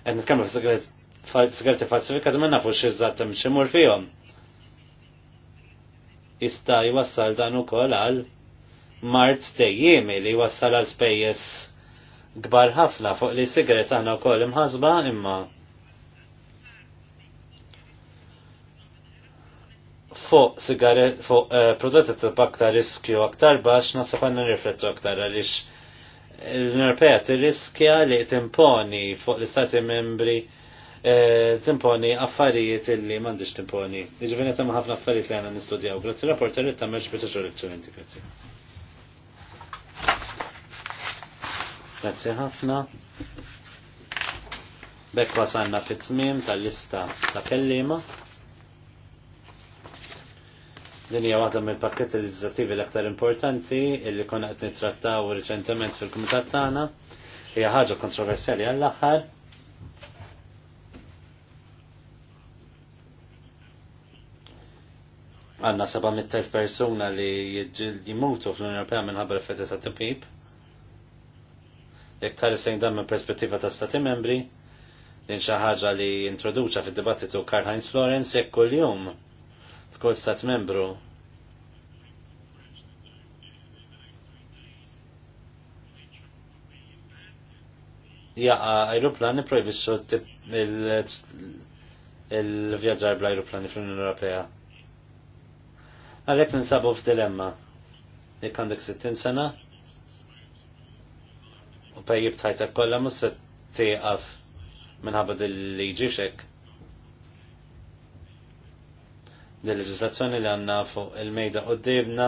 qed nitkellmu sigaretti falsifikati ma nafux xizzat hemm fijom fihom. Jista' jwassal dan ukoll għal mart dejjimi li jwassal għal spejjeż kbar ħafna fuq li sigaret aħna wkoll imħasba imma fuq sigaret, fuq uh, prodotti ta' aktar riskju aktar bax, nasab għanna nirfettu aktar għalix l-Europea t-riskja li timponi fuq l-Istati membri uh, timponi affarijiet illi mandiġ timponi. Iġvenet jiġifieri ta' ħafna affarijiet li għanna nistudjaw. Grazie rapporter li ta' meċ bieċa ġur eccellenti, grazzi. Grazie ħafna. Bekwa sanna fit-tmim tal-lista ta' kellima. Din hija waħda mill pakketti leġislattivi l-aktar importanti illi konna qed nittrattaw riċentement fil-kumitat tagħna. Hija ħaġa kontroversjali għall-aħħar. Għanna 700.000 persuna li jimutu fl-Unjoni Ewropea minħabba l-effetti ta' tibib. Jekk tħares dan minn perspettiva ta' stati membri, din xi ħaġa li introduċa fid-dibattitu Karl Heinz Florence jekk kuljum f'kull stat membru. Ja, Jaqa aeroplani projbixxu il-vjaġġar bl-aeroplani fl-Unjoni Ewropea. Għalhekk ninsabu f'dilemma. Jekk għandek 60 sena, u pejjib tħajtek kollha mhux se tieqaf minħabba dil-liġi xek. Din leġislazzjoni li għandna fuq il-mejda qoddibna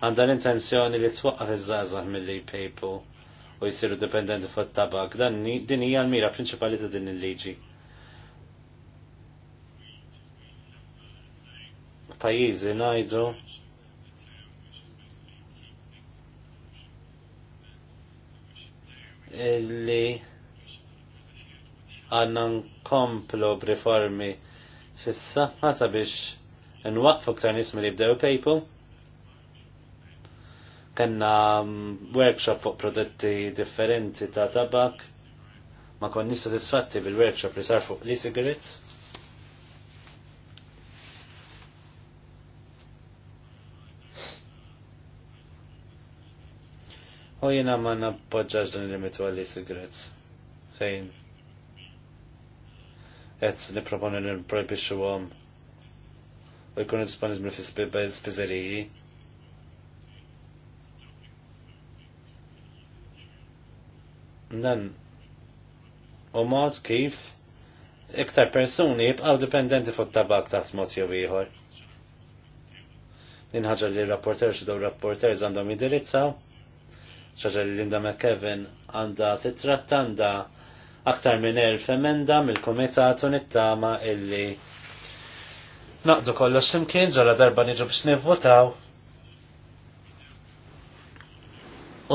għandha l-intenzjoni li twaqqaf iż-żgħażagħ milli jpejpu u jsiru dipendenti fuq tabak Dan din hija l-mira prinċipali ta' din il-liġi. Pajizi najdu illi għanna nkomplu b'riformi fissa, saħħa sabiex nwaqfu ktar nismi li people? PayPal. Kanna mm, workshop fuq prodotti differenti ta' tabak. Ma konni sodisfatti bil-workshop li sar fuq li cigarettes. U jina ma nappoġġaġ dan il-limitu għalli cigarettes. Fejn? Et niproponi n-prohibixu għom u jkunu disponibli fil-spizzeriji. Dan u mod kif iktar persuni jibqaw dipendenti fuq tabak taħt mod jew ieħor. Din ħaġa li rapporter xi daw rapporters għandhom jindirizzaw, xaġa li Linda McKevin għandha titrattanda aktar minn elf emenda mill-kumitat u nittama illi naqdu kollox simkien ġala darba niġu biex nivvotaw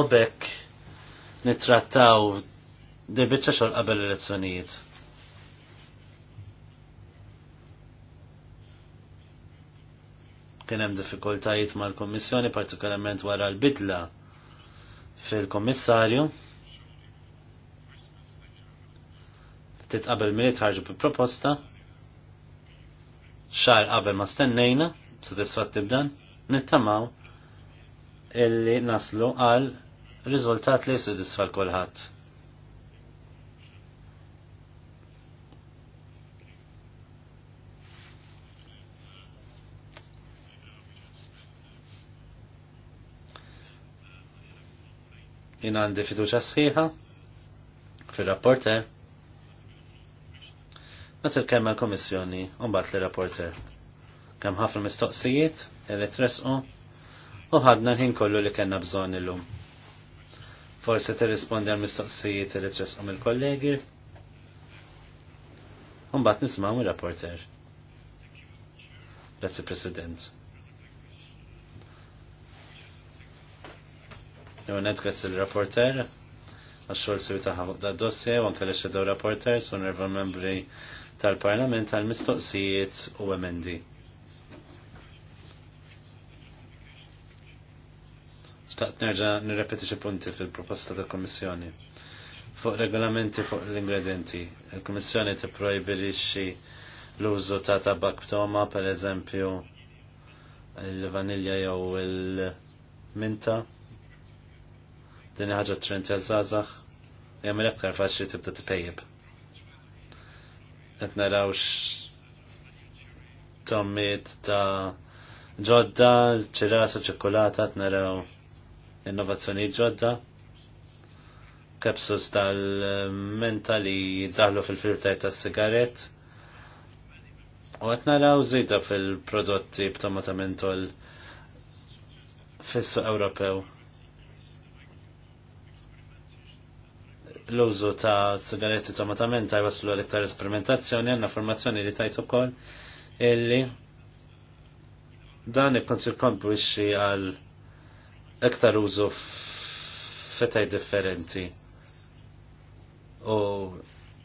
u bekk nittrattaw debitċa xol qabel elezzjonijiet. Kien hemm diffikultajiet mal-Kummissjoni partikolarment wara l-bidla fil-Kommissarju. Titqabel minn tħarġu bi proposta xar qabel ma stennejna, soddisfatti tibdan, nittamaw illi naslu għal riżultat li soddisfa kulħadd. Jien għandi fiduċa sħiħa fir-rapporter Għatil kemm l-Komissjoni u mbagħad li rapporter. Kemm ħafna mistoqsijiet, li tresqu u ħadna l-ħin kollu li kellna bżonn illum. Forse tirrispondi għal mistoqsijiet li tresqu mill-kollegi. U mbagħad nismgħu ir-rapporter. Grazie President. Jew nedgħas il-rapporter, għax-xogħol sewi ta' da' dossier, u xedaw l-xedew rapporter, sun membri tal-Parlament tal mistoqsijiet u emendi. Xtaqt nerġa nirrepeti xi punti fil-proposta tal Komissjoni. Fuq regolamenti fuq l-ingredienti, il-Kommissjoni tipprojbilixxi l-użu ta' tabak ptoma, per eżempju, il-vanilja jew il-minta. Din ħaġa trent għazazax, jagħmel aktar faċli tibda tipejjeb qed narawx ta' ġodda, ċirasa, ċokolata, qed naraw innovazzjoni ġodda. Kapsus tal-menta li daħlu fil-filter tas-sigaret. U għet naraw zida fil-prodotti b'tomata mentol fissu suq Ewropew. l-użu ta' sigaretti ta' matamenta jwaslu għal-iktar esperimentazzjoni għanna formazzjoni li tajt ukoll illi dan ikkonsi ixi għal iktar użu fetaj differenti. U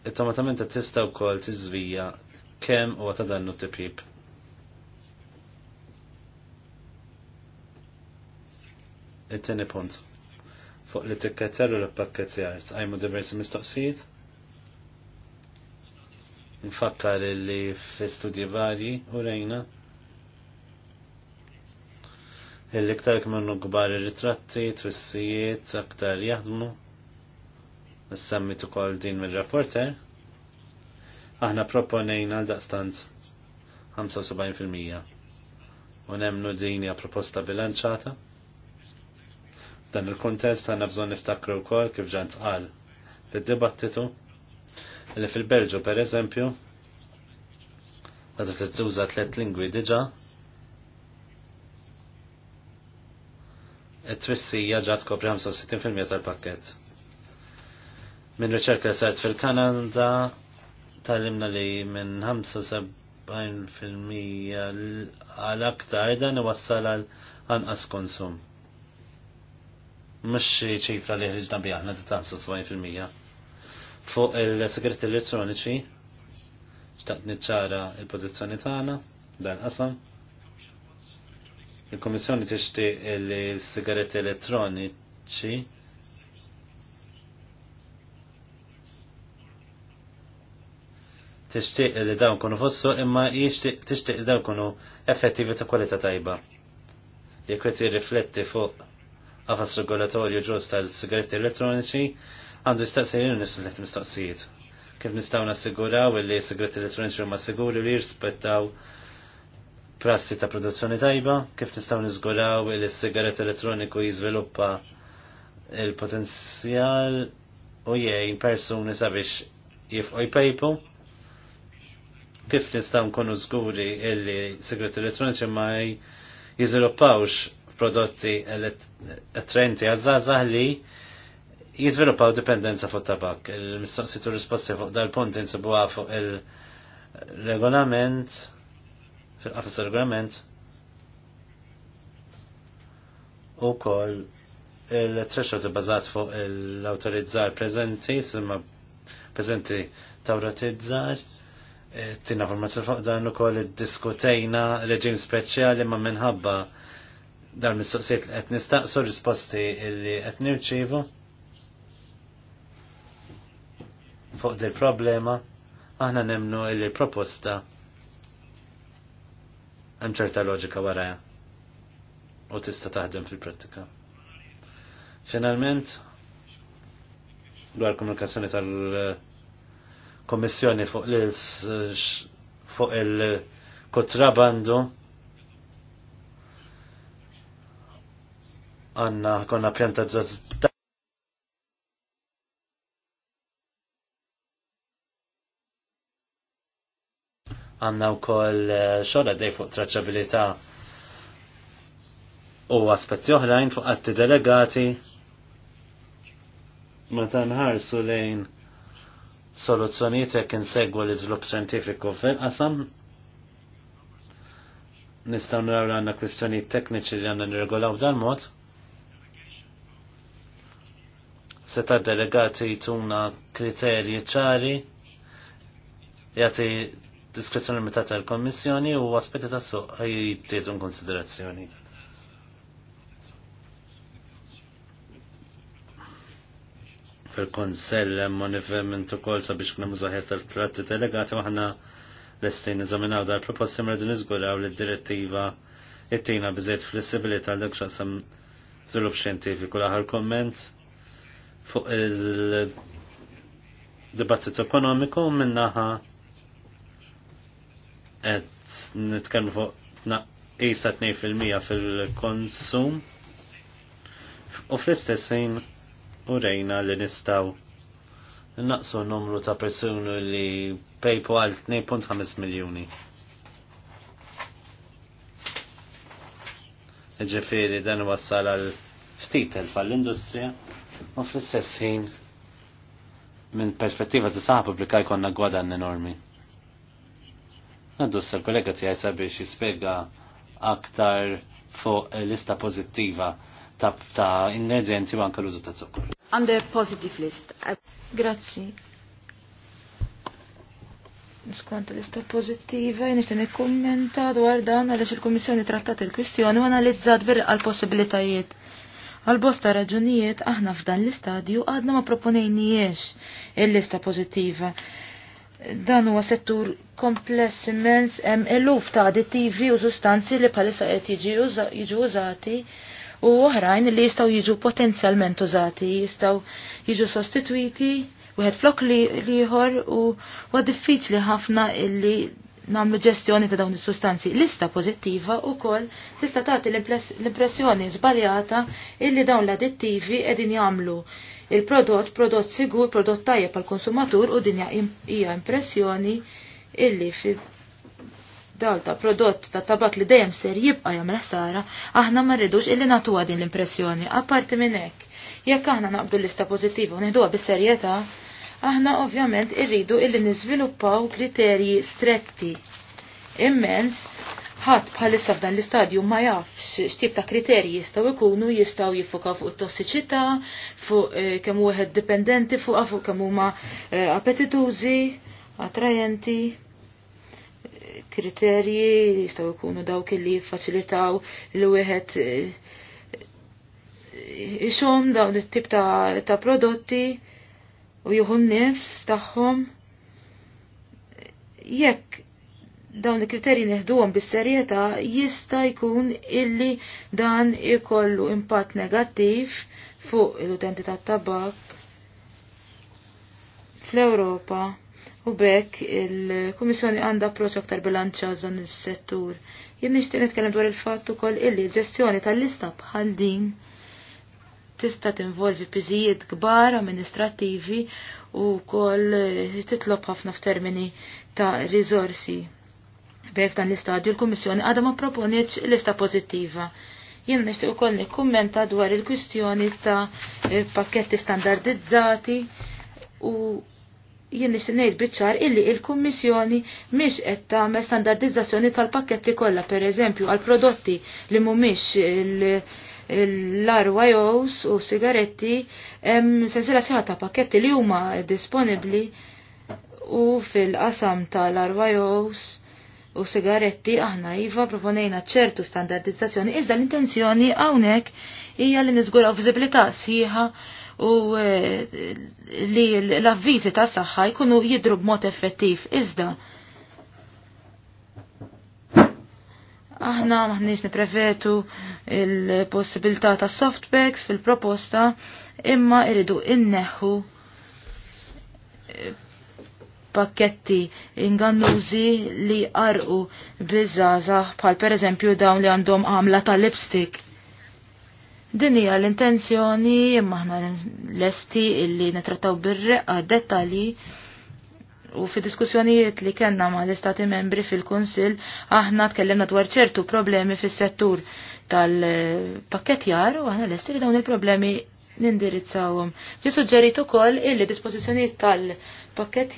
it-tomatamenta tista' wkoll tiżvija kemm huwa ta' dannu tipib. It-tieni punt fuq li t t-tikketter u l-pakketjar. għajmu diversi mistoqsijiet. Nfakkar li fi studji varji u rejna. Il-iktar kmenu gbar ir-ritratti, twissijiet, aktar jaħdmu. t-kol din mir-rapporter. Aħna proponejna l-daqstant 75% u nemnu din proposta bilanċata Dan il-kontest għanna bżon niftakru wkoll kif ġan tqal fid-dibattitu li fil-Belġu per eżempju għadha tuża tliet lingwi diġà it-twissija ġat kopri 65% tal-pakket. minn riċerka li sajt fil-Kanada tal-imna li minn 75% għal aktar dan iwassal għal anqas konsum mux ċifra li ħriġna bi aħna ta' 75%. Fuq il-segreti elettroniċi, xtaqt nitċara il-pozizjoni tagħna dan qasam. Il-Komissjoni tixtieq li sigaretti elettroniċi tixtieq li dawn kunu fossu imma tixtieq li dawn kunu effettivi ta' kwalità tajba. Jekk qed jirrifletti fuq għafas regolatorju ġust tal-sigaretti elettroniċi għandu jistaqsijiet nifsu li mistoqsijiet. Kif nistaw nassiguraw li sigaretti elettroniċi huma siguri li jirspettaw prassi ta' produzzjoni tajba, kif nistaw niżguraw li s-sigaret elettroniku jiżviluppa il-potenzjal u jgħin persuni sabiex jifqo jpejpu, kif nistaw nkunu żguri li sigaretti elettroniċi ma jizviluppawx prodotti attrenti għazzazah li jizviluppaw dipendenza fuq tabak. Il-mistoqsitu risposti fuq dal-punt insibuha fuq il-regolament, fil-qafis regolament, u kol il ti bazat fuq l-autorizzar prezenti, simma prezenti tawratizzar, eh, tina formazzjoni fuq dan u kol id-diskutejna reġim speċjali ma minħabba mis mistoqsijiet li qed nistaqsu risposti li qed nirċievu fuq dil problema aħna nemnu li proposta hemm ċerta loġika waraja u tista' taħdem fil-prattika. Finalment, dwar komunikazzjoni tal-Kommissjoni fuq l fuq il għanna konna pjanta għanna u koll eh, xola dej fuq traċabilita u aspetti oħrajn fuq għatti delegati meta nħarsu lejn soluzzjonijiet jekk insegwu l-iżvilupp xjentifiku fil-qasam nistgħu naraw għandna kwistjonijiet tekniċi li għandna nirregolaw dal-mod. seta delegati jtuna kriterji ċari jati diskrezzjoni limitata tal kommissjoni u aspetti ta' suq jittietu konsiderazzjoni. Per konsell hemm manifement ukoll sabiex kien hemm tal-tratti delegati aħna lestejn eżaminaw dar proposti mredu niżgulaw li d-direttiva jittina biżejt flessibilita l-ekxa sam żvilupp xjentifiku l-aħħar komment fuq il-dibattitu ekonomiku minnaħa qed nitkellmu fuq isa 2% fil-konsum u fl-istessin u rejna li nistaw naqsu numru ta' persuni li pejpu għal 2.5 miljoni. Ġifiri dan wassal għal ftit tal-industrija ma fl-istess ħin minn perspettiva ta' saħ pubblika jkonna gwadan enormi. Naddu s-kollega għaj sabiex jispiega aktar fuq lista pozittiva ta', ta ingredienti u anka l-użu ta' zukkur. On the positive list. Grazzi. Skont lista pozittiva, nishtan kommenta dwar dan għaliex il-Kummissjoni trattat il-kwistjoni u analizzat bir għal possibilitajiet Għal-bosta raġunijiet aħna f'dan l-istadju għadna ma jiex il-lista pozittiva. Dan huwa settur kompless immens hemm eluf ta' additivi u sustanzi li bħalissa qed jiġu użati u oħrajn li jistgħu jiġu potenzjalment użati, jistgħu jiġu sostitwiti wieħed flok li ieħor u huwa diffiċli ħafna illi namlu ġestjoni ta' dawn is-sustanzi. Lista pożittiva wkoll tista' tagħti l-impressjoni żbaljata illi dawn l-addittivi qegħdin jagħmlu il-prodott prodott sigur, prodott tajjeb għal konsumatur u dinja hija impressjoni illi fi dalta ta' prodott ta' tabak li dejjem ser jibqa' jagħmel ħsara, aħna ma rridux illi natuha din l-impressjoni. Apparti minn hekk, jekk aħna naqbdu lista pożittiva u nieħduha bis-serjetà, aħna ovvjament irridu illi niżviluppaw kriterji stretti. Immens, ħadd bħalissa f'dan l-istadju ma jafx x'tip ta' kriterji jistgħu jkunu jistgħu jiffokaw fuq it-tossiċità, fuq eh, kemm wieħed dipendenti fuq fuq kemm huma eh, appetitużi, attrajenti kriterji jistgħu jkunu dawk li jiffaċilitaw li wieħed eh, ixhom dawn it-tip ta', ta prodotti u jieħu n-nifs tagħhom jekk dawn il-kriterji neħduhom bis-serjetà jista' jkun illi dan ikollu impatt negattiv fuq l-utenti tat-tabak fl-Ewropa u bekk il-Kummissjoni għandha approċċ aktar bilanċjat f'dan is-settur. Jien nixtieq nitkellem dwar il-fatt ukoll illi l-ġestjoni tal-lista bħal din tista' tinvolvi piżijiet kbar amministrattivi u wkoll eh, titlob ħafna f'termini ta' rizorsi. Bek dan l-istadju l-Kummissjoni għadha ma proponietx lista pożittiva. Jien nixtieq ukoll nikkummenta dwar il-kwistjoni ta' eh, pakketti standardizzati u jien nixtieq ngħid biċ-ċar illi il-Kummissjoni mhix qed tagħmel standardizzazzjoni tal-pakketti kollha pereżempju għal prodotti li mhumiex il- l-RYOs u sigaretti hemm sensiela sħiħa ta' pakketti li huma disponibbli u fil-qasam tal-RYOs u sigaretti aħna iva proponejna ċertu standardizzazzjoni iżda l-intenzjoni hawnhekk hija li niżguraw viżibilità sħiħa u eh, li l-avviżi ta' saħħa jkunu jidru b'mod effettiv iżda Aħna maħniex niprevetu il-possibilità ta' softbacks fil-proposta imma iridu inneħu eh, pakketti ingannużi li arqu bizzaza bħal per eżempju dawn li għandhom għamla ta' lipstick. Din hija l-intenzjoni imma aħna lesti illi nitrattaw bir-reqqa dettalji u fi diskussjonijiet li kellna ma' l-Istati membri fil konsil aħna tkellimna dwar ċertu problemi fis-settur tal jar u aħna l-estri dawn il-problemi nindirizzawhom. Ġi suġġerit ukoll illi dispożizzjonijiet tal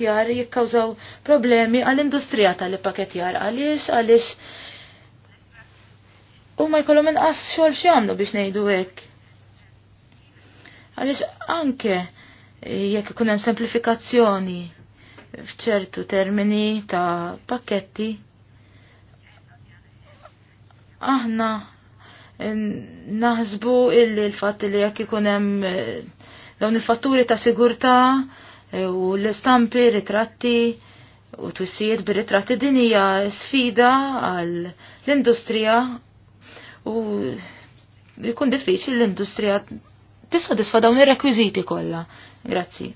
jar jikkawżaw problemi għall-industrija tal jar. għaliex għaliex u ma jkollhom inqas xol x'jagħmlu biex ngħidu hekk. Għaliex anke jekk ikun hemm semplifikazzjoni fċertu termini ta' pakketti aħna naħsbu illi l-fatt li jekk ikun hemm eh, dawn il-fatturi ta' sigurtà eh, u l-istampi, ritratti u twissijiet bir-ritratti din hija sfida għal l-industrija u jkun diffiċi l-industrija tissodisfa dawn ir-rekwiżiti kollha. Grazzi.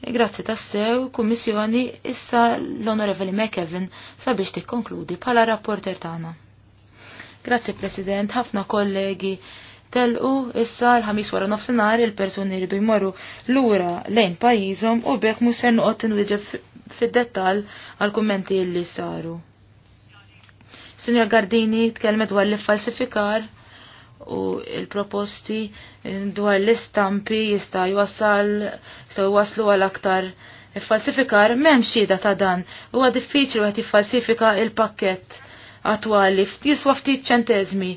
Grazzi tassew, kummissjoni, issa l-Onorevoli McEvin sabiex tikkonkludi bħala rapporter tagħna. Grazzi President, ħafna kollegi telqu issa l-ħamis wara nofsinhar il-persuni ridu jmorru lura lejn pajjiżhom u bekk mhux se noqgħod inwieġeb fid-dettall għal kummenti li saru. Signor Gardini tkellmet dwar l-falsifikar u il-proposti eh, dwar l-istampi jista' jwassal se jwasslu għal aktar iffalsifikar m'hemm xieda ta' dan huwa diffiċli wieħed jiffalsifika il-pakkett attwali jiswa ftit ċentezmi.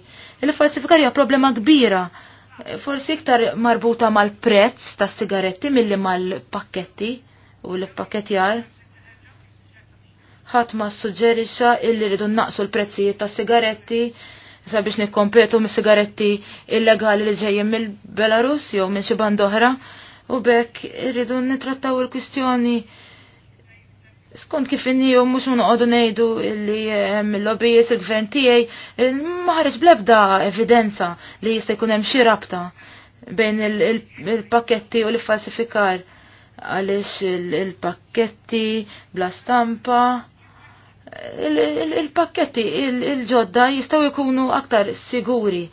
Il-falsifikar hija problema kbira forsi iktar marbuta mal-prezz tas sigaretti milli mal-pakketti u l-pakketjar. Ħadd ma ssuġġerixxa illi rridu naqsu l-prezzijiet tas sigaretti sabiex nikkompetu mis sigaretti illegali li ġejjin mill-Belarus jew minn xi band oħra u bekk irridu nitrattaw il-kwistjoni skont kif inni jew mhux noqogħdu ngħidu li hemm eh, il lobbies il-gvern tiegħi eh, ma bl blebda evidenza li jista' jkun hemm xi rabta bejn il-pakketti u l-falsifikar għaliex il-pakketti bla stampa il-pakketti il-ġodda jistaw ikunu aktar siguri.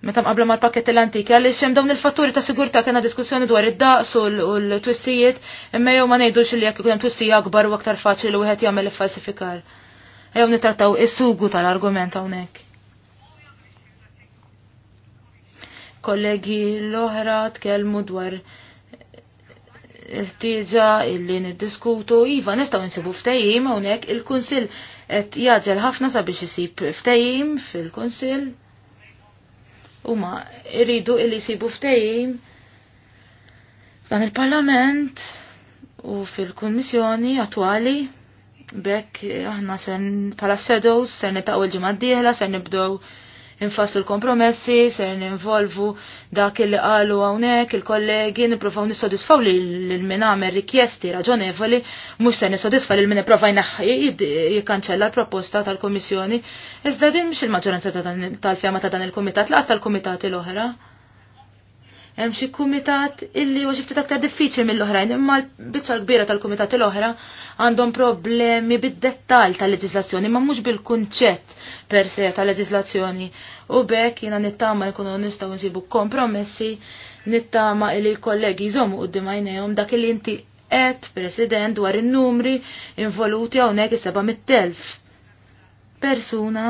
Meta qabla mal pakketti l-antika għalli xem dawn il-fatturi ta' sigurta kena diskussjoni dwar id-daqs u l-twissijiet, imma jow ma ngħidux li jekk ikun twissija akbar u aktar faċli li wieħed jagħmel iffalsifikar. Jew nitrataw is-sugu tal-argument hawnhekk. Kollegi l-oħra tkellmu dwar il-ħtieġa illi niddiskutu, iva nistgħu nsibu ftehim hawnhekk il-kunsill qed jaġel ħafna sabiex isib ftehim fil-kunsill. Huma rridu illi jsibu ftehim dan il-Parlament u fil-Kummissjoni attwali bekk aħna sen pala shadows sen nitaqgħu l-ġimgħa d-dieħla ser nibdew infassu l-kompromessi, ser ninvolvu dak il qalu hawnhekk il-kollegi nippruvaw nissodisfaw lil min għamel rikjesti raġonevoli mhux se nissodisfa lil min ipprova jneħħi jikkanċella l-proposta tal-Komissjoni. Iżda din mhix il-maġġoranza tal-fjama ta' dan il-kumitat laqas tal-kumitati l-oħra hemm xi kumitat illi huwa xi ftit aktar diffiċli mill-oħrajn, imma l-biċċa l-kbira tal-kumitati l-oħra għandhom problemi bid-dettall tal-leġiżlazzjoni, ma mhux bil-kunċett per se tal-leġiżlazzjoni. U bekk jiena nittama jkunu nistgħu nsibu kompromessi, nittama li l-kollegi jżommu quddiem għajnejhom dak li inti qed President dwar in-numri involuti hawnhekk is-seba' mit-telf persuna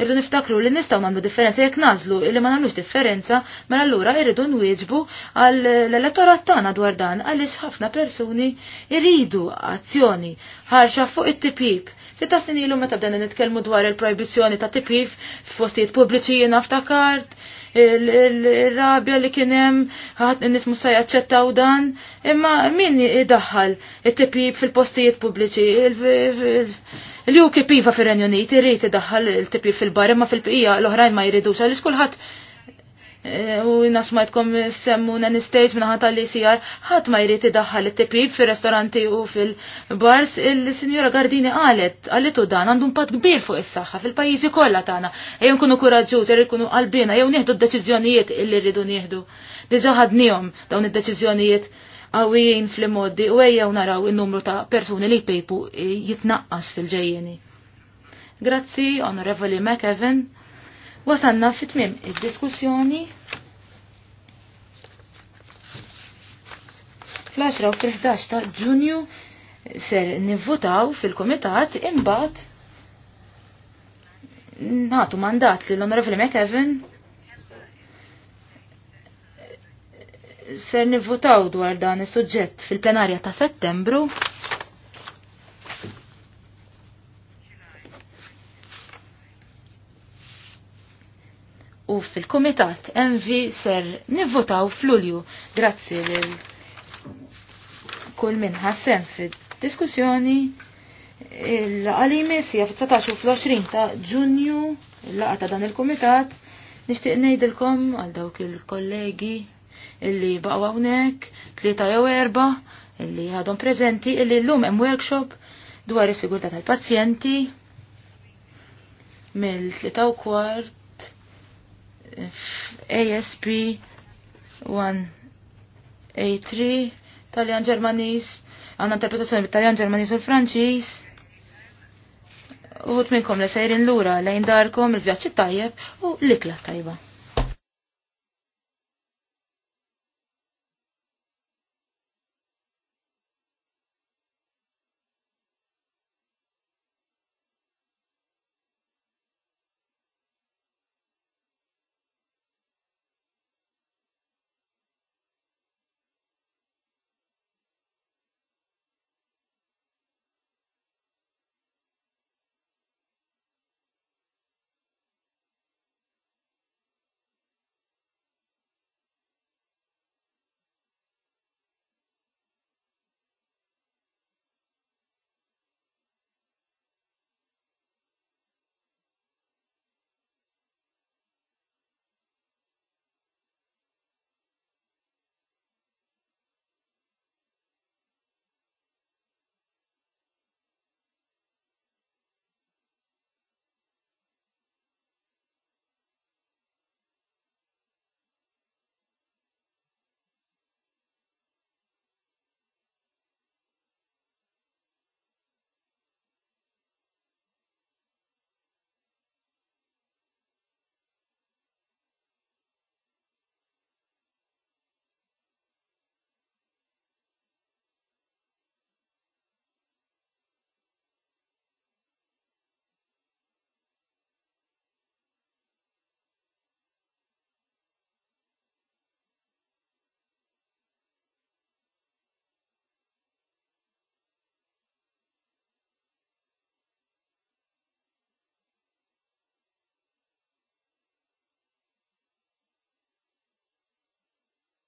Irridu niftakru li nistgħu nagħmlu differenza jekk nażlu li ma nagħmlux differenza, mela allura irridu nwieġbu għall elettorat tagħna dwar dan għaliex ħafna persuni jridu azzjoni ħarxa fuq it-tipip Sitta snin ilu meta bdejna nitkellmu dwar il prohibizjoni ta' tipif f'postijiet pubbliċi jiena ftakart il-rabja li kien hemm ħadd nismu se jaċċettaw dan, imma min idaħħal it-tipib fil-postijiet pubbliċi il-ju kipiva fir-Renju Unit irid idaħħal il-tipib fil-bar imma fil-bqija l-oħrajn ma jridux għaliex kulħadd Eh, u nasmajtkom semmu nan istejs minna ħata li sijar ħat ma jrid idaħħal it-tipib fil-restoranti u fil-bars il-Sinjora Gardini qalet għalet u dan għandu pat kbir fuq is-saħħa fil-pajjiżi kollha tagħna. Ejja nkunu kuraġġuż, jew nkunu qalbina, jew nieħdu d-deċiżjonijiet illi rridu nieħdu. Diġà ħadnihom dawn id-deċiżjonijiet għawijin fl-modi u ejjew naraw il-numru ta' persuni li jpejpu jitnaqqas fil-ġejjeni. Grazzi, Onorevoli McEvan. Wasanna fit-tmim id-diskussjoni. Fl-10 u fil-11 ta' ġunju ser nivvotaw fil-komitat imbagħad nagħtu mandat l onorevoli McEvin ser nivvotaw dwar dan is-suġġett fil-plenarja ta' settembru. u fil-Kumitat MV ser nivvotaw f'Lulju. Grazzi lil kull minn ħassem fid-diskussjoni il għalimi sija fit-19 u fl-20 ta' Ġunju il-laqa ta' dan il-Kumitat nixtieq ngħidilkom għal dawk il-kollegi illi baqgħu hawnhekk tlieta jew erba' illi għadhom prezenti illi l-lum hemm workshop dwar is-sigurtà tal-pazjenti mill-3 kwart ASP 1A3 Taljan Germanis għanna interpretazzjoni bit italian Germanis u l-Franċis għut minnkom li sejrin lura lejn darkom il-vjaċċi tajjeb u l-ikla tajba.